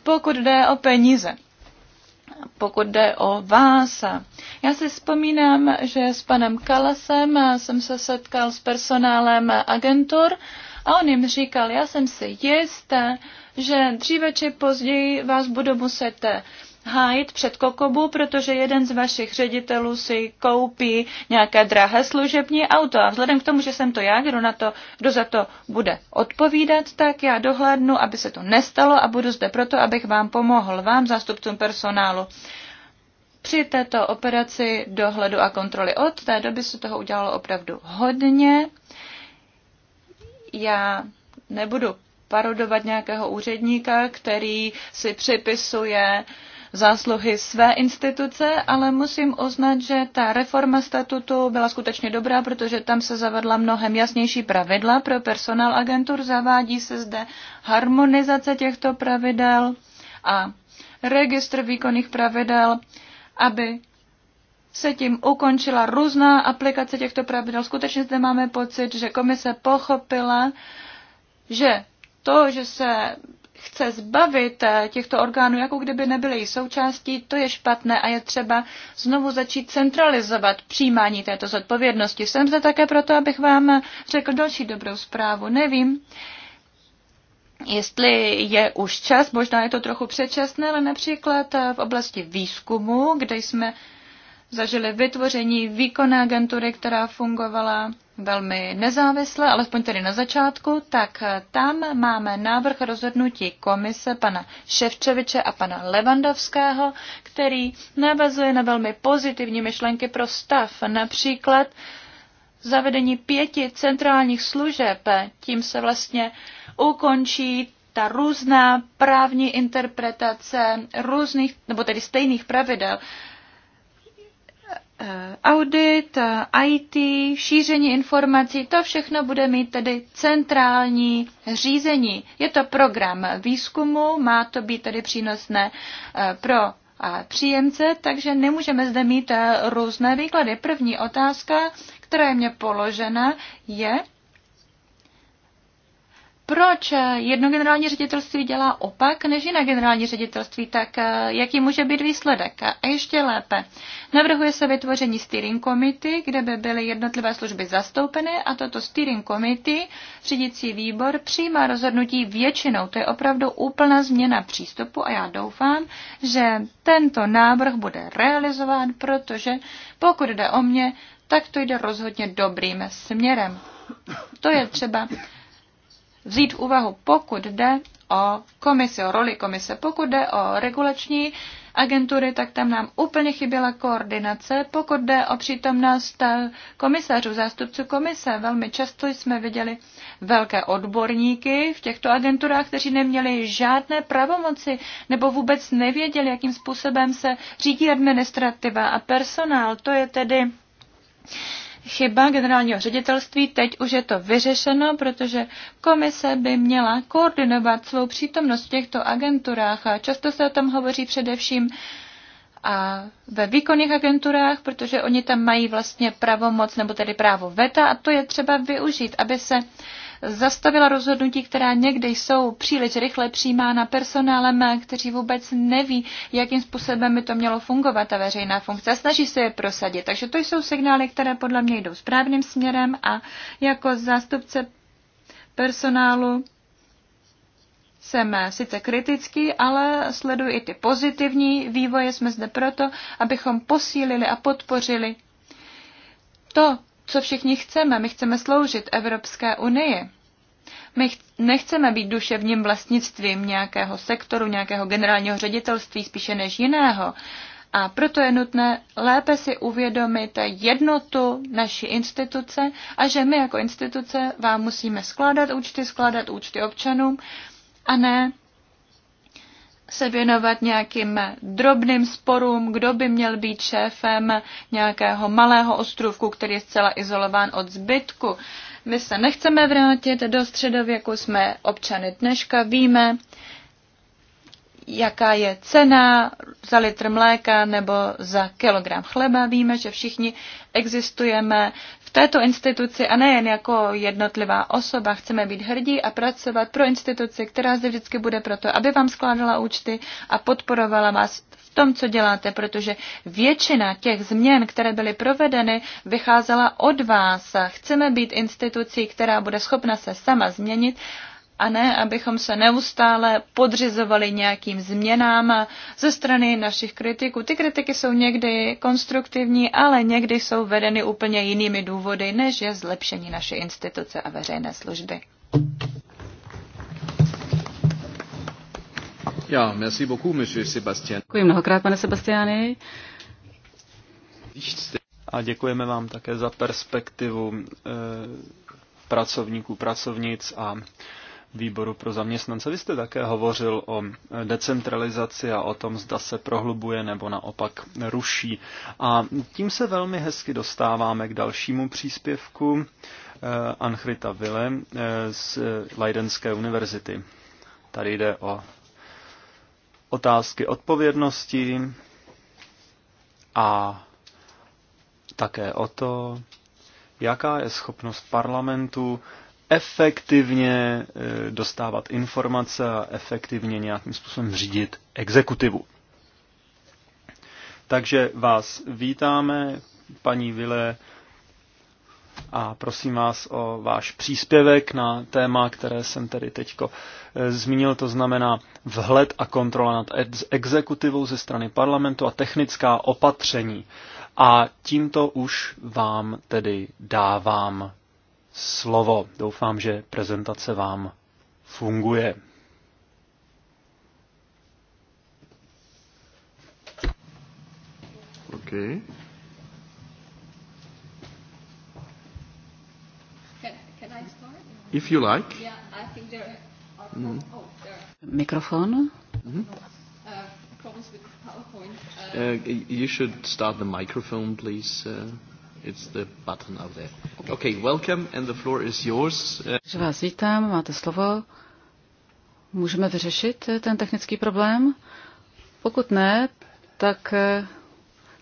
pokud jde o peníze, pokud jde o vás. Já si vzpomínám, že s panem Kalasem jsem se setkal s personálem agentur a on jim říkal, já jsem si jist, že dříve či později vás budu muset hájit před Kokobu, protože jeden z vašich ředitelů si koupí nějaké drahé služební auto. A vzhledem k tomu, že jsem to já, kdo, na to, kdo za to bude odpovídat, tak já dohlédnu, aby se to nestalo a budu zde proto, abych vám pomohl, vám, zástupcům personálu. Při této operaci dohledu a kontroly od té doby se toho udělalo opravdu hodně. Já nebudu parodovat nějakého úředníka, který si připisuje uh, zásluhy své instituce, ale musím uznat, že ta reforma statutu byla skutečně dobrá, protože tam se zavedla mnohem jasnější pravidla pro personál agentur. Zavádí se zde harmonizace těchto pravidel a registr výkonných pravidel, aby se tím ukončila různá aplikace těchto pravidel. Skutečně zde máme pocit, že komise pochopila, že to, že se chce zbavit eh, těchto orgánů, jako kdyby nebyly její součástí, to je špatné a je třeba znovu začít centralizovat přijímání této zodpovědnosti. Jsem zde také proto, abych vám řekl další dobrou zprávu. Nevím, jestli je už čas, možná je to trochu předčasné, ale například eh, v oblasti výzkumu, kde jsme zažili vytvoření výkonné agentury, která fungovala velmi nezávisle, alespoň tedy na začátku, tak eh, tam máme návrh rozhodnutí komise pana Ševčeviče a pana Levandovského, který navazuje na velmi pozitivní myšlenky pro stav, například zavedení pěti centrálních služeb. Eh, tím se vlastně ukončí ta různá právní interpretace různých, nebo tedy stejných pravidel Eh, audit, eh, IT, šíření informací, to všechno bude mít tedy centrální řízení. Je to program výzkumu, má to být tedy přínosné eh, pro příjemce, takže nemůžeme zde mít různé výklady. První otázka, která je mě položena, je, proč jedno generální ředitelství dělá opak než jiné generální ředitelství, tak eh, jaký může být výsledek? A ještě lépe. Navrhuje se vytvoření steering committee, kde by byly jednotlivé služby zastoupeny a toto steering committee, řídící výbor, přijímá rozhodnutí většinou. To je opravdu úplná změna přístupu a já doufám, že tento návrh bude realizován, protože pokud jde o mě, tak to jde rozhodně dobrým směrem. To je třeba vzít v úvahu, pokud jde o komisi, o roli komise. Pokud jde o regulační agentury, tak tam nám úplně chyběla koordinace. Pokud jde o přítomnost eh, komisařů, zástupců komise, velmi často jsme viděli velké odborníky v těchto agenturách, kteří neměli žádné pravomoci nebo vůbec nevěděli, jakým způsobem se řídí administrativa a personál. To je tedy chyba generálního ředitelství. Teď už je to vyřešeno, protože komise by měla koordinovat svou přítomnost v těchto agenturách a často se o tom hovoří především a ve výkonných agenturách, protože oni tam mají vlastně pravomoc nebo tedy právo VETA a to je třeba využít, aby se zastavila rozhodnutí, která někdy jsou příliš rychle přijímána personálem, kteří vůbec neví, jakým způsobem by to mělo fungovat, ta veřejná funkce, a snaží se je prosadit. Takže to jsou signály, které podle mě jdou správným směrem a jako zástupce personálu jsem sice kritický, ale sleduji i ty pozitivní vývoje. Jsme zde proto, abychom posílili a podpořili to, co všichni chceme. My chceme sloužit Evropské unii. My nechceme být duševním vlastnictvím nějakého sektoru, nějakého generálního ředitelství spíše než jiného. A proto je nutné lépe si uvědomit jednotu naší instituce a že my jako instituce vám musíme skládat účty, skládat účty občanům a ne se věnovat nějakým drobným sporům, kdo by měl být šéfem nějakého malého ostrovku, který je zcela izolován od zbytku. My se nechceme vrátit do středověku, jsme občany dneška, víme, jaká je cena za litr mléka nebo za kilogram chleba. Víme, že všichni existujeme této instituci a nejen jako jednotlivá osoba. Chceme být hrdí a pracovat pro instituci, která zde vždycky bude proto, aby vám skládala účty a podporovala vás v tom, co děláte, protože většina těch změn, které byly provedeny, vycházela od vás. Chceme být institucí, která bude schopna se sama změnit a ne, abychom se neustále podřizovali nějakým změnám ze strany našich kritiků. Ty kritiky jsou někdy konstruktivní, ale někdy jsou vedeny úplně jinými důvody, než je zlepšení naší instituce a veřejné služby. Ja, merci beaucoup, monsieur Sebastian. Děkuji mnohokrát, pane Sebastiany. A děkujeme vám také za perspektivu e, pracovníků, pracovnic a výboru pro zaměstnance. Vy jste také hovořil o decentralizaci a o tom, zda se prohlubuje nebo naopak ruší. A tím se velmi hezky dostáváme k dalšímu příspěvku eh, Anchrita Ville eh, z Leidenské univerzity. Tady jde o otázky odpovědnosti a také o to, jaká je schopnost parlamentu efektivně eh, dostávat informace a efektivně nějakým způsobem řídit exekutivu. Takže vás vítáme, paní Vile, a prosím vás o váš příspěvek na téma, které jsem tedy teď eh, zmínil, to znamená vhled a kontrola nad exekutivou ze strany parlamentu a technická opatření. A tímto už vám tedy dávám slovo. Doufám, že prezentace vám funguje. Okay. If you like. Mm-hmm. Oh, Mikrofon. Mm-hmm. Uh, uh, you should start the microphone, please. Uh. It's the button out there. Okay, welcome and the floor is yours. Že vás vítám, máte slovo. Můžeme vyřešit eh, ten technický problém? Pokud ne, tak eh,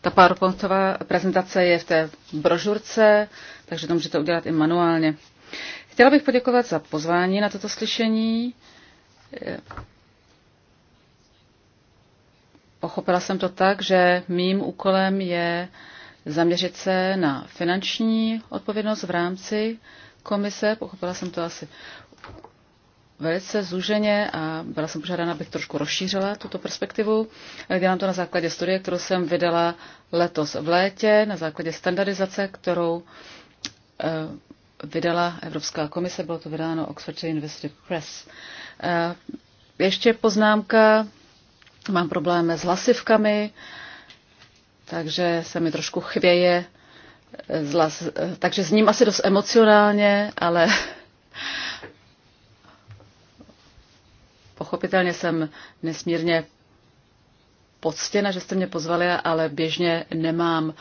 ta PowerPointová prezentace je v té brožurce, takže to můžete udělat i manuálně. Chtěla bych poděkovat za pozvání na toto slyšení. Eh, pochopila jsem to tak, že mým úkolem je zaměřit se na finanční odpovědnost v rámci komise. Pochopila jsem to asi velice zúženě a byla jsem požádána, abych trošku rozšířila tuto perspektivu. Dělám to na základě studie, kterou jsem vydala letos v létě, na základě standardizace, kterou eh, vydala Evropská komise, bylo to vydáno Oxford University Press. Eh, ještě poznámka, mám problémy s hlasivkami, takže se mi trošku chvěje. Eh, zla, eh, takže s ním asi dost emocionálně, ale [laughs] pochopitelně jsem nesmírně poctěna, že jste mě pozvali, ale běžně nemám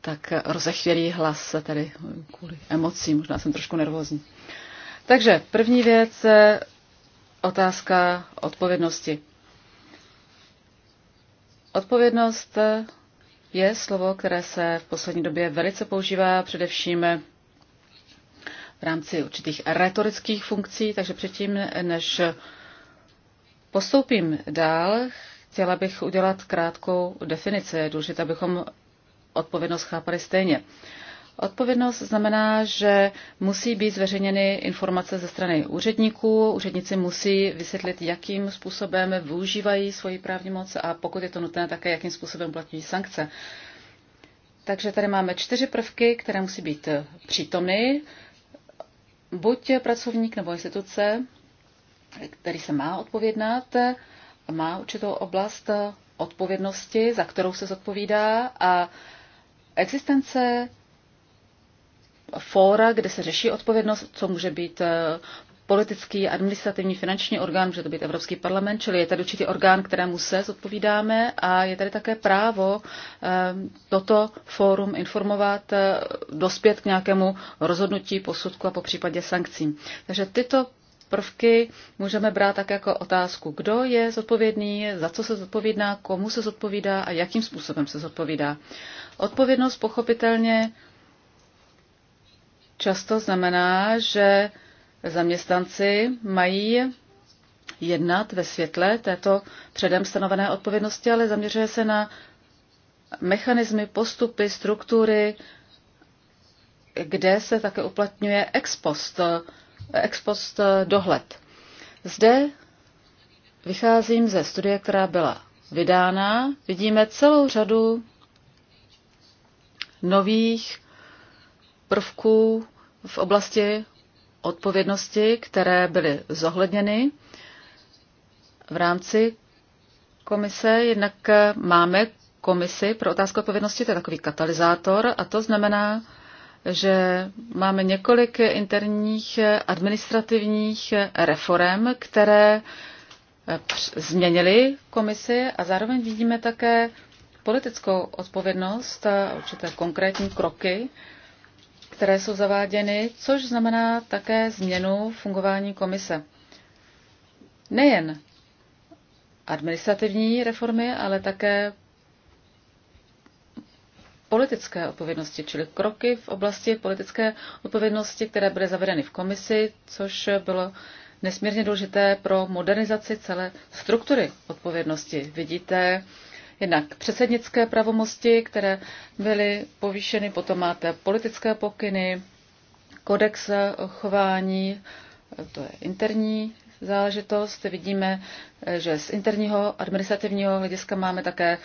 tak rozechvělý hlas tady kvůli emocím, možná jsem trošku nervózní. Takže první věc, eh, otázka odpovědnosti. Odpovědnost je slovo, které se v poslední době velice používá, především v rámci určitých retorických funkcí, takže předtím, než postoupím dál, chtěla bych udělat krátkou definici. Je důležité, abychom odpovědnost chápali stejně. Uh, Odpovědnost znamená, že musí být zveřejněny informace ze strany úředníků. Úředníci musí vysvětlit, jakým způsobem využívají svoji právní moc a pokud je to nutné, také jakým způsobem platí sankce. Takže tady máme čtyři prvky, které musí být přítomny. Buď pracovník nebo instituce, který se má odpovědnat, má určitou oblast odpovědnosti, za kterou se zodpovídá a existence fóra, kde se řeší odpovědnost, co může být eh, politický, administrativní, finanční orgán, může to být Evropský parlament, čili je tady určitý orgán, kterému se zodpovídáme a je tady také právo eh, toto fórum informovat, eh, dospět k nějakému rozhodnutí, posudku a po případě sankcím. Takže tyto prvky můžeme brát tak jako otázku, kdo je zodpovědný, za co se zodpovídá, komu se zodpovídá a jakým způsobem se zodpovídá. Odpovědnost pochopitelně často znamená, že zaměstnanci mají jednat ve světle této předem stanovené odpovědnosti, ale zaměřuje se na mechanismy, postupy, struktury, kde se také uplatňuje ex post, ex post dohled. Zde vycházím ze studie, která byla vydána. Vidíme celou řadu nových prvků v oblasti odpovědnosti, které byly zohledněny v rámci komise. Jednak máme komisi pro otázku odpovědnosti, to je takový katalyzátor a to znamená, že máme několik interních administrativních reform, které změnily komisi a zároveň vidíme také politickou odpovědnost a určité konkrétní kroky, které jsou zaváděny, což znamená také změnu fungování komise. Nejen administrativní reformy, ale také politické odpovědnosti, čili kroky v oblasti politické odpovědnosti, které byly zavedeny v komisi, což bylo nesmírně důležité pro modernizaci celé struktury odpovědnosti. Vidíte jednak předsednické pravomosti, které byly povýšeny, potom máte politické pokyny, kodex chování, to je interní záležitost. Vidíme, že z interního administrativního hlediska máme také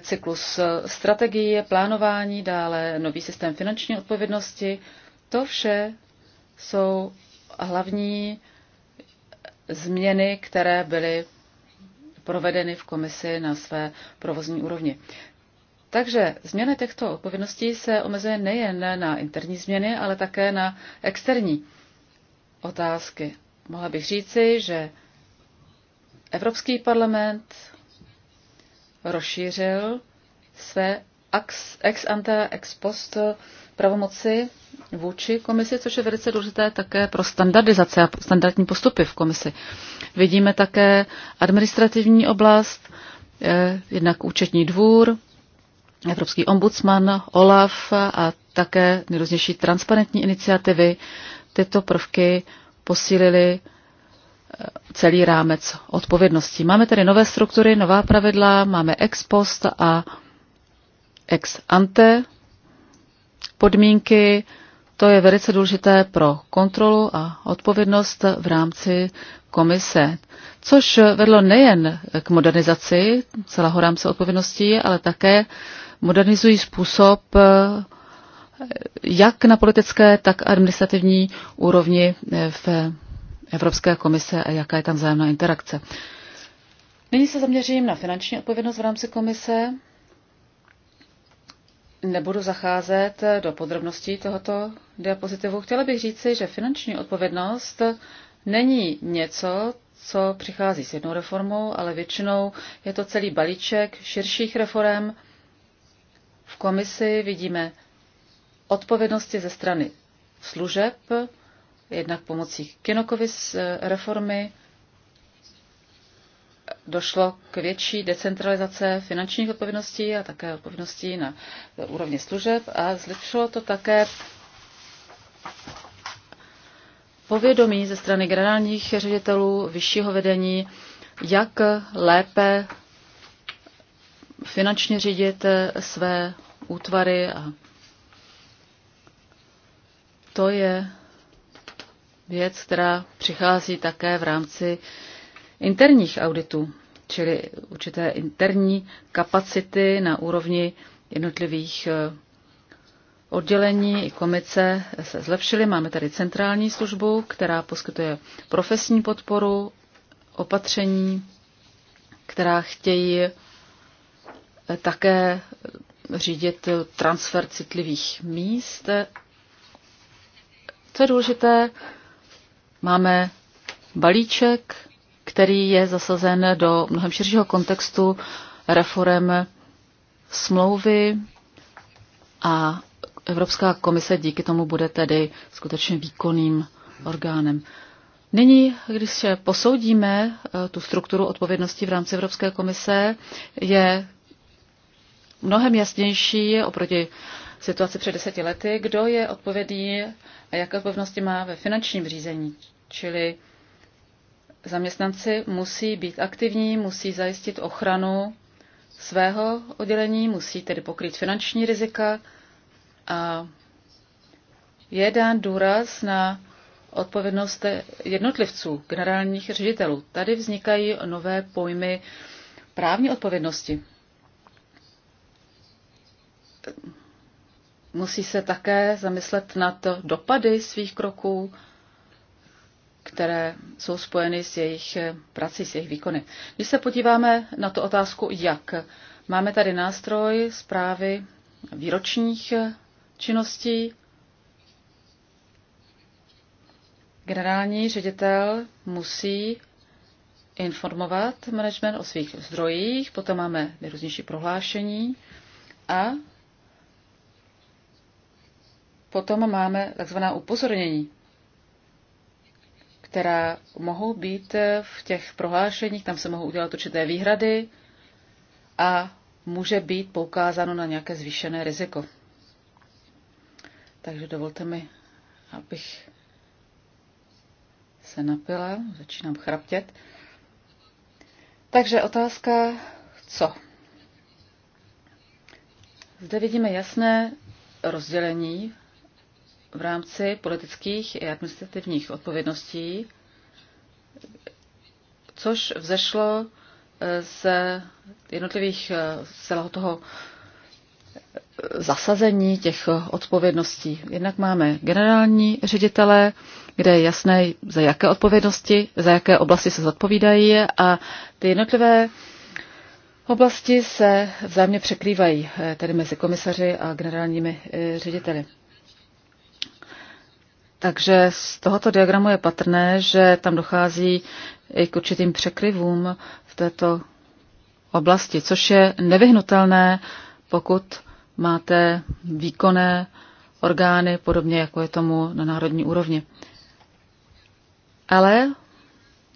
cyklus strategie, plánování, dále nový systém finanční odpovědnosti. To vše jsou hlavní změny, které byly provedeny v komisi na své provozní úrovni. Takže změna těchto odpovědností se omezuje nejen na interní změny, ale také na externí otázky. Mohla bych říci, že Evropský parlament rozšířil své ex ante ex post pravomoci vůči komisi, což je velice důležité také pro standardizace a standardní postupy v komisi. Vidíme také administrativní oblast, eh, jednak účetní dvůr, Evropský ombudsman, OLAF a také nejrůznější transparentní iniciativy. Tyto prvky posílily eh, celý rámec odpovědností. Máme tedy nové struktury, nová pravidla, máme ex post a ex ante podmínky, to je velice důležité pro kontrolu a odpovědnost v rámci komise, což vedlo nejen k modernizaci celého rámce odpovědností, ale také modernizují způsob, jak na politické, tak administrativní úrovni v Evropské komise a jaká je tam vzájemná interakce. Nyní se zaměřím na finanční odpovědnost v rámci komise. Nebudu zacházet do podrobností tohoto diapozitivu. Chtěla bych říci, že finanční odpovědnost není něco, co přichází s jednou reformou, ale většinou je to celý balíček širších reform. V komisi vidíme odpovědnosti ze strany služeb, jednak pomocí kinokovis eh, reformy, došlo k větší decentralizace finančních odpovědností a také odpovědností na úrovni služeb a zlepšilo to také povědomí ze strany generálních ředitelů vyššího vedení, jak lépe finančně řídit své útvary a to je věc, která přichází také v rámci interních auditů, čili určité interní kapacity na úrovni jednotlivých eh, oddělení i komice se zlepšily. Máme tady centrální službu, která poskytuje profesní podporu, opatření, která chtějí eh, také řídit transfer citlivých míst. Co je důležité, máme balíček který je zasazen do mnohem širšího kontextu reform smlouvy a Evropská komise díky tomu bude tedy skutečně výkonným orgánem. Nyní, když posoudíme eh, tu strukturu odpovědnosti v rámci Evropské komise, je mnohem jasnější oproti situaci před deseti lety, kdo je odpovědný a jaké odpovědnosti má ve finančním řízení. Čili zaměstnanci musí být aktivní, musí zajistit ochranu svého oddělení, musí tedy pokrýt finanční rizika a je dán důraz na odpovědnost jednotlivců, generálních ředitelů. Tady vznikají nové pojmy právní odpovědnosti. Musí se také zamyslet nad dopady svých kroků, které jsou spojeny s jejich eh, prací, s jejich výkony. Když se podíváme na tu otázku, jak, máme tady nástroj zprávy výročních eh, činností. Generální ředitel musí informovat management o svých zdrojích, potom máme nejrůznější prohlášení a potom máme takzvaná upozornění která mohou být v těch prohlášeních, tam se mohou udělat určité výhrady a může být poukázáno na nějaké zvýšené riziko. Takže dovolte mi, abych se napila, začínám chraptět. Takže otázka, co? Zde vidíme jasné rozdělení v rámci politických i administrativních odpovědností, což vzešlo eh, z jednotlivých eh, celého toho eh, zasazení těch odpovědností. Jednak máme generální ředitele, kde je jasné, za jaké odpovědnosti, za jaké oblasti se zodpovídají a ty jednotlivé oblasti se vzájemně překrývají, tedy mezi komisaři a generálními řediteli. Takže z tohoto diagramu je patrné, že tam dochází i k určitým překryvům v této oblasti, což je nevyhnutelné, pokud máte výkonné orgány, podobně jako je tomu na národní úrovni. Ale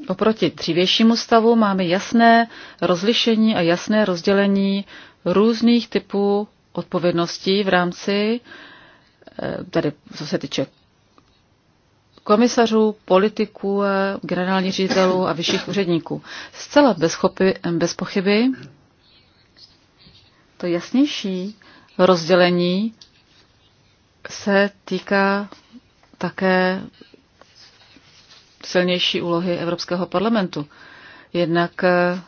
oproti dřívějšímu stavu máme jasné rozlišení a jasné rozdělení různých typů odpovědností v rámci, eh, tady co se týče komisařů, politiků, eh, generálních ředitelů a vyšších úředníků. Zcela bez, chopy, bez pochyby to jasnější rozdělení se týká také silnější úlohy Evropského parlamentu. Jednak eh,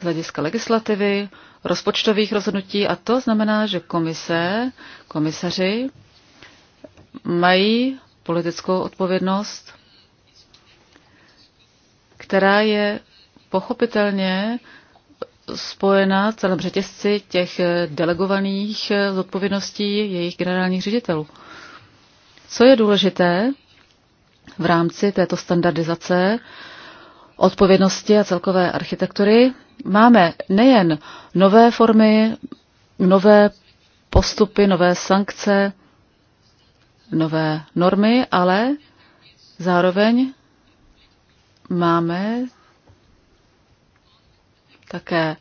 z hlediska legislativy, rozpočtových rozhodnutí a to znamená, že komise, komisaři mají politickou odpovědnost, která je pochopitelně spojena v celém řetězci těch delegovaných odpovědností jejich generálních ředitelů. Co je důležité v rámci této standardizace odpovědnosti a celkové architektury, máme nejen nové formy, nové postupy, nové sankce, nové normy, ale zároveň máme také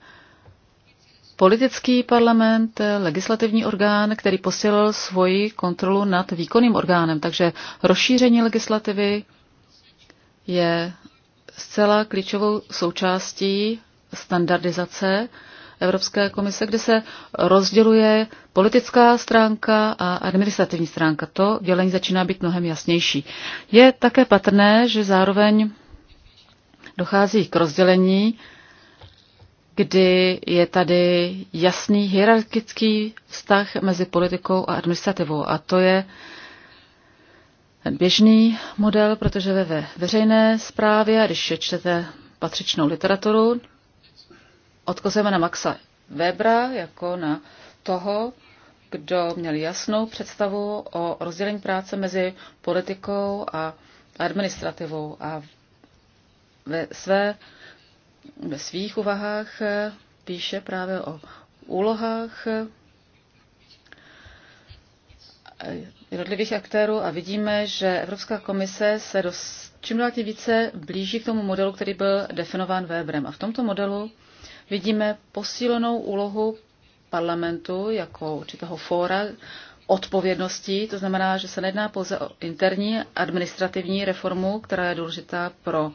politický parlament, legislativní orgán, který posílil svoji kontrolu nad výkonným orgánem. Takže rozšíření legislativy je zcela klíčovou součástí standardizace Evropské komise, kde se rozděluje politická stránka a administrativní stránka. To dělení začíná být mnohem jasnější. Je také patrné, že zároveň dochází k rozdělení, kdy je tady jasný hierarchický vztah mezi politikou a administrativou. A to je běžný model, protože ve veřejné správě, a když čtete patřičnou literaturu, odkazujeme na Maxa Webra jako na toho, kdo měl jasnou představu o rozdělení práce mezi politikou a administrativou a ve, své, ve svých uvahách píše právě o úlohách jednotlivých aktérů a vidíme, že Evropská komise se dost, čím dál tím více blíží k tomu modelu, který byl definován Weberem. A v tomto modelu Vidíme posílenou úlohu parlamentu jako určitého fóra odpovědností, to znamená, že se nejedná pouze o interní administrativní reformu, která je důležitá pro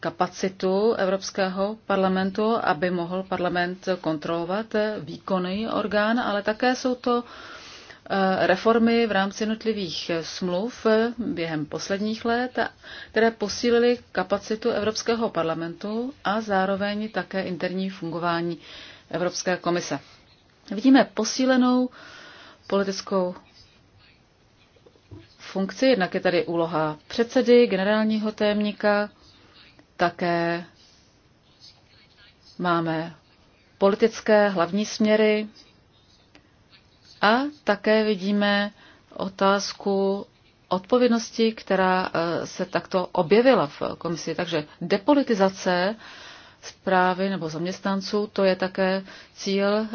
kapacitu Evropského parlamentu, aby mohl parlament kontrolovat výkonný orgán, ale také jsou to Eh, reformy v rámci nutlivých eh, smluv eh, během posledních let, které posílily kapacitu Evropského parlamentu a zároveň také interní fungování Evropské komise. Vidíme posílenou politickou funkci, jednak je tady úloha předsedy, generálního témníka, také máme politické hlavní směry, a také vidíme otázku odpovědnosti, která e, se takto objevila v komisi. Takže depolitizace zprávy nebo zaměstnanců, to je také cíl e,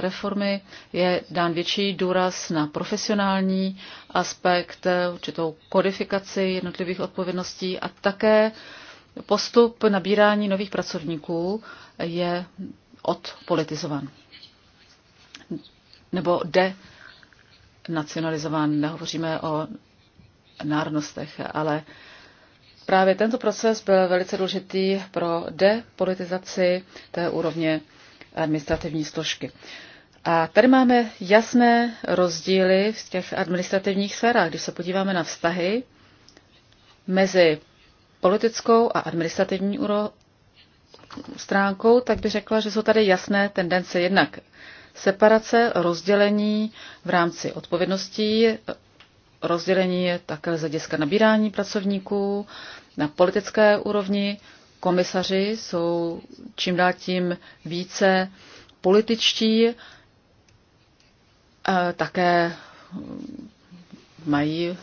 reformy, je dán větší důraz na profesionální aspekt, e, určitou kodifikaci jednotlivých odpovědností a také postup nabírání nových pracovníků je odpolitizovan nebo de nacionalizován. Nehovoříme o národnostech, ale právě tento proces byl velice důležitý pro depolitizaci té úrovně administrativní složky. A tady máme jasné rozdíly v těch administrativních sférách. Když se podíváme na vztahy mezi politickou a administrativní stránkou, tak bych řekla, že jsou tady jasné tendence jednak separace, rozdělení v rámci odpovědností, rozdělení je také z hlediska nabírání pracovníků na politické úrovni. Komisaři jsou čím dál tím více političtí, také mají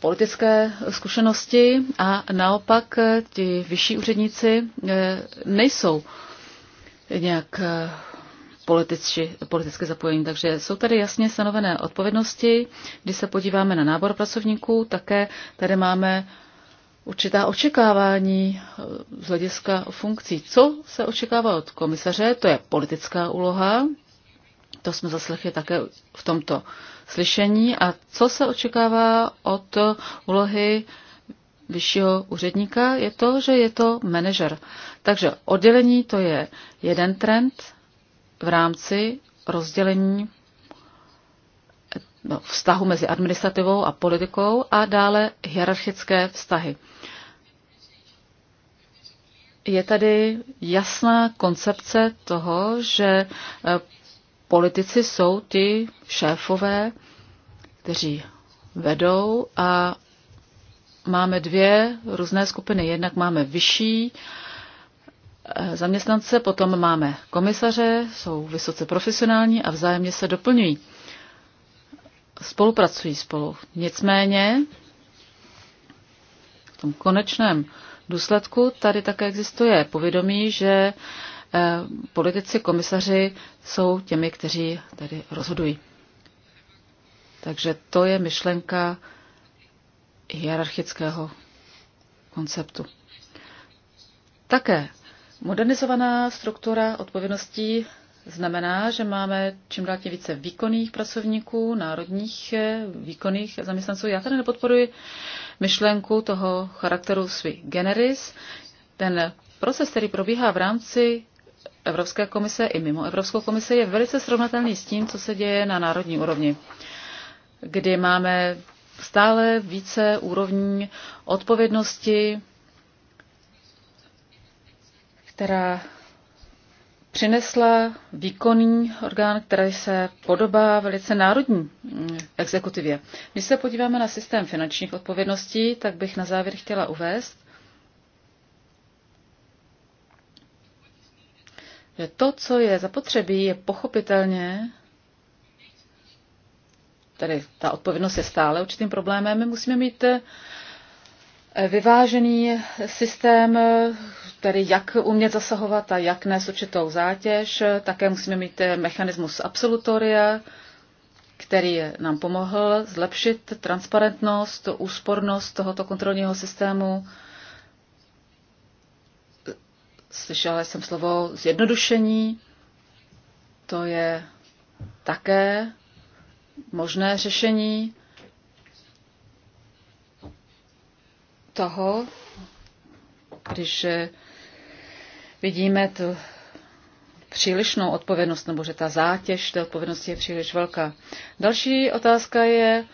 politické zkušenosti a naopak ti vyšší úředníci eh, nejsou nějak eh, politici, politicky zapojení. Takže jsou tady jasně stanovené odpovědnosti. Když se podíváme na nábor pracovníků, také tady máme určitá očekávání eh, z hlediska funkcí. Co se očekává od komisaře? To je politická úloha. To jsme zaslechli také v tomto slyšení. A co se očekává od úlohy vyššího úředníka, je to, že je to manažer. Takže oddělení to je jeden trend, v rámci rozdělení no, vztahu mezi administrativou a politikou a dále hierarchické vztahy. Je tady jasná koncepce toho, že eh, politici jsou ti šéfové, kteří vedou a máme dvě různé skupiny. Jednak máme vyšší uh, Eh, zaměstnance, potom máme komisaře, jsou vysoce profesionální a vzájemně se doplňují. Spolupracují spolu. Nicméně v tom konečném důsledku tady také existuje povědomí, že eh, politici, komisaři jsou těmi, kteří tady rozhodují. Takže to je myšlenka hierarchického konceptu. Také Modernizovaná struktura odpovědností znamená, že máme čím dál tím více výkonných pracovníků, národních eh, výkonných zaměstnanců. Já tady nepodporuji myšlenku toho charakteru svý generis. Ten proces, který probíhá v rámci Evropské komise i mimo Evropskou komise, je velice srovnatelný s tím, co se děje na národní úrovni, kdy máme stále více úrovní odpovědnosti, která přinesla výkonný orgán, který se podobá velice národní mm, exekutivě. Když se podíváme na systém finančních odpovědností, tak bych na závěr chtěla uvést, že to, co je zapotřebí, je pochopitelně, tedy ta odpovědnost je stále určitým problémem, my musíme mít eh, vyvážený systém, tedy jak umět zasahovat a jak nést určitou zátěž. Také musíme mít mechanismus absolutoria, který nám pomohl zlepšit transparentnost, úspornost tohoto kontrolního systému. Slyšela jsem slovo zjednodušení. To je také možné řešení. toho, když eh, vidíme tu přílišnou odpovědnost, nebo že ta zátěž té odpovědnosti je příliš velká. Další otázka je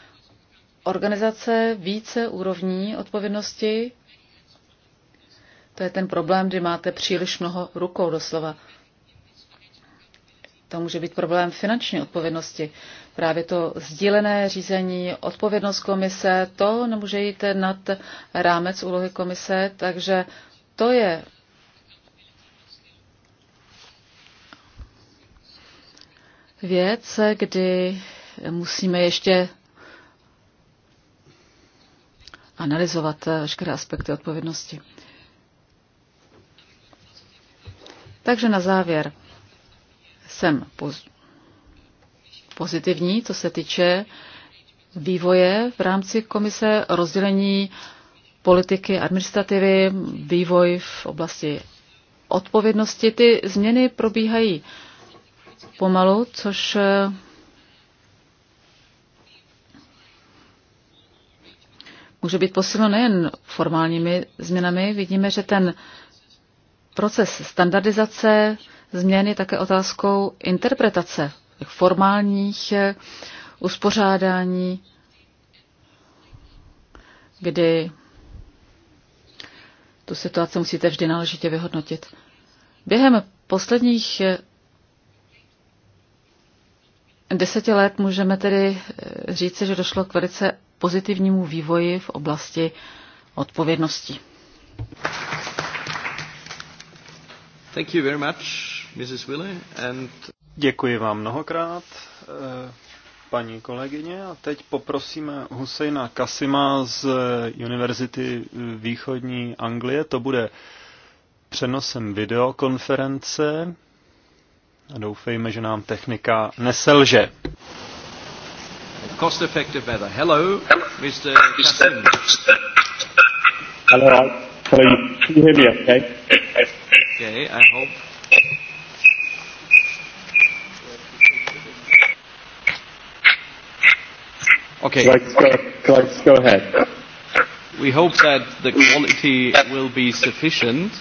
organizace více úrovní odpovědnosti. To je ten problém, kdy máte příliš mnoho rukou doslova to může být problém finanční odpovědnosti. Právě to sdílené řízení, odpovědnost komise, to nemůže jít nad rámec úlohy komise, takže to je věc, kdy musíme ještě analyzovat všechny aspekty odpovědnosti. Takže na závěr jsem pozitivní, co se týče vývoje v rámci komise rozdělení politiky, administrativy, vývoj v oblasti odpovědnosti. Ty změny probíhají pomalu, což eh, může být posíleno nejen formálními změnami. Vidíme, že ten proces standardizace změny také otázkou interpretace formálních eh, uspořádání, kdy tu situaci musíte vždy náležitě vyhodnotit. Během posledních eh, deseti let můžeme tedy eh, říci, že došlo k velice pozitivnímu vývoji v oblasti odpovědnosti. Thank you very much, Mrs. and... Děkuji vám mnohokrát, paní kolegyně. A teď poprosíme Husejna Kasima z Univerzity východní Anglie. To bude přenosem videokonference a doufejme, že nám technika neselže. Cost effective weather. Hello, Mr. Kasim. Hello, how are you? Can you hear me okay? okay, I hope. Okay. Let's go, let's go ahead. We hope that the quality will be sufficient.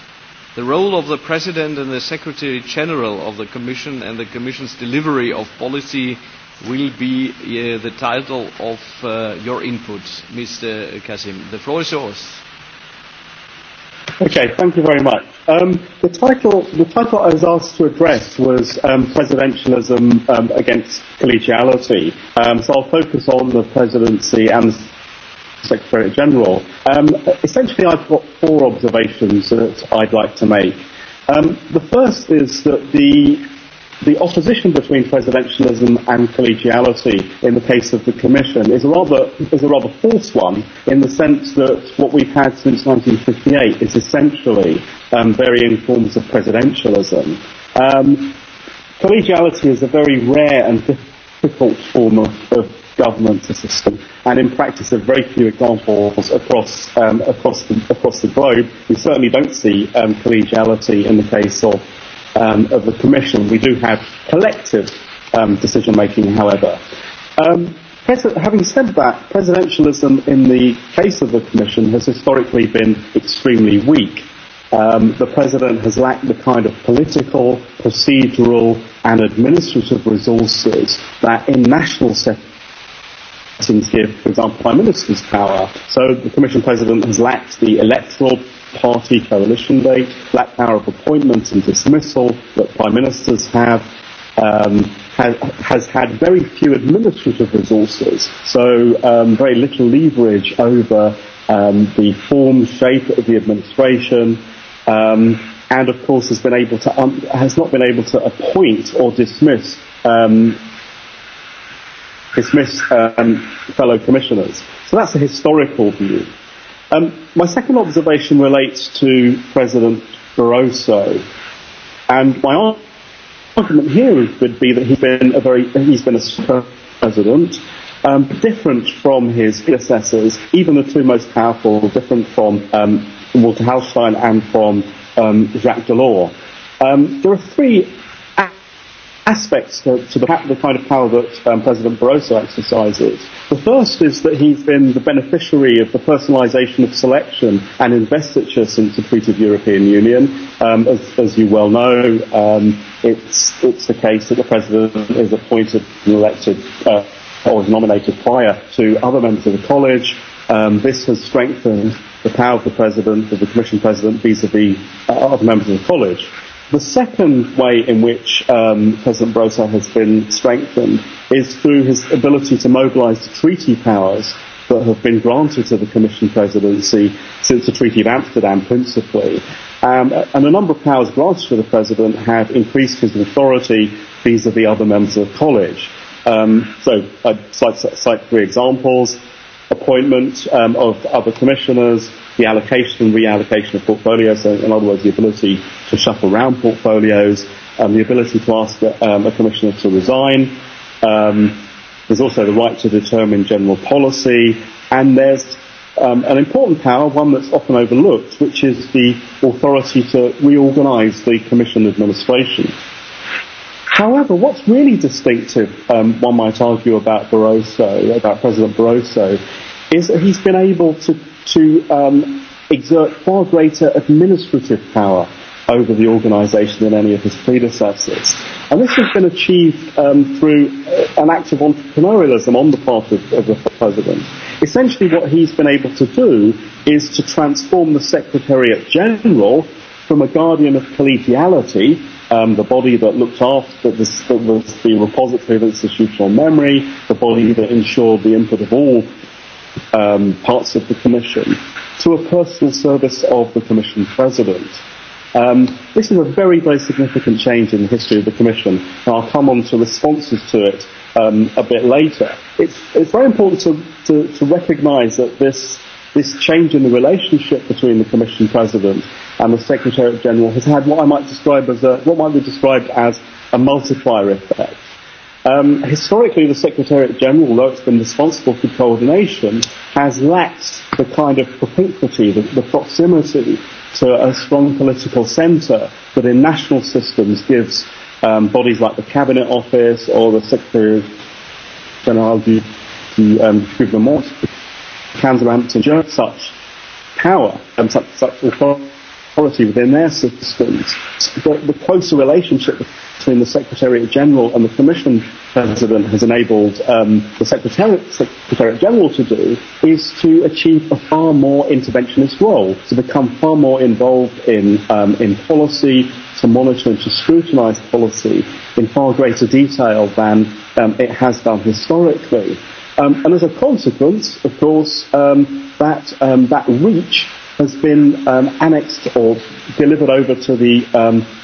The role of the President and the Secretary General of the Commission and the Commission's delivery of policy will be uh, the title of uh, your input, Mr. Kasim. The floor is yours. Okay, thank you very much. Um, the title the title I was asked to address was um, presidentialism um, against collegiality. Um, so I'll focus on the presidency and the Secretary General. Um, essentially, I've got four observations that I'd like to make. Um, the first is that the the opposition between presidentialism and collegiality in the case of the Commission is a rather is a rather false one in the sense that what we've had since 1958 is essentially um, varying forms of presidentialism. Um, collegiality is a very rare and difficult form of, of government system, and in practice, there are very few examples across um, across the, across the globe. We certainly don't see um, collegiality in the case of um, of the Commission. We do have collective um, decision making, however. Um, having said that, presidentialism in the case of the Commission has historically been extremely weak. Um, the President has lacked the kind of political, procedural and administrative resources that in national settings give, for example, Prime Minister's power. So the Commission President has lacked the electoral Party Coalition date, that power of appointment and dismissal that prime ministers have um, has, has had very few administrative resources, so um, very little leverage over um, the form, shape of the administration, um, and of course has been able to um, has not been able to appoint or dismiss um, dismiss um, fellow commissioners. So that's a historical view. Um, my second observation relates to President Barroso, and my argument here would be that he's been a very he's been a president, um, different from his predecessors, even the two most powerful, different from um, Walter Hallstein and from um, Jacques Delors. Um, there are three aspects to, to the, the kind of power that um, President Barroso exercises. The first is that he's been the beneficiary of the personalisation of selection and investiture since the Treaty of European Union. Um, as, as you well know, um, it's, it's the case that the President is appointed and elected uh, or is nominated prior to other members of the College. Um, this has strengthened the power of the President, of the Commission President, vis a vis -vis, uh, other members of the College. The second way in which um, President Brosa has been strengthened is through his ability to mobilise the treaty powers that have been granted to the Commission presidency since the Treaty of Amsterdam, principally. Um, and a number of powers granted to the president have increased his authority vis à the -vis other members of the college. Um, so I'd cite, cite three examples: appointment um, of other commissioners, the allocation and reallocation of portfolios, so in other words, the ability to shuffle around portfolios, um, the ability to ask um, a commissioner to resign. Um, there's also the right to determine general policy, and there's um, an important power, one that's often overlooked, which is the authority to reorganise the commission administration. However, what's really distinctive, um, one might argue, about Barroso, about President Barroso, is that he's been able to to um, exert far greater administrative power over the organisation than any of his predecessors. And this has been achieved um, through uh, an act of entrepreneurialism on the part of, of the president. Essentially, what he's been able to do is to transform the Secretariat General from a guardian of collegiality, um, the body that looked after this, that was the repository of institutional memory, the body that ensured the input of all um, parts of the Commission to a personal service of the Commission President. Um, this is a very, very significant change in the history of the Commission, and I'll come on to responses to it um, a bit later. It's, it's very important to, to, to recognise that this, this change in the relationship between the Commission President and the Secretary General has had what I might describe as a, what might be described as a multiplier effect. Um, historically, the Secretariat General, though it's been responsible for coordination, has lacked the kind of propinquity, the, the proximity to a strong political centre that in national systems gives um, bodies like the Cabinet Office or the Secretary General du, du um, Gouvernement, Council Germany, such power and such, such authority within their systems. So the, the closer relationship between the Secretariat General and the Commission President has enabled um, the Secretariat, Secretariat General to do is to achieve a far more interventionist role, to become far more involved in, um, in policy, to monitor and to scrutinise policy in far greater detail than um, it has done historically. Um, and as a consequence, of course, um, that, um, that reach has been um, annexed or delivered over to the um,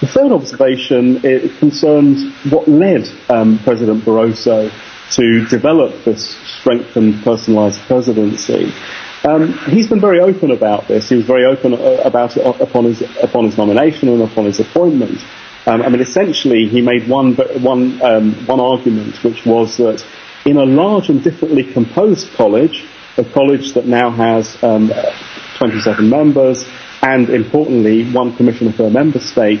The third observation it concerns what led um, President Barroso to develop this strengthened personalised presidency. Um, he's been very open about this. He was very open uh, about it upon his, upon his nomination and upon his appointment. Um, I mean, essentially, he made one, one, um, one argument, which was that in a large and differently composed college, a college that now has um, 27 members, and importantly, one commissioner per member state,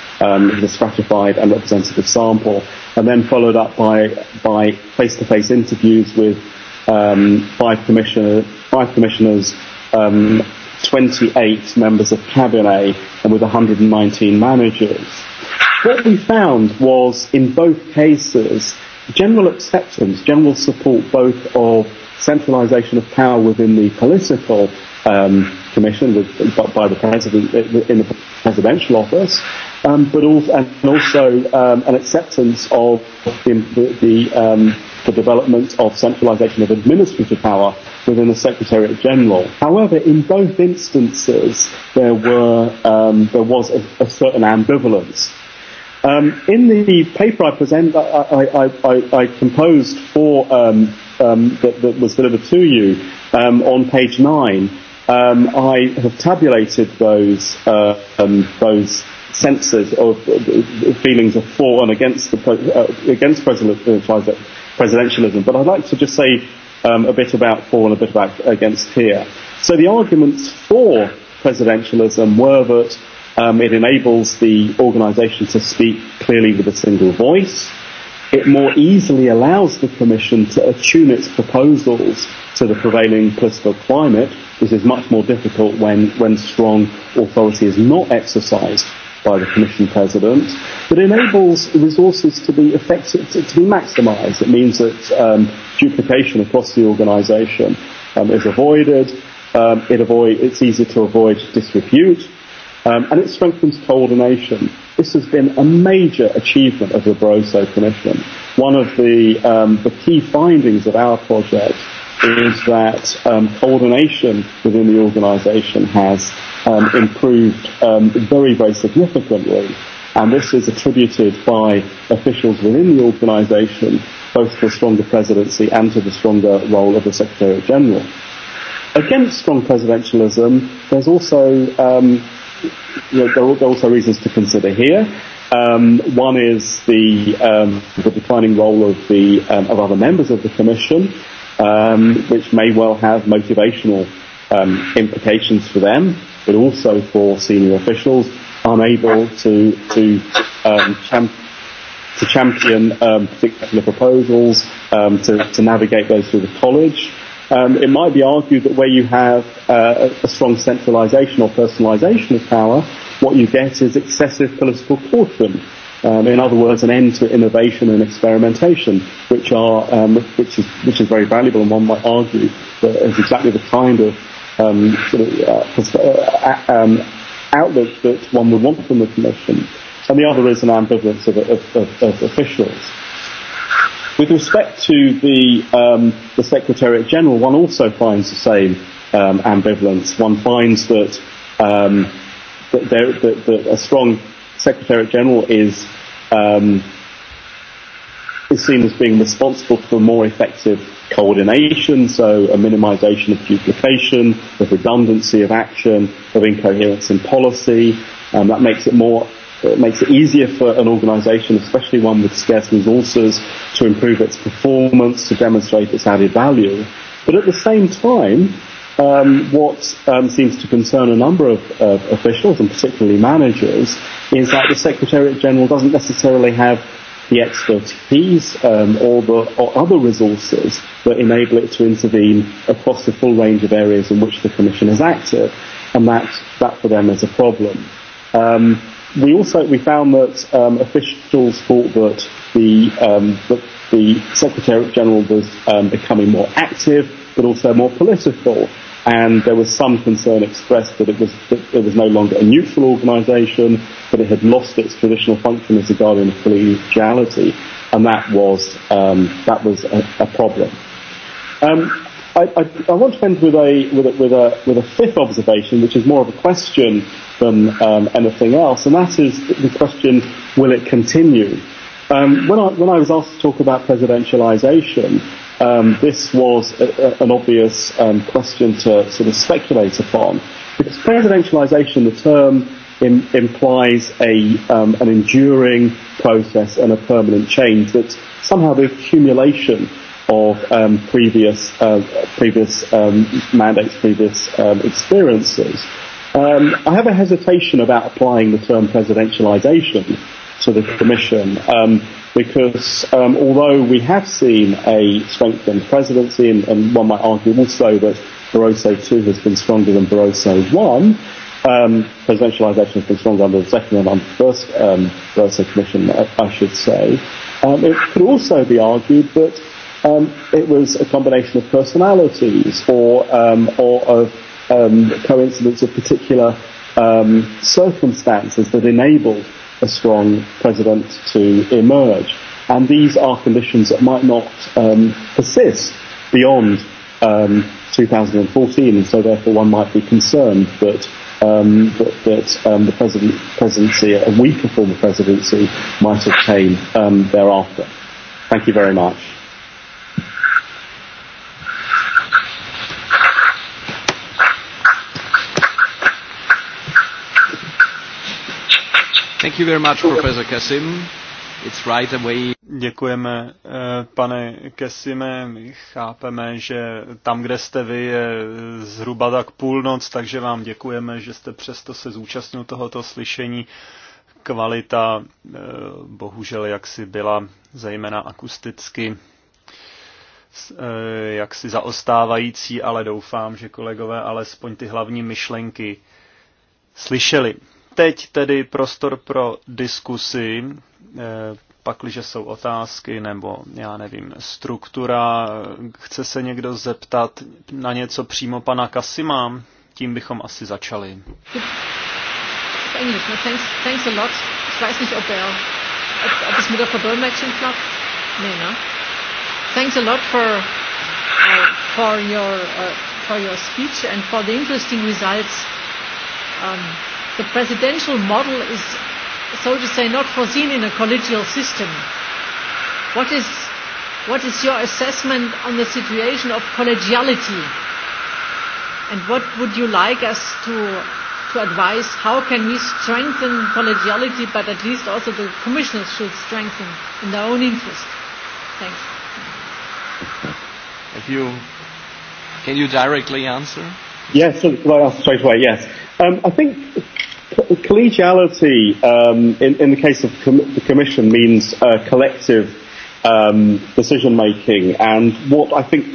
um, with a stratified and representative sample, and then followed up by by face-to-face interviews with um, five commissioner five commissioners, um, 28 members of cabinet, and with 119 managers. What we found was in both cases general acceptance, general support both of centralisation of power within the political um, commission with, by the president in the presidential office, um, but also, and also um, an acceptance of the, the, the, um, the development of centralisation of administrative power within the Secretariat General. However, in both instances, there were um, there was a, a certain ambivalence. Um, in the paper I present, I, I, I, I composed for um, um, that, that was delivered to you um, on page nine Um, I have tabulated those uh, um, those senses uh, feelings of for and against the uh, against presidentialism. But I'd like to just say um, a bit about for and a bit about against here. So the arguments for presidentialism were that um, it enables the organisation to speak clearly with a single voice it more easily allows the Commission to attune its proposals to the prevailing political climate, which is much more difficult when, when strong authority is not exercised by the Commission President, but enables resources to be effective, to, to be maximised. It means that um, duplication across the organisation um, is avoided. Um, it avoid, it's easy to avoid disrepute um, and it strengthens coordination. This has been a major achievement of the Barroso Commission. One of the, um, the key findings of our project is that um, coordination within the organisation has um, improved um, very, very significantly. And this is attributed by officials within the organisation, both to a stronger presidency and to the stronger role of the Secretary General. Against strong presidentialism, there's also um, there are also reasons to consider here. Um, one is the, um, the declining role of, the, um, of other members of the Commission, um, which may well have motivational um, implications for them, but also for senior officials unable to, to, um, champ- to champion um, particular proposals, um, to, to navigate those through the college um, it might be argued that where you have uh, a strong centralisation or personalisation of power, what you get is excessive political caution. Um, in other words, an end to innovation and experimentation, which are um, which is which is very valuable, and one might argue that is exactly the kind of um, sort of uh, uh, um, outlook that one would want from the commission. And the other is an ambivalence of, of, of, of officials. With respect to the, um, the Secretariat General, one also finds the same um, ambivalence. One finds that, um, that, there, that, that a strong Secretariat General is, um, is seen as being responsible for more effective coordination, so a minimization of duplication, of redundancy of action, of incoherence in policy. Um, that makes it more It makes it easier for an organisation, especially one with scarce resources, to improve its performance, to demonstrate its added value. But at the same time, um, what um, seems to concern a number of, of officials, and particularly managers, is that the Secretariat General doesn't necessarily have the expertise um, or the or other resources that enable it to intervene across the full range of areas in which the Commission is active, and that that for them is a problem. Um, we also we found that um, officials thought that the um, that the Secretary General was um, becoming more active, but also more political. And there was some concern expressed that it was that it was no longer a neutral organisation, that it had lost its traditional function as a guardian of collegiality, and that was um, that was a, a problem. Um, i, I, I want to end with a, with a with a with a fifth observation, which is more of a question than um, anything else, and that is the question: Will it continue? Um, when I when I was asked to talk about presidentialization, um, this was a, a, an obvious um, question to sort of speculate upon, because presidentialization, the term im- implies a um, an enduring process and a permanent change that somehow the accumulation of um, previous uh, previous um, mandates, previous um, experiences. Um, I have a hesitation about applying the term presidentialization to the Commission um, because um, although we have seen a strengthened presidency, and, and one might argue also that Barroso II has been stronger than Barroso I, um, presidentialisation has been stronger under the second and under the first um, Barroso Commission, I, I should say. Um, it could also be argued that um, it was a combination of personalities or um, or of um, coincidence of particular um, circumstances that enabled a strong president to emerge. And these are conditions that might not um, persist beyond um, 2014, and so therefore one might be concerned that um, that, that um, the president, presidency, a weaker form of presidency, might obtain um, thereafter. Thank you very much. Děkujeme, eh, pane Kesime. My chápeme, že tam, kde jste vy, je zhruba tak půlnoc, takže vám děkujeme, že jste přesto se zúčastnil tohoto slyšení. Kvalita eh, bohužel jaksi byla zejména akusticky eh, jaksi zaostávající, ale doufám, že kolegové alespoň ty hlavní myšlenky slyšeli. Teď tedy prostor pro diskusy, eh, pakliže jsou otázky nebo, já nevím, struktura. Chce se někdo zeptat na něco přímo pana Kasima? Tím bychom asi začali. No, thanks, a lot. Er, ne? Thanks a lot for, uh, for your, uh, for your speech and for the interesting results. Um, the presidential model is, so to say, not foreseen in a collegial system. What is, what is your assessment on the situation of collegiality? And what would you like us to, to advise? How can we strengthen collegiality, but at least also the commissioners should strengthen in their own interest? Thank you. If you can you directly answer? Yes, well, straight away, yes. Um, I think collegiality, um, in, in the case of com- the Commission, means uh, collective um, decision making. And what I think,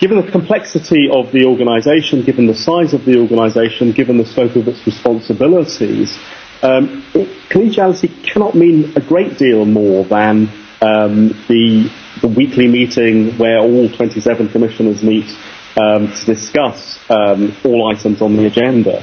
given the complexity of the organisation, given the size of the organisation, given the scope of its responsibilities, um, it, collegiality cannot mean a great deal more than um, the, the weekly meeting where all 27 commissioners meet um, to discuss um, all items on the agenda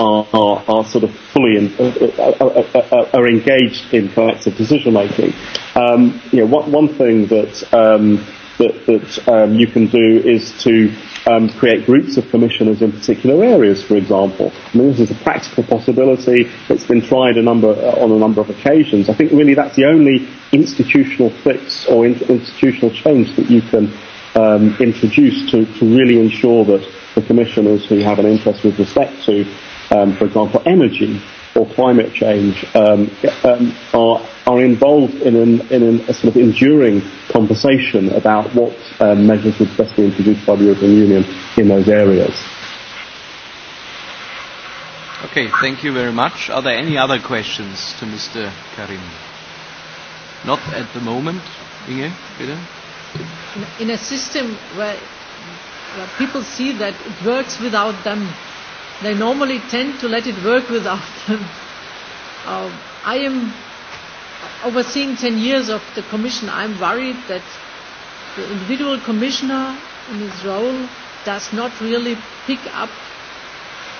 are, are, are sort of fully in, are, uh, are, uh, uh, are engaged in collective decision making. Um, you know, one, one thing that um, that, that um, you can do is to um, create groups of commissioners in particular areas, for example. I mean, this is a practical possibility. It's been tried a number on a number of occasions. I think really that's the only institutional fix or in, institutional change that you can um, introduce to, to really ensure that the commissioners who have an interest with respect to um, for example, energy or climate change um, um, are are involved in an in an, a sort of enduring conversation about what um, measures would best be introduced by the European Union in those areas. Okay, thank you very much. Are there any other questions to Mr. Karim? Not at the moment, Inge, bitte. In a system where, where people see that it works without them, they normally tend to let it work without [laughs] them. Uh, I am overseeing 10 years of the commission. I'm worried that the individual commissioner in his role does not really pick up,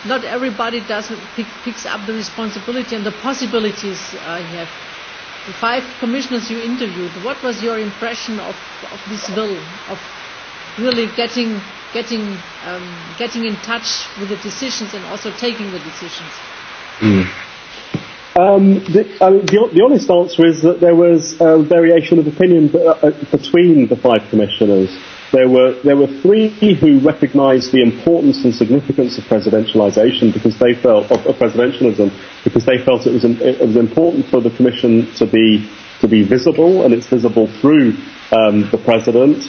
not everybody doesn't pick, picks up the responsibility and the possibilities I uh, have. The five commissioners you interviewed, what was your impression of, of this will, of really getting getting um, getting in touch with the decisions and also taking the decisions? Mm. Um, the, I mean, the, the honest answer is that there was a variation of opinion uh, between the five commissioners. There were there were three who recognised the importance and significance of presidentialisation because they felt of, of presidentialism because they felt it was it was important for the commission to be to be visible and it's visible through um, the president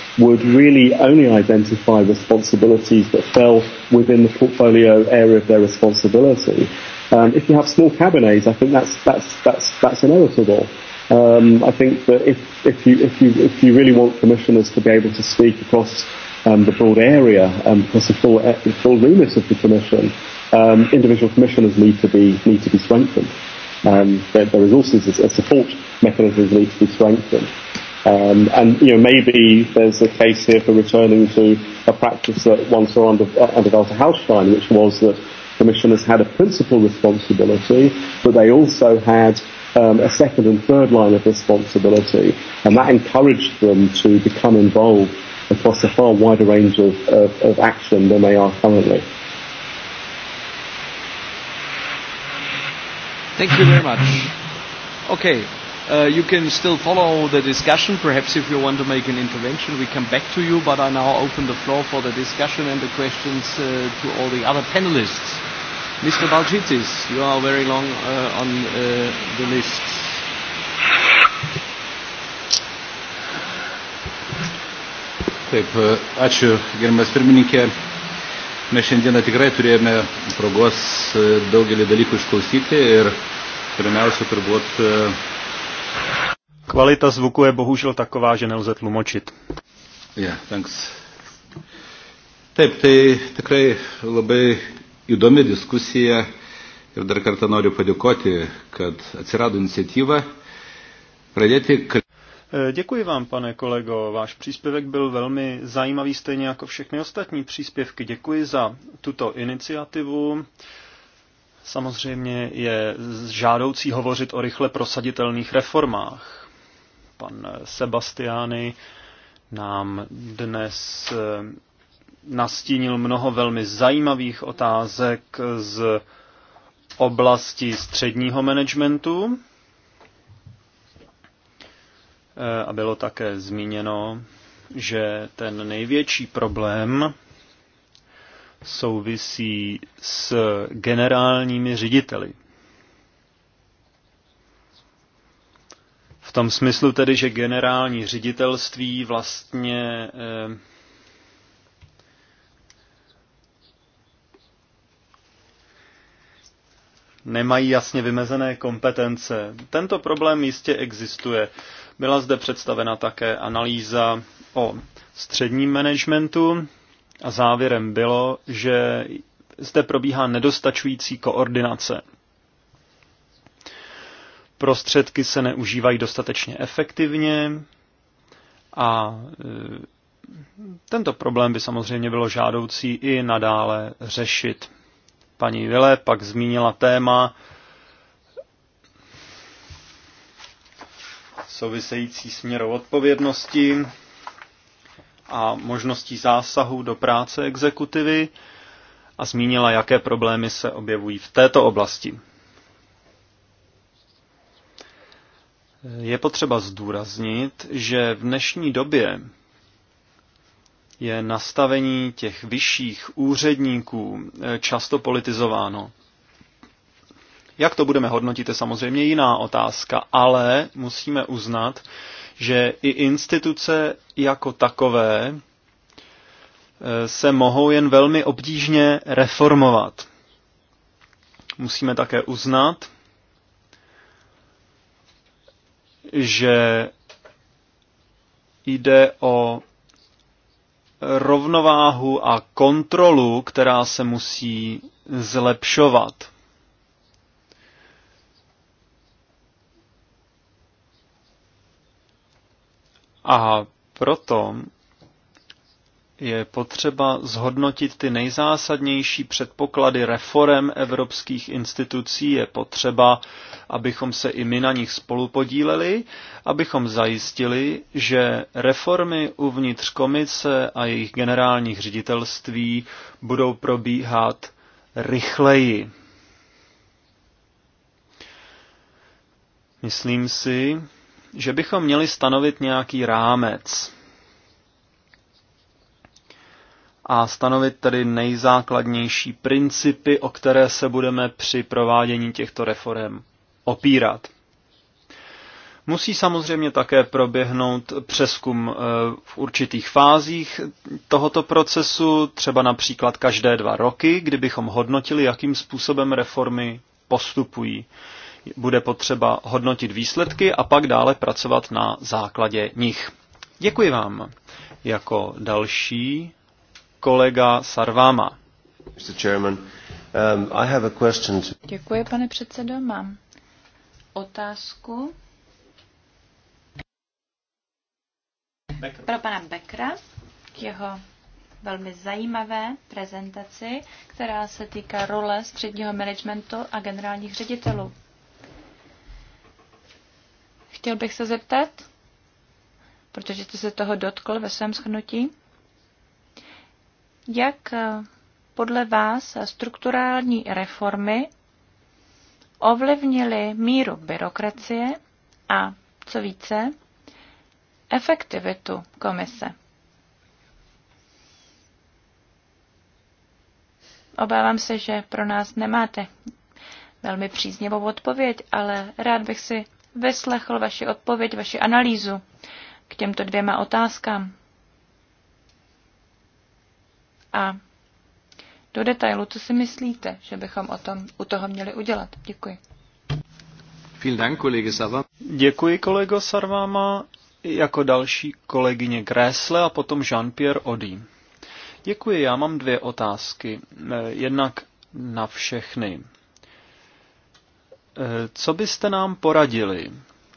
would really only identify responsibilities that fell within the portfolio area of their responsibility. Um, if you have small cabinets, I think that's that's that's that's inevitable. Um, I think that if if you if you if you really want commissioners to be able to speak across um, the broad area, um, across the full eh, the full remit of the commission, um, individual commissioners need to be need to be strengthened. Um, their, their resources, a support mechanisms need to be strengthened. Um, and you know maybe there's a case here for returning to a practice that one saw under uh, under Walter Hallstein, which was that commissioners had a principal responsibility, but they also had um, a second and third line of responsibility, and that encouraged them to become involved across a far wider range of, of, of action than they are currently. Thank you very much. Okay. Uh, you can still follow the discussion. Perhaps if you want to make an intervention, we come back to you. But I now open the floor for the discussion and the questions uh, to all the other panelists. Mr. Balchitis, you are very long uh, on uh, the list. Taip, uh, ačiū, gerbiamas pirmininkė. Mes šiandieną tikrai turėjome progos uh, daugelį dalykų išklausyti ir pirmiausia turbūt uh, Kvalita zvuku je bohužel taková, že nelze tlumočit. Yeah, thanks. Taip, tai tikrai labai įdomi diskusija ir dar kartą noriu padėkoti, kad atsirado iniciatyva pradėti. E, děkuji vám, pane kolego. Váš příspěvek byl velmi zajímavý, stejně jako všechny ostatní příspěvky. Děkuji za tuto iniciativu. Samozřejmě je žádoucí hovořit o rychle prosaditelných reformách. Pan Sebastiány nám dnes eh, nastínil mnoho velmi zajímavých otázek z oblasti středního managementu. Eh, a bylo také zmíněno, že ten největší problém souvisí s generálními řediteli. V tom smyslu tedy, že generální ředitelství vlastně eh, nemají jasně vymezené kompetence. Tento problém jistě existuje. Byla zde představena také analýza o středním managementu, a závěrem bylo, že zde probíhá nedostačující koordinace. Prostředky se neužívají dostatečně efektivně a e, tento problém by samozřejmě bylo žádoucí i nadále řešit. Paní Vile pak zmínila téma související směrou odpovědnosti a možností zásahu do práce exekutivy a zmínila, jaké problémy se objevují v této oblasti. Je potřeba zdůraznit, že v dnešní době je nastavení těch vyšších úředníků eh, často politizováno. Jak to budeme hodnotit, je samozřejmě jiná otázka, ale musíme uznat, že i instituce jako takové eh, se mohou jen velmi obtížně reformovat. Musíme také uznat, že jde o rovnováhu a kontrolu, která se musí zlepšovat. A proto je potřeba zhodnotit ty nejzásadnější předpoklady reform evropských institucí. Je potřeba, abychom se i my na nich spolupodíleli, abychom zajistili, že reformy uvnitř komise a jejich generálních ředitelství budou probíhat rychleji. Myslím si, že bychom měli stanovit nějaký rámec a stanovit tedy nejzákladnější principy, o které se budeme při provádění těchto reform opírat. Musí samozřejmě také proběhnout přeskum eh, v určitých fázích tohoto procesu, třeba například každé dva roky, kdybychom hodnotili, jakým způsobem reformy postupují. Bude potřeba hodnotit výsledky a pak dále pracovat na základě nich. Děkuji vám. Jako další kolega Sarvama. Um, Děkuji, pane předsedo. Mám otázku pro pana Bekra k jeho velmi zajímavé prezentaci, která se týká role středního managementu a generálních ředitelů. Chtěl bych se zeptat, protože jste se toho dotkl ve svém shrnutí, jak eh, podle vás strukturální reformy ovlivnily míru byrokracie a, co více, efektivitu komise. Obávám se, že pro nás nemáte velmi příznivou odpověď, ale rád bych si vyslechl vaši odpověď, vaši analýzu k těmto dvěma otázkám. A do detailu, co si myslíte, že bychom o tom, u toho měli udělat? Děkuji. Děkuji, kolego Sarvama. Jako další kolegyně Grésle a potom Jean-Pierre Odí. Děkuji, já mám dvě otázky. Eh, jednak na všechny. Eh, co byste nám poradili?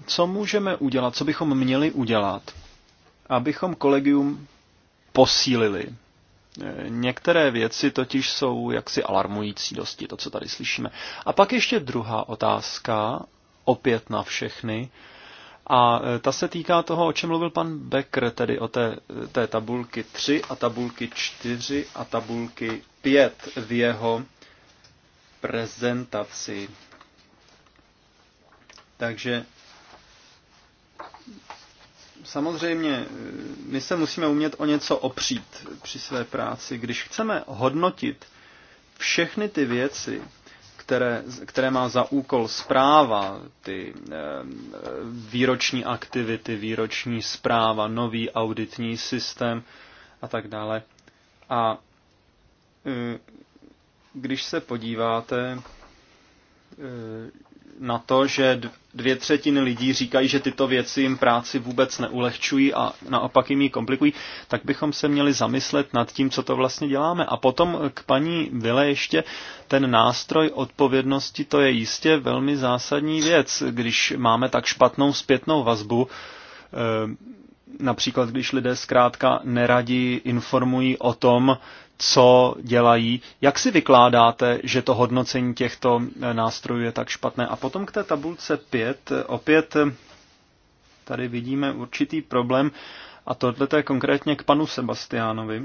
Co můžeme udělat, co bychom měli udělat, abychom kolegium posílili? Eh, některé věci totiž jsou jaksi alarmující dosti, to, co tady slyšíme. A pak ještě druhá otázka, opět na všechny. A eh, ta se týká toho, o čem mluvil pan Becker, tedy o té, té tabulky 3 a tabulky 4 a tabulky 5 v jeho prezentaci. Takže samozřejmě eh, my se musíme umět o něco opřít při své práci. Když chceme hodnotit všechny ty věci, které, které má za úkol zpráva, ty e, výroční aktivity, výroční zpráva, nový auditní systém a tak dále. A e, když se podíváte, na to, že dvě třetiny lidí říkají, že tyto věci jim práci vůbec neulehčují a naopak jim ji komplikují, tak bychom se měli zamyslet nad tím, co to vlastně děláme. A potom k paní Vile ještě ten nástroj odpovědnosti, to je jistě velmi zásadní věc, když máme tak špatnou zpětnou vazbu eh, Například, když lidé zkrátka neradi informují o tom, co dělají. Jak si vykládáte, že to hodnocení těchto eh, nástrojů je tak špatné? A potom k té tabulce 5. Opět eh, tady vidíme určitý problém a tohle je konkrétně k panu Sebastiánovi.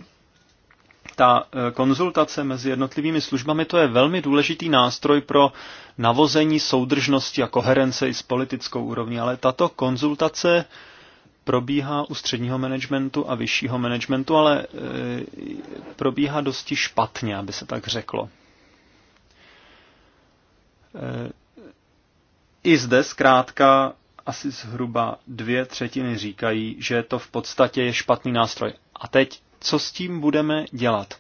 Ta eh, konzultace mezi jednotlivými službami to je velmi důležitý nástroj pro navození soudržnosti a koherence i s politickou úrovní, ale tato konzultace probíhá u středního managementu a vyššího managementu, ale e, probíhá dosti špatně, aby se tak řeklo. E, I zde zkrátka asi zhruba dvě třetiny říkají, že to v podstatě je špatný nástroj. A teď, co s tím budeme dělat?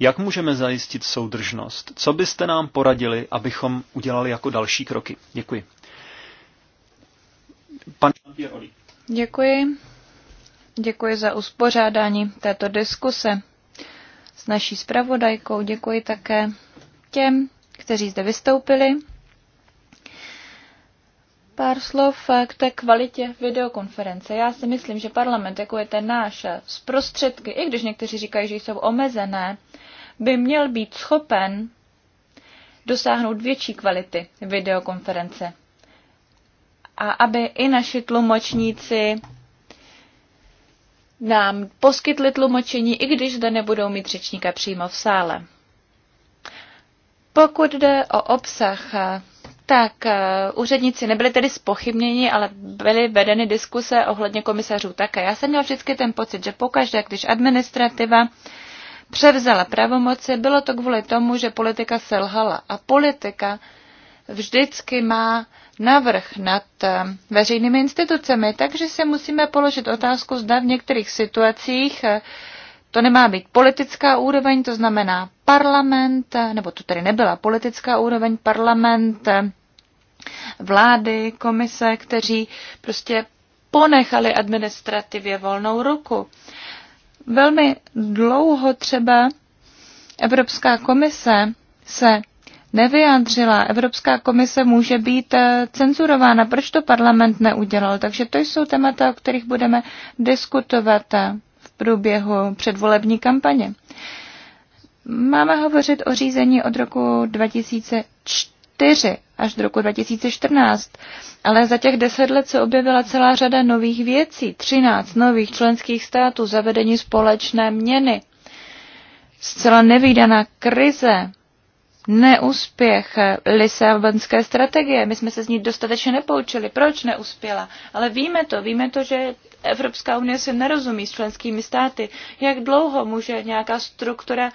Jak můžeme zajistit soudržnost? Co byste nám poradili, abychom udělali jako další kroky? Děkuji. Pan pierre Děkuji. Děkuji za uspořádání této diskuse s naší zpravodajkou. Děkuji také těm, kteří zde vystoupili. Pár slov k té kvalitě videokonference. Já si myslím, že parlament, jako je ten náš, z prostředky, i když někteří říkají, že jsou omezené, by měl být schopen dosáhnout větší kvality videokonference a aby i naši tlumočníci nám poskytli tlumočení, i když zde nebudou mít řečníka přímo v sále. Pokud jde o obsah, tak eh, úředníci nebyli tedy spochybněni, ale byly vedeny diskuse ohledně komisařů také. Já jsem měl vždycky ten pocit, že pokaždé, když administrativa převzala pravomoci, bylo to kvůli tomu, že politika selhala. A politika vždycky má navrh nad eh, veřejnými institucemi, takže si musíme položit otázku, zda v některých situacích eh, to nemá být politická úroveň, to znamená parlament, eh, nebo to tedy nebyla politická úroveň, parlament, vlády, komise, kteří prostě ponechali administrativě volnou ruku. Velmi dlouho třeba Evropská komise se nevyjádřila. Evropská komise může být eh, cenzurována. Proč to parlament neudělal? Takže to jsou témata, o kterých budeme diskutovat eh, v průběhu předvolební kampaně. Máme hovořit o řízení od roku 2004 až do roku 2014, ale za těch deset let se objevila celá řada nových věcí, 13 nových členských států, zavedení společné měny, zcela nevýdaná krize, neúspěch Lisabonské strategie. My jsme se z ní dostatečně nepoučili. Proč neuspěla? Ale víme to, víme to, že Evropská unie se nerozumí s členskými státy. Jak dlouho může nějaká struktura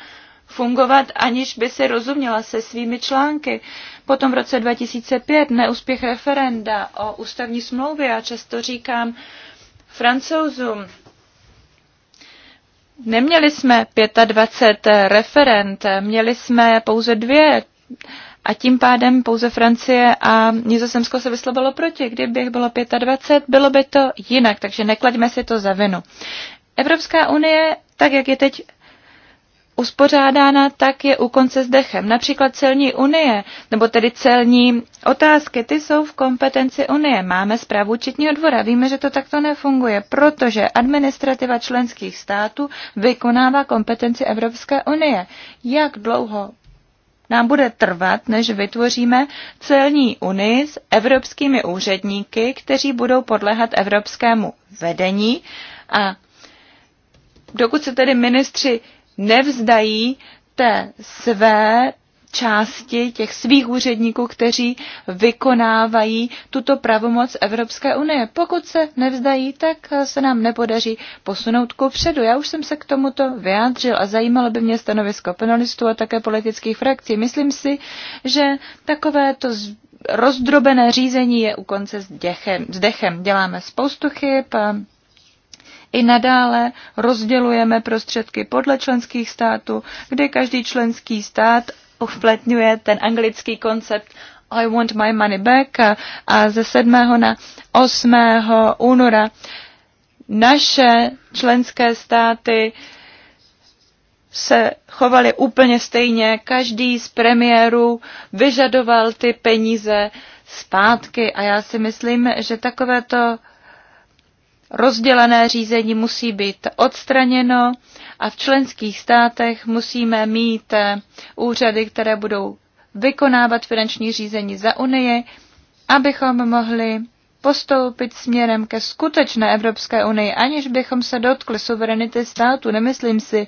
fungovat, aniž by se rozuměla se svými články. Potom v roce 2005 neúspěch referenda o ústavní smlouvě, já často říkám francouzům, Neměli jsme 25 referent, měli jsme pouze dvě a tím pádem pouze Francie a Nizozemsko se vyslovilo proti. Kdybych bylo 25, bylo by to jinak, takže neklaďme si to za vinu. Evropská unie, tak jak je teď uspořádána, tak je u konce s dechem. Například celní unie, nebo tedy celní otázky, ty jsou v kompetenci unie. Máme zprávu četního dvora, víme, že to takto nefunguje, protože administrativa členských států vykonává kompetenci Evropské unie. Jak dlouho nám bude trvat, než vytvoříme celní unii s evropskými úředníky, kteří budou podléhat evropskému vedení a dokud se tedy ministři nevzdají té své části těch svých úředníků, kteří vykonávají tuto pravomoc Evropské unie. Pokud se nevzdají, tak se nám nepodaří posunout ku předu. Já už jsem se k tomuto vyjádřil a zajímalo by mě stanovisko penalistů a také politických frakcí. Myslím si, že takové to rozdrobené řízení je u konce s, děchem, s dechem. Děláme spoustu chyb. A i nadále rozdělujeme prostředky podle členských států, kde každý členský stát uplatňuje ten anglický koncept I want my money back a ze 7. na 8. února naše členské státy se chovali úplně stejně. Každý z premiérů vyžadoval ty peníze zpátky a já si myslím, že takovéto rozdělené řízení musí být odstraněno a v členských státech musíme mít eh, úřady, které budou vykonávat finanční řízení za Unii, abychom mohli postoupit směrem ke skutečné Evropské unii, aniž bychom se dotkli suverenity státu. Nemyslím si,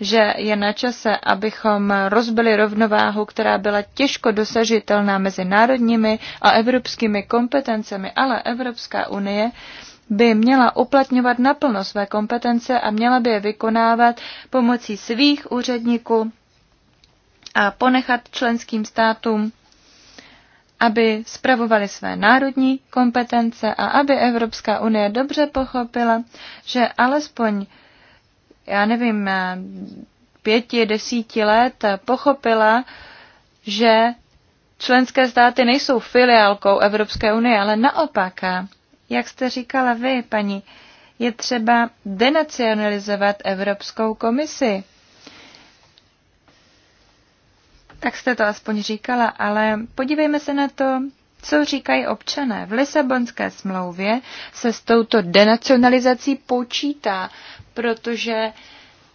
že je na čase, abychom rozbili rovnováhu, která byla těžko dosažitelná mezi národními a evropskými kompetencemi, ale Evropská unie by měla uplatňovat naplno své kompetence a měla by je vykonávat pomocí svých úředníků a ponechat členským státům, aby spravovali své národní kompetence a aby Evropská unie dobře pochopila, že alespoň, já nevím, pěti, desíti let pochopila, že členské státy nejsou filiálkou Evropské unie, ale naopak jak jste říkala vy, paní, je třeba denacionalizovat Evropskou komisi. Tak jste to aspoň říkala, ale podívejme se na to, co říkají občané. V Lisabonské smlouvě se s touto denacionalizací počítá, protože uh,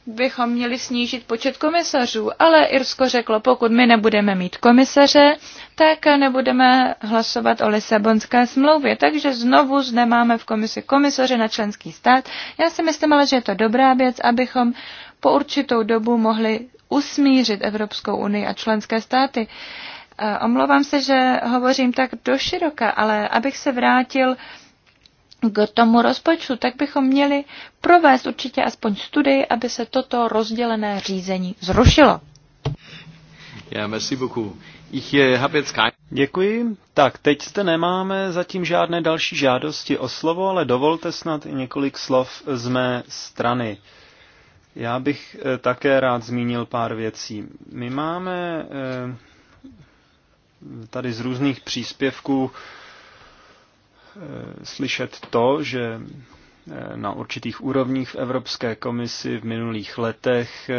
bychom měli snížit počet komisařů, ale Irsko řeklo, pokud my nebudeme mít komisaře, tak nebudeme hlasovat o Lisabonské smlouvě. Takže znovu zde máme v komisi komisaře na členský stát. Já si myslím ale, že je to dobrá věc, abychom po určitou dobu mohli usmířit Evropskou unii a členské státy. Omlouvám se, že hovořím tak doširoka, ale abych se vrátil k tomu rozpočtu, tak bychom měli provést určitě aspoň studii, aby se toto rozdělené řízení zrušilo. Ja, merci beaucoup. Ich, äh, Děkuji. Tak, teď zde nemáme zatím žádné další žádosti o slovo, ale dovolte snad i několik slov z mé strany. Já bych eh, také rád zmínil pár věcí. My máme eh, tady z různých příspěvků Eh, slyšet to, že eh, na určitých úrovních v Evropské komisi v minulých letech eh,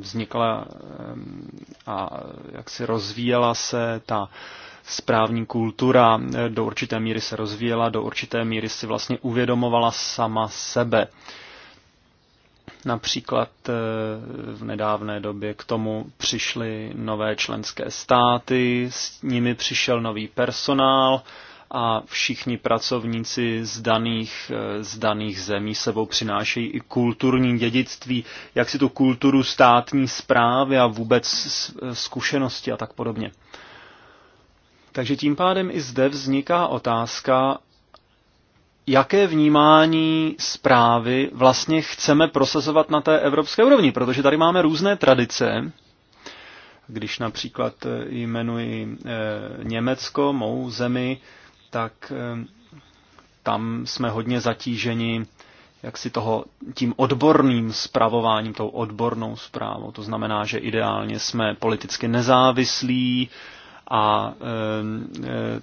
vznikla a jak si rozvíjela se ta správní kultura, do určité míry se rozvíjela, do určité míry si vlastně uvědomovala sama sebe. Například v nedávné době k tomu přišly nové členské státy, s nimi přišel nový personál, a všichni pracovníci z daných, eh, z daných zemí sebou přinášejí i kulturní dědictví, jak si tu kulturu státní zprávy a vůbec zkušenosti a tak podobně. Takže tím pádem i zde vzniká otázka, jaké vnímání zprávy vlastně chceme prosazovat na té evropské úrovni, protože tady máme různé tradice, když například jmenuji eh, Německo, mou zemi, tak tam jsme hodně zatíženi jak si toho tím odborným zpravováním, tou odbornou zprávou. To znamená, že ideálně jsme politicky nezávislí a e,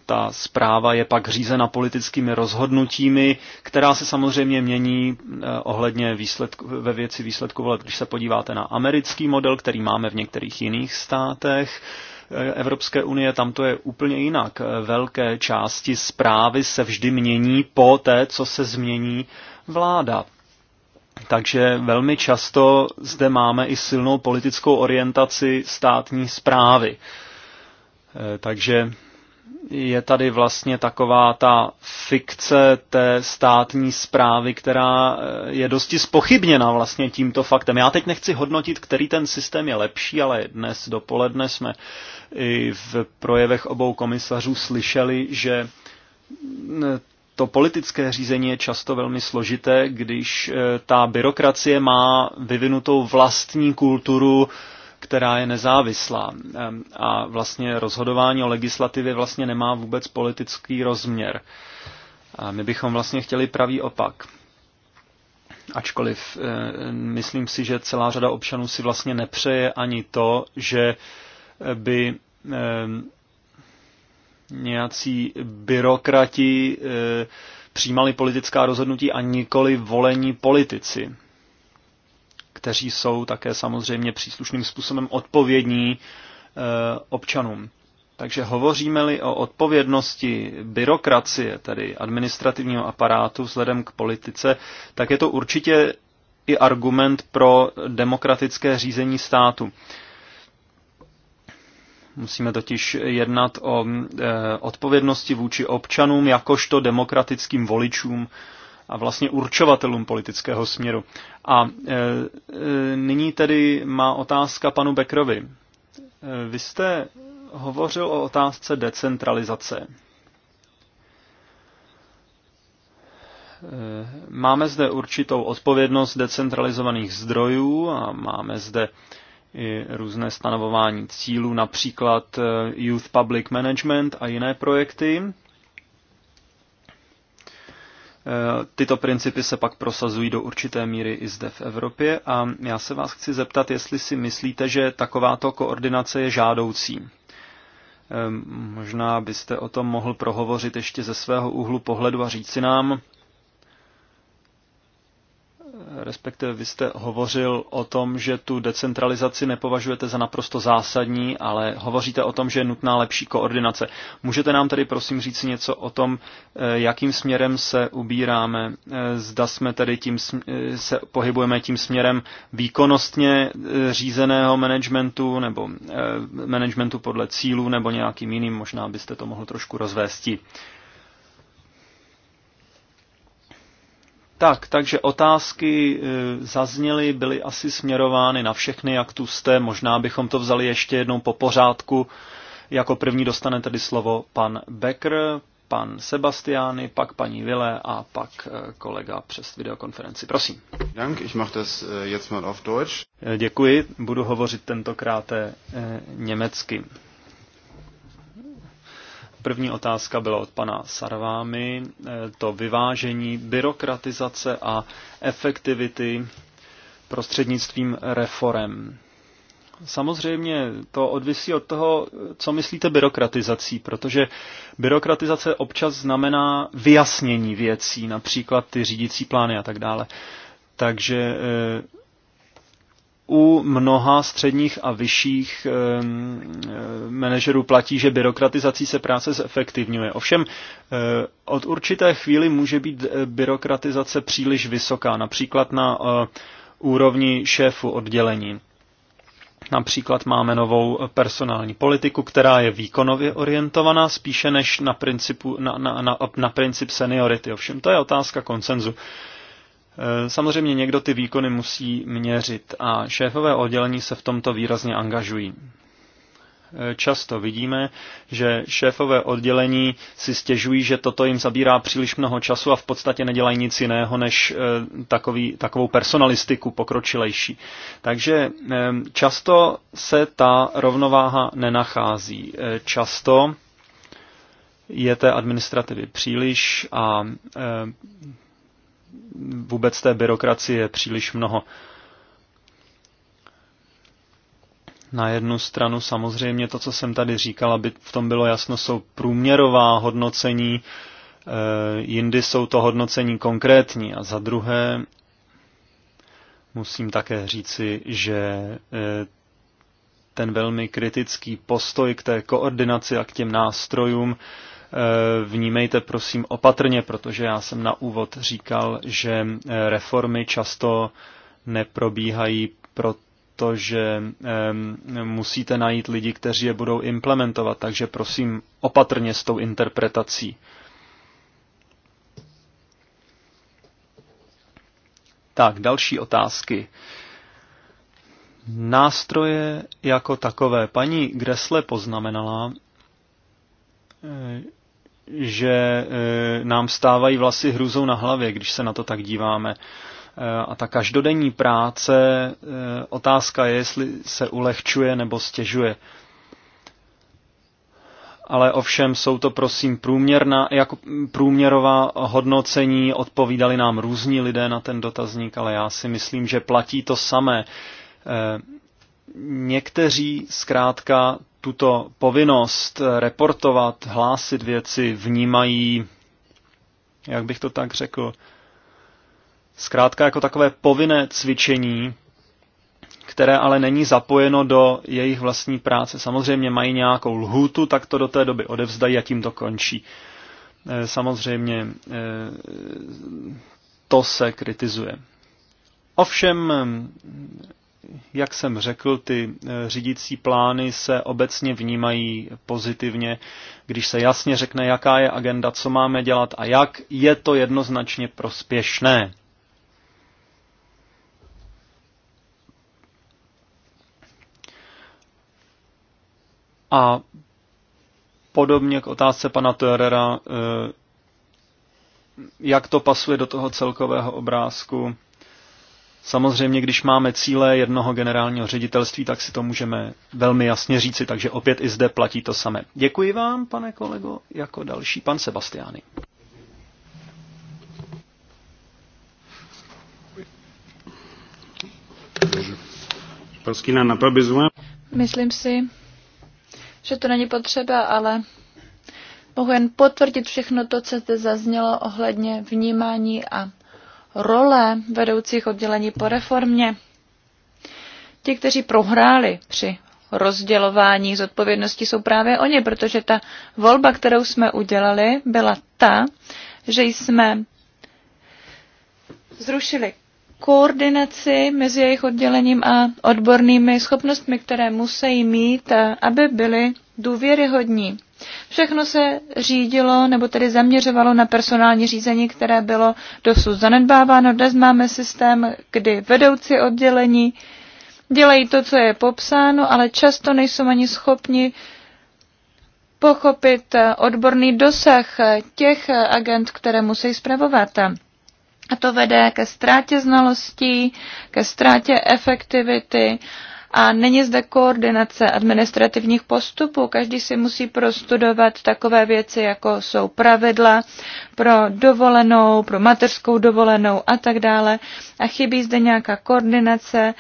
ta zpráva je pak řízena politickými rozhodnutími, která se samozřejmě mění e, ohledně výsledku, ve věci výsledku voleb. Když se podíváte na americký model, který máme v některých jiných státech, e, Evropské unie, tam to je úplně jinak. Velké části zprávy se vždy mění po té, co se změní vláda. Takže velmi často zde máme i silnou politickou orientaci státní zprávy. Eh, takže je tady vlastně taková ta fikce té státní zprávy, která eh, je dosti spochybněna vlastně tímto faktem. Já teď nechci hodnotit, který ten systém je lepší, ale dnes dopoledne jsme i v projevech obou komisařů slyšeli, že eh, to politické řízení je často velmi složité, když eh, ta byrokracie má vyvinutou vlastní kulturu která je nezávislá. Ehm, a vlastně rozhodování o legislativě vlastně nemá vůbec politický rozměr. A my bychom vlastně chtěli pravý opak. Ačkoliv ehm, myslím si, že celá řada občanů si vlastně nepřeje ani to, že by ehm, nějací byrokrati eh, přijímali politická rozhodnutí a nikoli volení politici kteří jsou také samozřejmě příslušným způsobem odpovědní eh, občanům. Takže hovoříme-li o odpovědnosti byrokracie, tedy administrativního aparátu vzhledem k politice, tak je to určitě i argument pro demokratické řízení státu. Musíme totiž jednat o e, odpovědnosti vůči občanům jakožto demokratickým voličům a vlastně určovatelům politického směru. A e, e, nyní tedy má otázka panu Bekrovi. E, vy jste hovořil o otázce decentralizace. Máme zde určitou odpovědnost decentralizovaných zdrojů a máme zde i různé stanovování cílů, například Youth Public Management a jiné projekty. Tyto principy se pak prosazují do určité míry i zde v Evropě a já se vás chci zeptat, jestli si myslíte, že takováto koordinace je žádoucí. Ehm, možná byste o tom mohl prohovořit ještě ze svého úhlu pohledu a říci nám, respektive vy jste hovořil o tom, že tu decentralizaci nepovažujete za naprosto zásadní, ale hovoříte o tom, že je nutná lepší koordinace. Můžete nám tedy prosím říct něco o tom, eh, jakým směrem se ubíráme, eh, zda jsme tedy tím, eh, se pohybujeme tím směrem výkonnostně řízeného managementu nebo managementu podle cílů nebo nějakým jiným, možná byste to mohl trošku rozvést. Tak, takže otázky e, zazněly, byly asi směrovány na všechny, jak tu jste. Možná bychom to vzali ještě jednou po pořádku. Jako první dostane tedy slovo pan Becker, pan Sebastiány, pak paní Vile a pak e, kolega přes videokonferenci. Prosím. Dank, ich mach das e, jetzt mal auf Deutsch. Děkuji, budu hovořit tentokrát německy. První otázka byla od pana Sarvámy, eh, to vyvážení byrokratizace a efektivity prostřednictvím reform. Samozřejmě to odvisí od toho, co myslíte byrokratizací, protože byrokratizace občas znamená vyjasnění věcí, například ty řídící plány a tak dále. Takže eh, u mnoha středních a vyšších manažerů platí, že byrokratizací se práce zefektivňuje. Ovšem, eh, od určité chvíli může být eh, byrokratizace příliš vysoká, například na eh, úrovni šéfu oddělení. Například máme novou personální politiku, která je výkonově orientovaná spíše než na, principu, na, na, na, na princip seniority. Ovšem, to je otázka koncenzu. Eh, samozřejmě někdo ty výkony musí měřit a šéfové oddělení se v tomto výrazně angažují. Eh, často vidíme, že šéfové oddělení si stěžují, že toto jim zabírá příliš mnoho času a v podstatě nedělají nic jiného než eh, takový, takovou personalistiku pokročilejší. Takže často se ta rovnováha nenachází. Často je té administrativy příliš a vůbec té byrokracie je příliš mnoho. Na jednu stranu samozřejmě to, co jsem tady říkal, aby v tom bylo jasno, jsou průměrová hodnocení, e, jindy jsou to hodnocení konkrétní. A za druhé musím také říci, že e, ten velmi kritický postoj k té koordinaci a k těm nástrojům Eh, vnímejte prosím opatrně, protože já jsem na úvod říkal, že eh, reformy často neprobíhají protože musíte najít lidi, kteří je budou implementovat. Takže prosím opatrně s tou interpretací. Tak, další otázky. Nástroje jako takové. Paní Gresle poznamenala, že eh, nám stávají vlasy hrůzou na hlavě, když se na to tak díváme. Eh, a ta každodenní práce, eh, otázka je, jestli se ulehčuje nebo stěžuje. Ale ovšem jsou to prosím průměrná, jako průměrová hodnocení, odpovídali nám různí lidé na ten dotazník, ale já si myslím, že platí to samé. Někteří zkrátka tuto povinnost reportovat, hlásit věci vnímají, jak bych to tak řekl, zkrátka jako takové povinné cvičení, které ale není zapojeno do jejich vlastní práce. Samozřejmě mají nějakou lhůtu, tak to do té doby odevzdají a tím to končí. Eh, samozřejmě eh, to se kritizuje. Ovšem jak jsem řekl, ty eh, řídící plány se obecně vnímají pozitivně, když se jasně řekne, jaká je agenda, co máme dělat a jak, je to jednoznačně prospěšné. A podobně k otázce pana Törera, eh, jak to pasuje do toho celkového obrázku, Samozřejmě, když máme cíle jednoho generálního ředitelství, tak si to můžeme velmi jasně říci, takže opět i zde platí to samé. Děkuji vám, pane kolego, jako další pan Sebastiány. Myslím si, že to není potřeba, ale mohu jen potvrdit všechno to, co zde zaznělo ohledně vnímání a role vedoucích oddělení po reformě. Ti, kteří prohráli při rozdělování zodpovědnosti, jsou právě oni, protože ta volba, kterou jsme udělali, byla ta, že jsme zrušili koordinaci mezi jejich oddělením a odbornými schopnostmi, které musí mít, aby byly důvěryhodní. Všechno se řídilo nebo tedy zaměřovalo na personální řízení, které bylo dosud zanedbáváno. Dnes máme systém, kdy vedoucí oddělení dělají to, co je popsáno, ale často nejsou ani schopni pochopit odborný dosah těch agent, které musí zpravovat. A to vede ke ztrátě znalostí, ke ztrátě efektivity a není zde koordinace administrativních postupů. Každý si musí prostudovat takové věci, jako jsou pravidla pro dovolenou, pro mateřskou dovolenou a tak dále. A chybí zde nějaká koordinace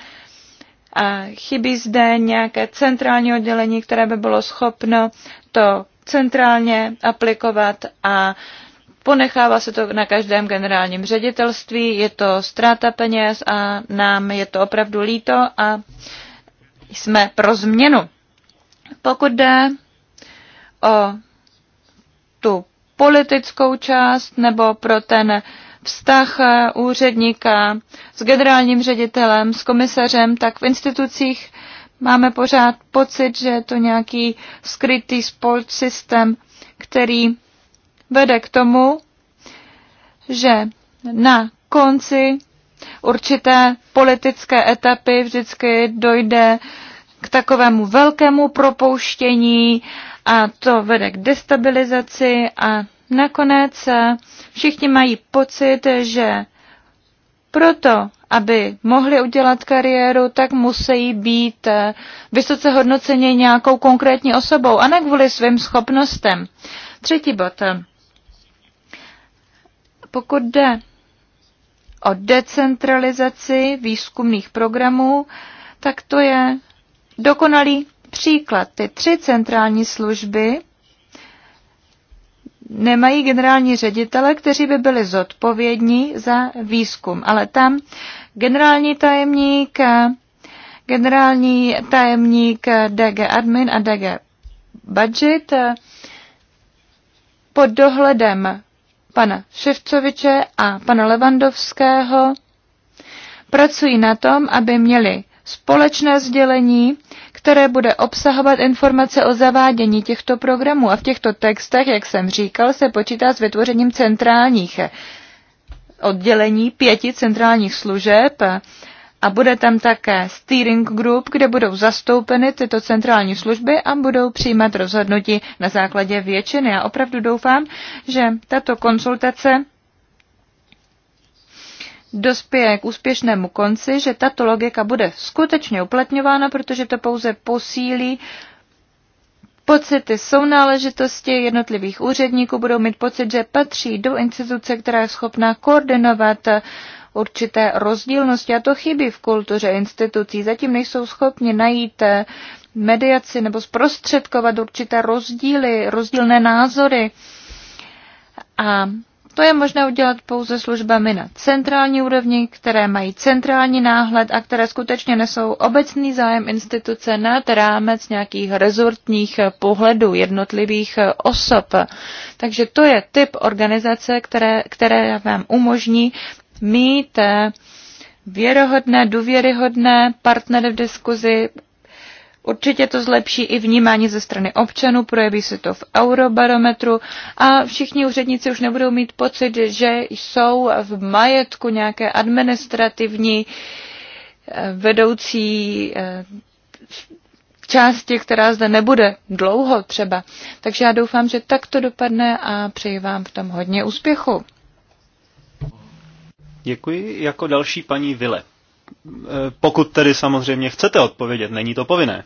a chybí zde nějaké centrální oddělení, které by bylo schopno to centrálně aplikovat a Ponechává se to na každém generálním ředitelství, je to ztráta peněz a nám je to opravdu líto a jsme pro změnu. Pokud jde o tu politickou část nebo pro ten vztah úředníka s generálním ředitelem, s komisařem, tak v institucích máme pořád pocit, že je to nějaký skrytý sport systém, který vede k tomu, že na konci určité politické etapy vždycky dojde k takovému velkému propouštění a to vede k destabilizaci a nakonec všichni mají pocit, že proto, aby mohli udělat kariéru, tak musí být vysoce hodnoceni nějakou konkrétní osobou a ne kvůli svým schopnostem. Třetí bod. Pokud jde o decentralizaci výzkumných programů, tak to je dokonalý příklad. Ty tři centrální služby nemají generální ředitele, kteří by byli zodpovědní za výzkum, ale tam generální tajemník, generální tajemník DG Admin a DG Budget pod dohledem pana Ševčoviče a pana Levandovského pracují na tom, aby měli společné sdělení, které bude obsahovat informace o zavádění těchto programů. A v těchto textech, jak jsem říkal, se počítá s vytvořením centrálních oddělení pěti centrálních služeb, a bude tam také steering group, kde budou zastoupeny tyto centrální služby a budou přijímat rozhodnutí na základě většiny. Já opravdu doufám, že tato konsultace dospěje k úspěšnému konci, že tato logika bude skutečně uplatňována, protože to pouze posílí pocity sounáležitosti jednotlivých úředníků, budou mít pocit, že patří do instituce, která je schopná koordinovat určité rozdílnosti a to chybí v kultuře institucí. Zatím nejsou schopni najít eh, mediaci nebo zprostředkovat určité rozdíly, rozdílné názory. A to je možné udělat pouze službami na centrální úrovni, které mají centrální náhled a které skutečně nesou obecný zájem instituce nad rámec nějakých rezortních pohledů jednotlivých osob. Takže to je typ organizace, které, které vám umožní mít eh, věrohodné, důvěryhodné partnery v diskuzi. Určitě to zlepší i vnímání ze strany občanů, projeví se to v eurobarometru a všichni úředníci už nebudou mít pocit, že jsou v majetku nějaké administrativní eh, vedoucí eh, části, která zde nebude dlouho třeba. Takže já doufám, že tak to dopadne a přeji vám v tom hodně úspěchu. Děkuji. Jako další paní Vile. E, pokud tedy samozřejmě chcete odpovědět, není to povinné.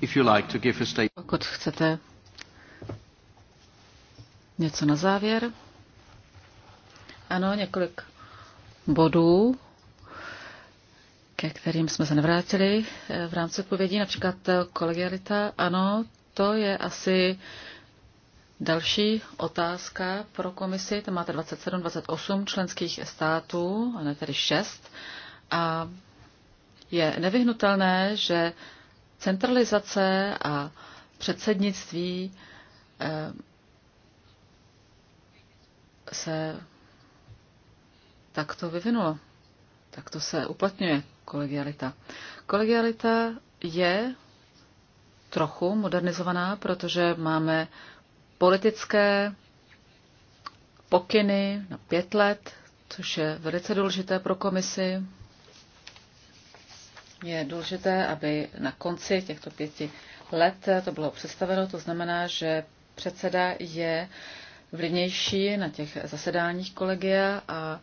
If you like to give a state... Pokud chcete něco na závěr. Ano, několik bodů, ke kterým jsme se nevrátili e, v rámci odpovědí, například e, kolegialita. Ano, to je asi uh, Další otázka pro komisi. Tam máte 27, 28 členských států, a ne tedy 6. A je nevyhnutelné, že centralizace a předsednictví eh, se takto vyvinulo. Takto se uplatňuje kolegialita. Kolegialita je trochu modernizovaná, protože máme politické pokyny na pět let, což je velice důležité pro komisi. Je důležité, aby na konci těchto pěti let to bylo představeno. To znamená, že předseda je vlivnější na těch zasedáních kolegia a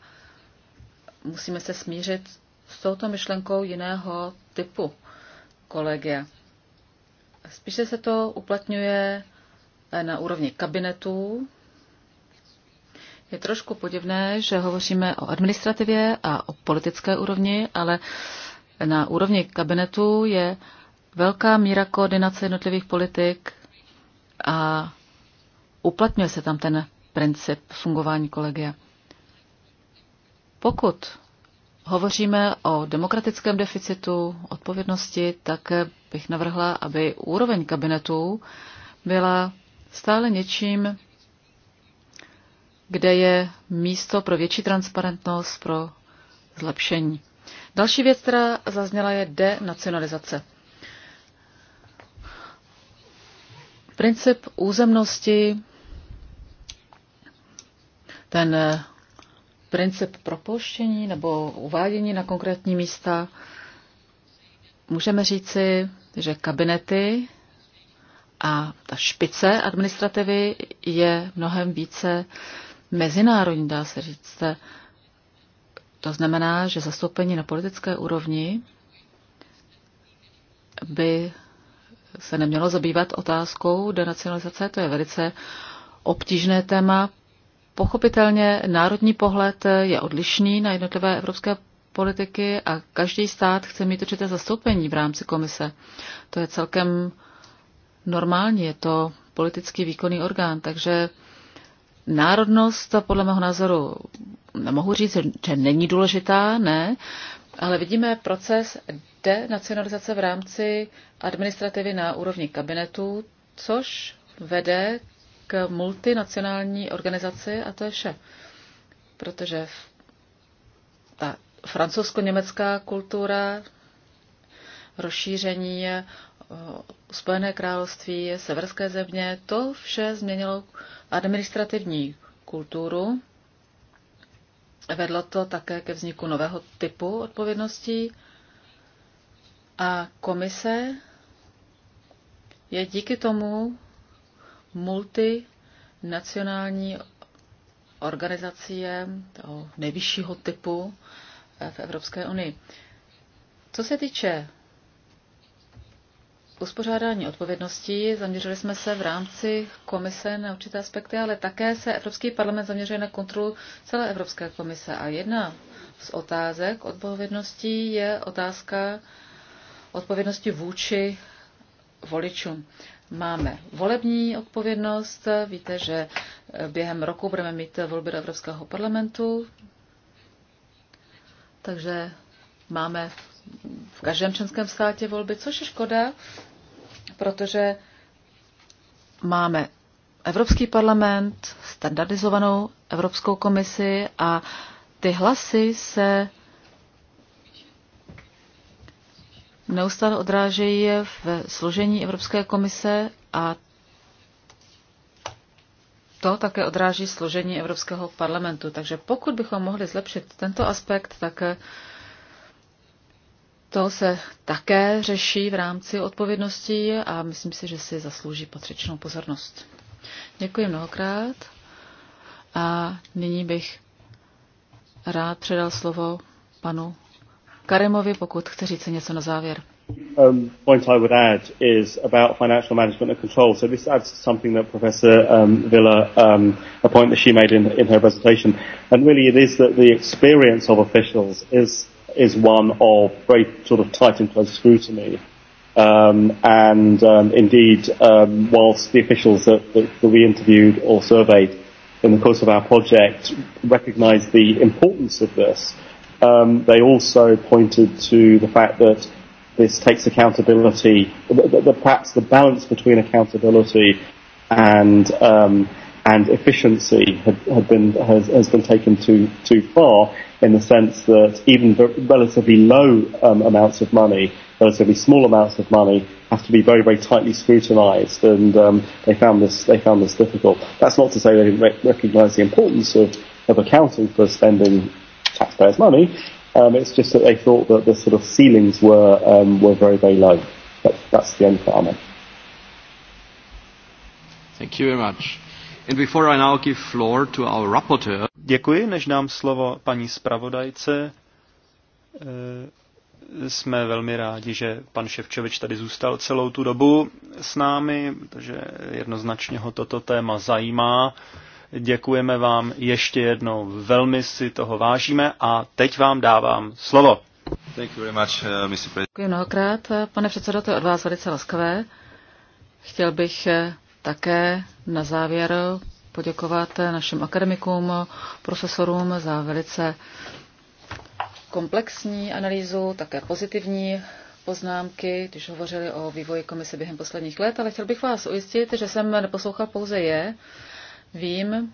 musíme se smířit s touto myšlenkou jiného typu kolegia. Spíše se to uplatňuje na úrovni kabinetů. Je trošku podivné, že hovoříme o administrativě a o politické úrovni, ale na úrovni kabinetu je velká míra koordinace jednotlivých politik a uplatňuje se tam ten princip fungování kolegia. Pokud hovoříme o demokratickém deficitu odpovědnosti, tak bych navrhla, aby úroveň kabinetů byla stále něčím, kde je místo pro větší transparentnost, pro zlepšení. Další věc, která zazněla, je denacionalizace. Princip územnosti, ten princip propouštění nebo uvádění na konkrétní místa, můžeme říci, že kabinety a ta špice administrativy je mnohem více mezinárodní, dá se říct. To znamená, že zastoupení na politické úrovni by se nemělo zabývat otázkou denacionalizace. To je velice obtížné téma. Pochopitelně národní pohled je odlišný na jednotlivé evropské politiky a každý stát chce mít určité zastoupení v rámci komise. To je celkem normální, je to politicky výkonný orgán, takže národnost podle mého názoru nemohu říct, že není důležitá, ne, ale vidíme proces denacionalizace v rámci administrativy na úrovni kabinetu, což vede k multinacionální organizaci a to je vše. Protože ta francouzsko-německá kultura, rozšíření Eh, Spojené království, severské země, to vše změnilo administrativní kulturu. Vedlo to také ke vzniku nového typu odpovědností a komise je díky tomu multinacionální organizace nejvyššího typu v Evropské unii. Co se týče uspořádání odpovědností. Zaměřili jsme se v rámci komise na určité aspekty, ale také se Evropský parlament zaměřuje na kontrolu celé Evropské komise. A jedna z otázek odpovědností je otázka odpovědnosti vůči voličům. Máme volební odpovědnost. Víte, že během roku budeme mít volby do Evropského parlamentu. Takže máme v každém členském státě volby, což je škoda, protože máme Evropský parlament, standardizovanou Evropskou komisi a ty hlasy se neustále odrážejí v složení Evropské komise a to také odráží složení Evropského parlamentu. Takže pokud bychom mohli zlepšit tento aspekt, tak to se také řeší v rámci odpovědností a myslím si, že si zaslouží patřičnou pozornost. Děkuji mnohokrát a nyní bych rád předal slovo panu Karemovi, pokud chce říct něco na závěr. Um, point I would add is about financial management and control. So this adds to something that Professor um, Villa, um, a point that she made in, in her presentation. And really it is that the experience of officials is is one of very sort of tight and close scrutiny. Um, and um, indeed, um, whilst the officials that, that, that we interviewed or surveyed in the course of our project recognised the importance of this, um, they also pointed to the fact that this takes accountability, that, that, that perhaps the balance between accountability and um, and efficiency had, had been, has, has been taken too, too far in the sense that even the relatively low um, amounts of money, relatively small amounts of money, have to be very, very tightly scrutinised, and um, they found this they found this difficult. That's not to say they didn't re- recognise the importance of, of accounting for spending taxpayers' money. Um, it's just that they thought that the sort of ceilings were um, were very, very low. But that's the end for Ahmed. Thank you very much. Děkuji, než dám slovo paní zpravodajce. Eh, jsme velmi rádi, že pan Ševčevič tady zůstal celou tu dobu s námi, protože jednoznačně ho toto téma zajímá. Děkujeme vám ještě jednou, velmi si toho vážíme a teď vám dávám slovo. Much, uh, Děkuji mnohokrát, pane předsedo, to je od vás velice laskavé. Chtěl bych eh, také na závěr poděkovat našim akademikům, profesorům za velice komplexní analýzu, také pozitivní poznámky, když hovořili o vývoji komise během posledních let, ale chtěl bych vás ujistit, že jsem neposlouchal pouze je. Vím,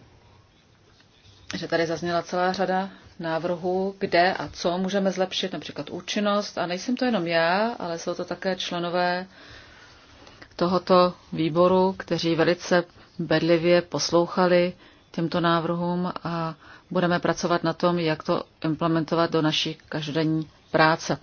že tady zazněla celá řada návrhů, kde a co můžeme zlepšit, například účinnost. A nejsem to jenom já, ale jsou to také členové tohoto výboru, kteří velice bedlivě poslouchali těmto návrhům a budeme pracovat na tom, jak to implementovat do naší každodenní práce.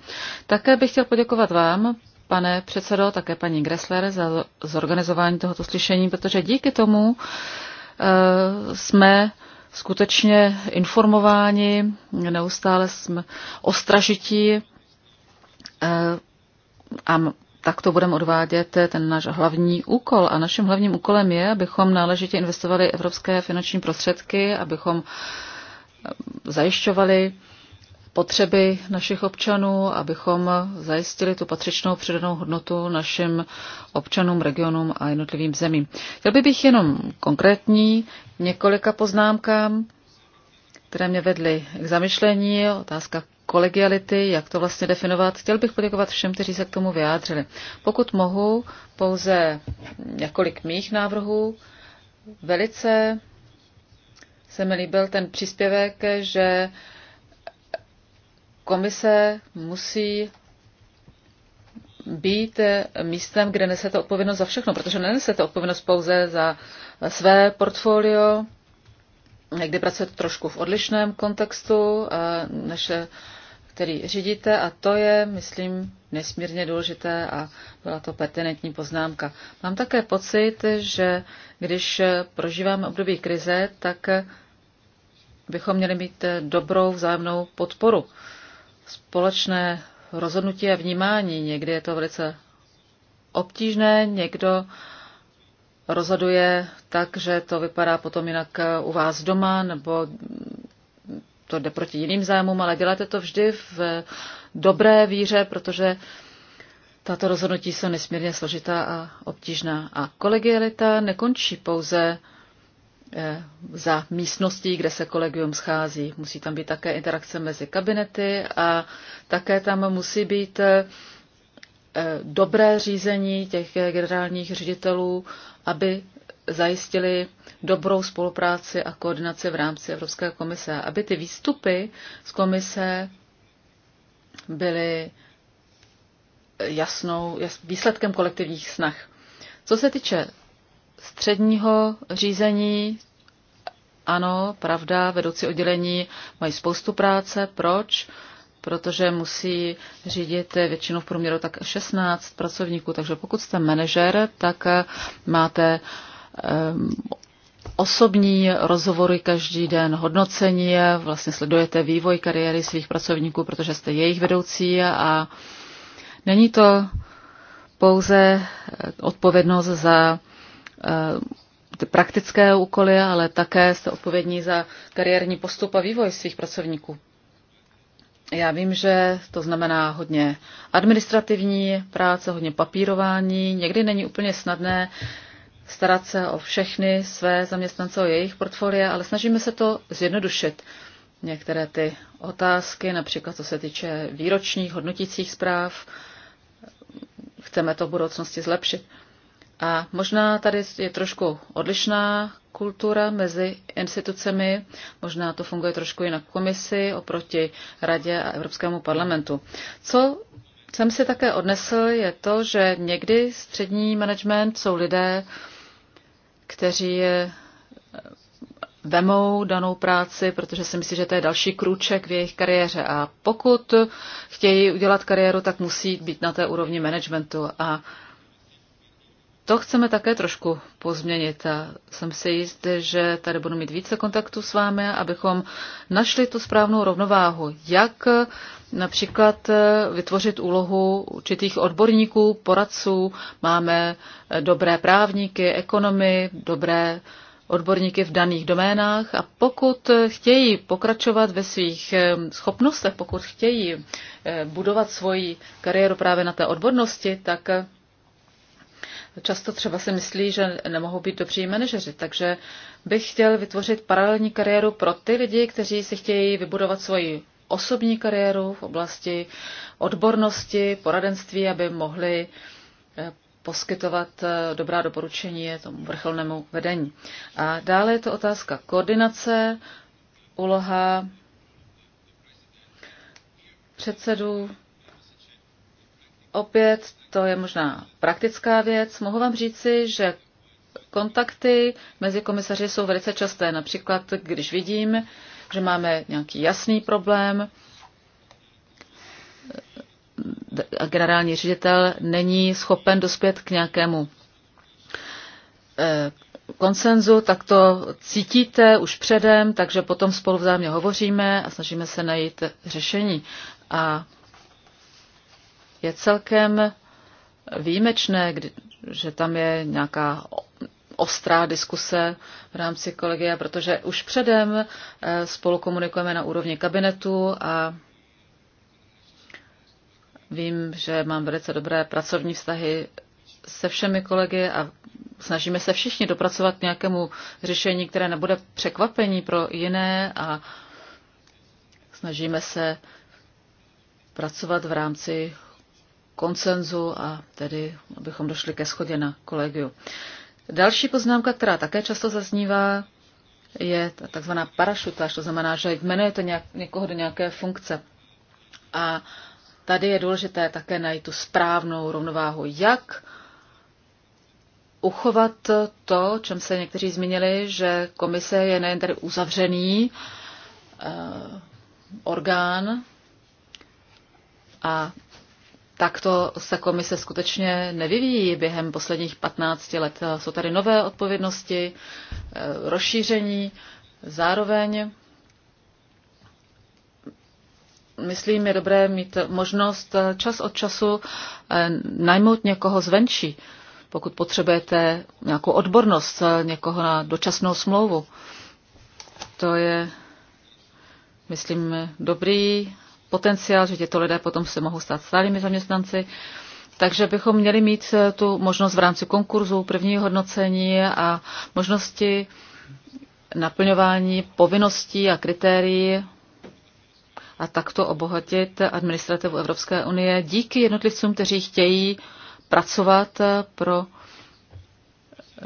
Také bych chtěl poděkovat vám, pane předsedo, také paní Gressler za zorganizování tohoto slyšení, protože díky tomu eh, jsme skutečně informováni, neustále jsme ostražití eh, a tak to budeme odvádět eh, ten náš hlavní úkol. A naším hlavním úkolem je, abychom náležitě investovali evropské finanční prostředky, abychom eh, zajišťovali potřeby našich občanů, abychom zajistili tu patřičnou přidanou hodnotu našim občanům, regionům a jednotlivým zemím. Chtěl bych jenom konkrétní několika poznámkám, které mě vedly k zamyšlení, otázka kolegiality, jak to vlastně definovat. Chtěl bych poděkovat všem, kteří se k tomu vyjádřili. Pokud mohu, pouze několik mých návrhů. Velice se mi líbil ten příspěvek, že komise musí být místem, kde nesete odpovědnost za všechno, protože nenesete odpovědnost pouze za své portfolio, kdy pracujete trošku v odlišném kontextu. Naše který řídíte a to je, myslím, nesmírně důležité a byla to pertinentní poznámka. Mám také pocit, že když prožíváme období krize, tak bychom měli mít dobrou vzájemnou podporu. Společné rozhodnutí a vnímání, někdy je to velice obtížné, někdo rozhoduje tak, že to vypadá potom jinak u vás doma, nebo to jde proti jiným zájmům, ale děláte to vždy v dobré víře, protože tato rozhodnutí jsou nesmírně složitá a obtížná. A kolegialita nekončí pouze eh, za místností, kde se kolegium schází. Musí tam být také interakce mezi kabinety a také tam musí být eh, dobré řízení těch generálních ředitelů, aby zajistili dobrou spolupráci a koordinaci v rámci Evropské komise, aby ty výstupy z komise byly jasnou, jas, výsledkem kolektivních snah. Co se týče středního řízení, ano, pravda, vedoucí oddělení mají spoustu práce. Proč? Protože musí řídit většinou v průměru tak 16 pracovníků, takže pokud jste manažer, tak máte uh, osobní rozhovory každý den, hodnocení, vlastně sledujete vývoj kariéry svých pracovníků, protože jste jejich vedoucí a není to pouze eh, odpovědnost za eh, ty praktické úkoly, ale také jste odpovědní za kariérní postup a vývoj svých pracovníků. Já vím, že to znamená hodně administrativní práce, hodně papírování. Někdy není úplně snadné uh, starat se o všechny své zaměstnance, o jejich portfolia, ale snažíme se to zjednodušit. Některé ty otázky, například co se týče výročních hodnotících zpráv, chceme to v budoucnosti zlepšit. A možná tady je trošku odlišná kultura mezi institucemi, možná to funguje trošku jinak komisi oproti Radě a Evropskému parlamentu. Co jsem si také odnesl, je to, že někdy střední management jsou lidé, kteří eh, vemou danou práci, protože si myslí, že to je další krůček v jejich kariéře. A pokud chtějí udělat kariéru, tak musí být na té úrovni managementu. A to chceme také trošku pozměnit a jsem si jist, že tady budu mít více kontaktu s vámi, abychom našli tu správnou rovnováhu, jak například eh, vytvořit úlohu určitých odborníků, poradců. Máme eh, dobré právníky, ekonomy, dobré odborníky v daných doménách a pokud eh, chtějí pokračovat ve svých schopnostech, pokud chtějí budovat svoji kariéru právě na té odbornosti, tak často třeba si myslí, že nemohou být dobří manažeři. Takže bych chtěl vytvořit paralelní kariéru pro ty lidi, kteří si chtějí vybudovat svoji osobní kariéru v oblasti odbornosti, poradenství, aby mohli eh, poskytovat eh, dobrá doporučení tomu vrcholnému vedení. A dále je to otázka koordinace, úloha předsedů. Opět to je možná praktická věc. Mohu vám říci, že kontakty mezi komisaři jsou velice časté. Například, když vidím, že máme nějaký jasný problém, generální ředitel není schopen dospět k nějakému eh, konsenzu, tak to cítíte už předem, takže potom spolu vzájemně hovoříme a snažíme se najít řešení. A je celkem výjimečné, kdy, že tam je nějaká ostrá diskuse v rámci kolegia, protože už předem eh, spolu komunikujeme na úrovni kabinetu a vím, že mám velice dobré pracovní vztahy se všemi kolegy a snažíme se všichni dopracovat k nějakému řešení, které nebude překvapení pro jiné a snažíme se pracovat v rámci koncenzu a tedy, abychom došli ke schodě na kolegiu. Další poznámka, která také často zaznívá, je takzvaná parašutáž, to znamená, že jmenujete nějak, někoho do nějaké funkce. A tady je důležité také najít tu správnou rovnováhu, jak uchovat to, čem se někteří zmínili, že komise je nejen tady uzavřený uh, orgán a takto se komise skutečně nevyvíjí během posledních 15 let. Jsou tady nové odpovědnosti, eh, rozšíření, zároveň myslím, je dobré mít možnost čas od času eh, najmout někoho zvenčí, pokud potřebujete nějakou odbornost, eh, někoho na dočasnou smlouvu. To je, myslím, dobrý potenciál, že těto lidé potom se mohou stát stálými zaměstnanci. Takže bychom měli mít eh, tu možnost v rámci konkurzu, prvního hodnocení a možnosti naplňování povinností a kritérií a takto obohatit administrativu Evropské unie díky jednotlivcům, kteří chtějí pracovat eh, pro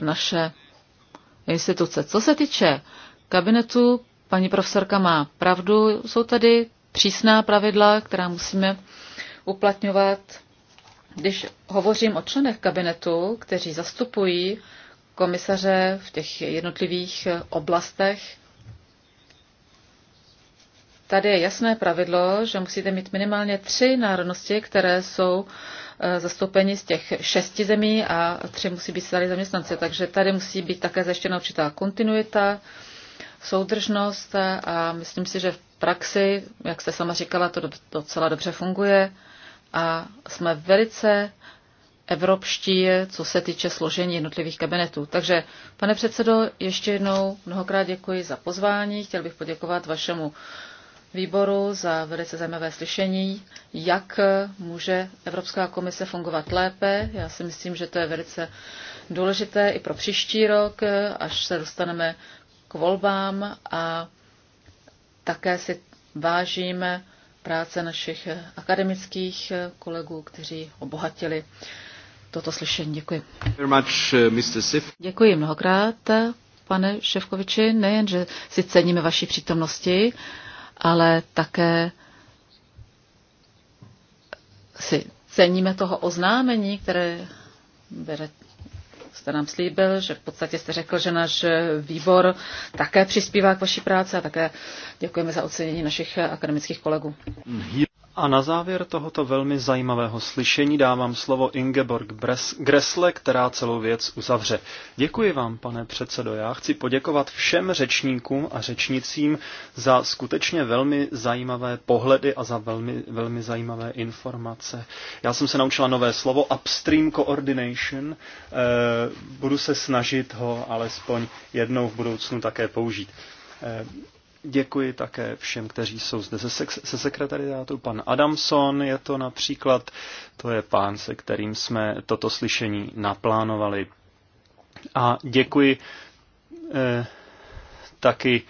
naše instituce. Co se týče kabinetu, paní profesorka má pravdu, jsou tady přísná pravidla, která musíme uplatňovat. Když hovořím o členech kabinetu, kteří zastupují komisaře v těch jednotlivých oblastech, tady je jasné pravidlo, že musíte mít minimálně tři národnosti, které jsou eh, zastoupeni z těch šesti zemí a tři musí být stále zaměstnanci. Takže tady musí být také zajištěna určitá kontinuita, soudržnost a myslím si, že v praxi, jak jste sama říkala, to docela dobře funguje a jsme velice evropští, co se týče složení jednotlivých kabinetů. Takže, pane předsedo, ještě jednou mnohokrát děkuji za pozvání. Chtěl bych poděkovat vašemu výboru za velice zajímavé slyšení, jak může Evropská komise fungovat lépe. Já si myslím, že to je velice důležité i pro příští rok, až se dostaneme k volbám a také si vážím práce našich akademických kolegů, kteří obohatili toto slyšení. Děkuji. Uh, Děkuji mnohokrát, pane Ševkoviči. Nejen, že si ceníme vaší přítomnosti, ale také si ceníme toho oznámení, které jste nám slíbil, že v podstatě jste řekl, že náš výbor také přispívá k vaší práci a také děkujeme za ocenění našich akademických kolegů. A na závěr tohoto velmi zajímavého slyšení dávám slovo Ingeborg Gresle, která celou věc uzavře. Děkuji vám, pane předsedo. Já chci poděkovat všem řečníkům a řečnicím za skutečně velmi zajímavé pohledy a za velmi, velmi zajímavé informace. Já jsem se naučila nové slovo upstream coordination. Eh, budu se snažit ho alespoň jednou v budoucnu také použít. Eh, Děkuji také všem, kteří jsou zde Se sek- se sekretariátu. Pan Adamson je to například, to je pán, se kterým jsme toto slyšení naplánovali. A děkuji eh, taky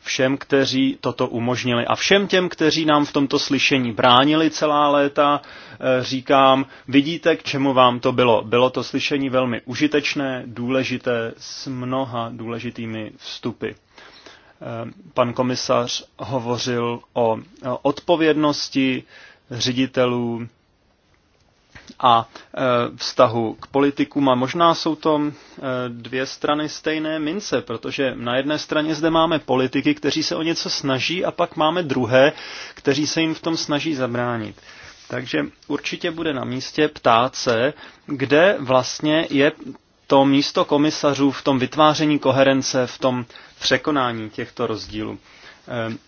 všem, kteří toto umožnili a všem těm, kteří nám v tomto slyšení bránili celá léta, eh, říkám, vidíte, k čemu vám to bylo. Bylo to slyšení velmi užitečné, důležité, s mnoha důležitými vstupy. Eh, pan komisař hovořil o odpovědnosti ředitelů a eh, vztahu k politikům. A možná jsou to eh, dvě strany stejné mince, protože na jedné straně zde máme politiky, kteří se o něco snaží, a pak máme druhé, kteří se jim v tom snaží zabránit. Takže určitě bude na místě ptát se, kde vlastně je to místo komisařů v tom vytváření koherence, v tom překonání těchto rozdílů. Ehm,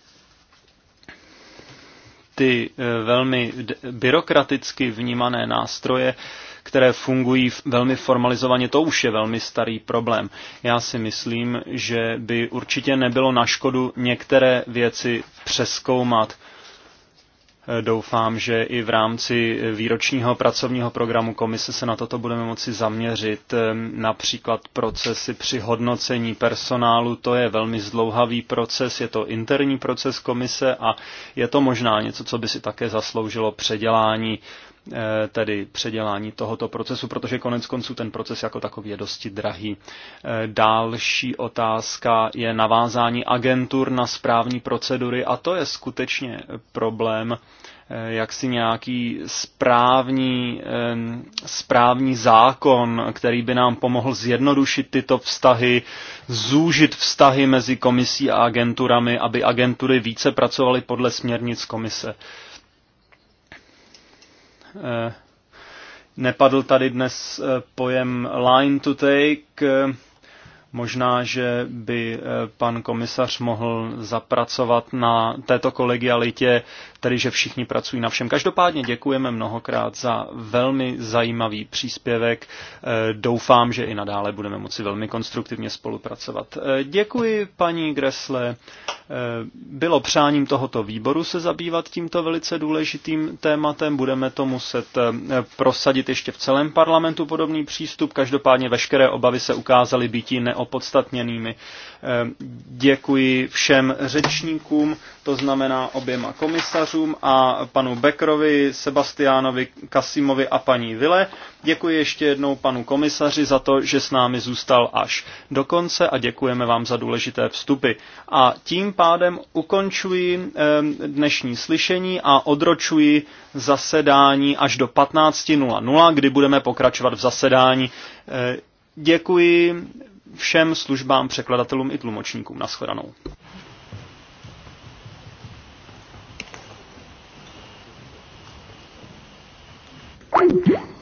ty eh, velmi byrokraticky vnímané nástroje, které fungují velmi formalizovaně, to už je velmi starý problém. Já si myslím, že by určitě nebylo na škodu některé věci přeskoumat Doufám, že i v rámci výročního pracovního programu komise se na toto budeme moci zaměřit. Ehm, například procesy při hodnocení personálu, to je velmi zdlouhavý proces, je to interní proces komise a je to možná něco, co by si také zasloužilo předělání eh, tedy předělání tohoto procesu, protože konec konců ten proces jako takový je dosti drahý. Eh, další otázka je navázání agentur na správní procedury a to je skutečně problém, Eh, jaksi nějaký správní, správní zákon, který by nám pomohl zjednodušit tyto vztahy, zúžit vztahy mezi komisí a agenturami, aby agentury více pracovaly podle směrnic komise. Eh, nepadl tady dnes eh, pojem line to take. Možná, že by pan komisař mohl zapracovat na této kolegialitě tedy že všichni pracují na všem. Každopádně děkujeme mnohokrát za velmi zajímavý příspěvek. E, doufám, že i nadále budeme moci velmi konstruktivně spolupracovat. E, děkuji, paní Gresle. E, bylo přáním tohoto výboru se zabývat tímto velice důležitým tématem. Budeme to muset prosadit ještě v celém parlamentu podobný přístup. Každopádně veškeré obavy se ukázaly býti neopodstatněnými. Eh, děkuji všem řečníkům, to znamená oběma komisařům a panu Bekrovi, Sebastiánovi, Kasimovi a paní Vile. Děkuji ještě jednou panu komisaři za to, že s námi zůstal až do konce a děkujeme vám za důležité vstupy. A tím pádem ukončuji eh, dnešní slyšení a odročuji zasedání až do 15.00, kdy budeme pokračovat v zasedání. Eh, děkuji všem službám, překladatelům i tlumočníkům. Naschledanou. Thank you.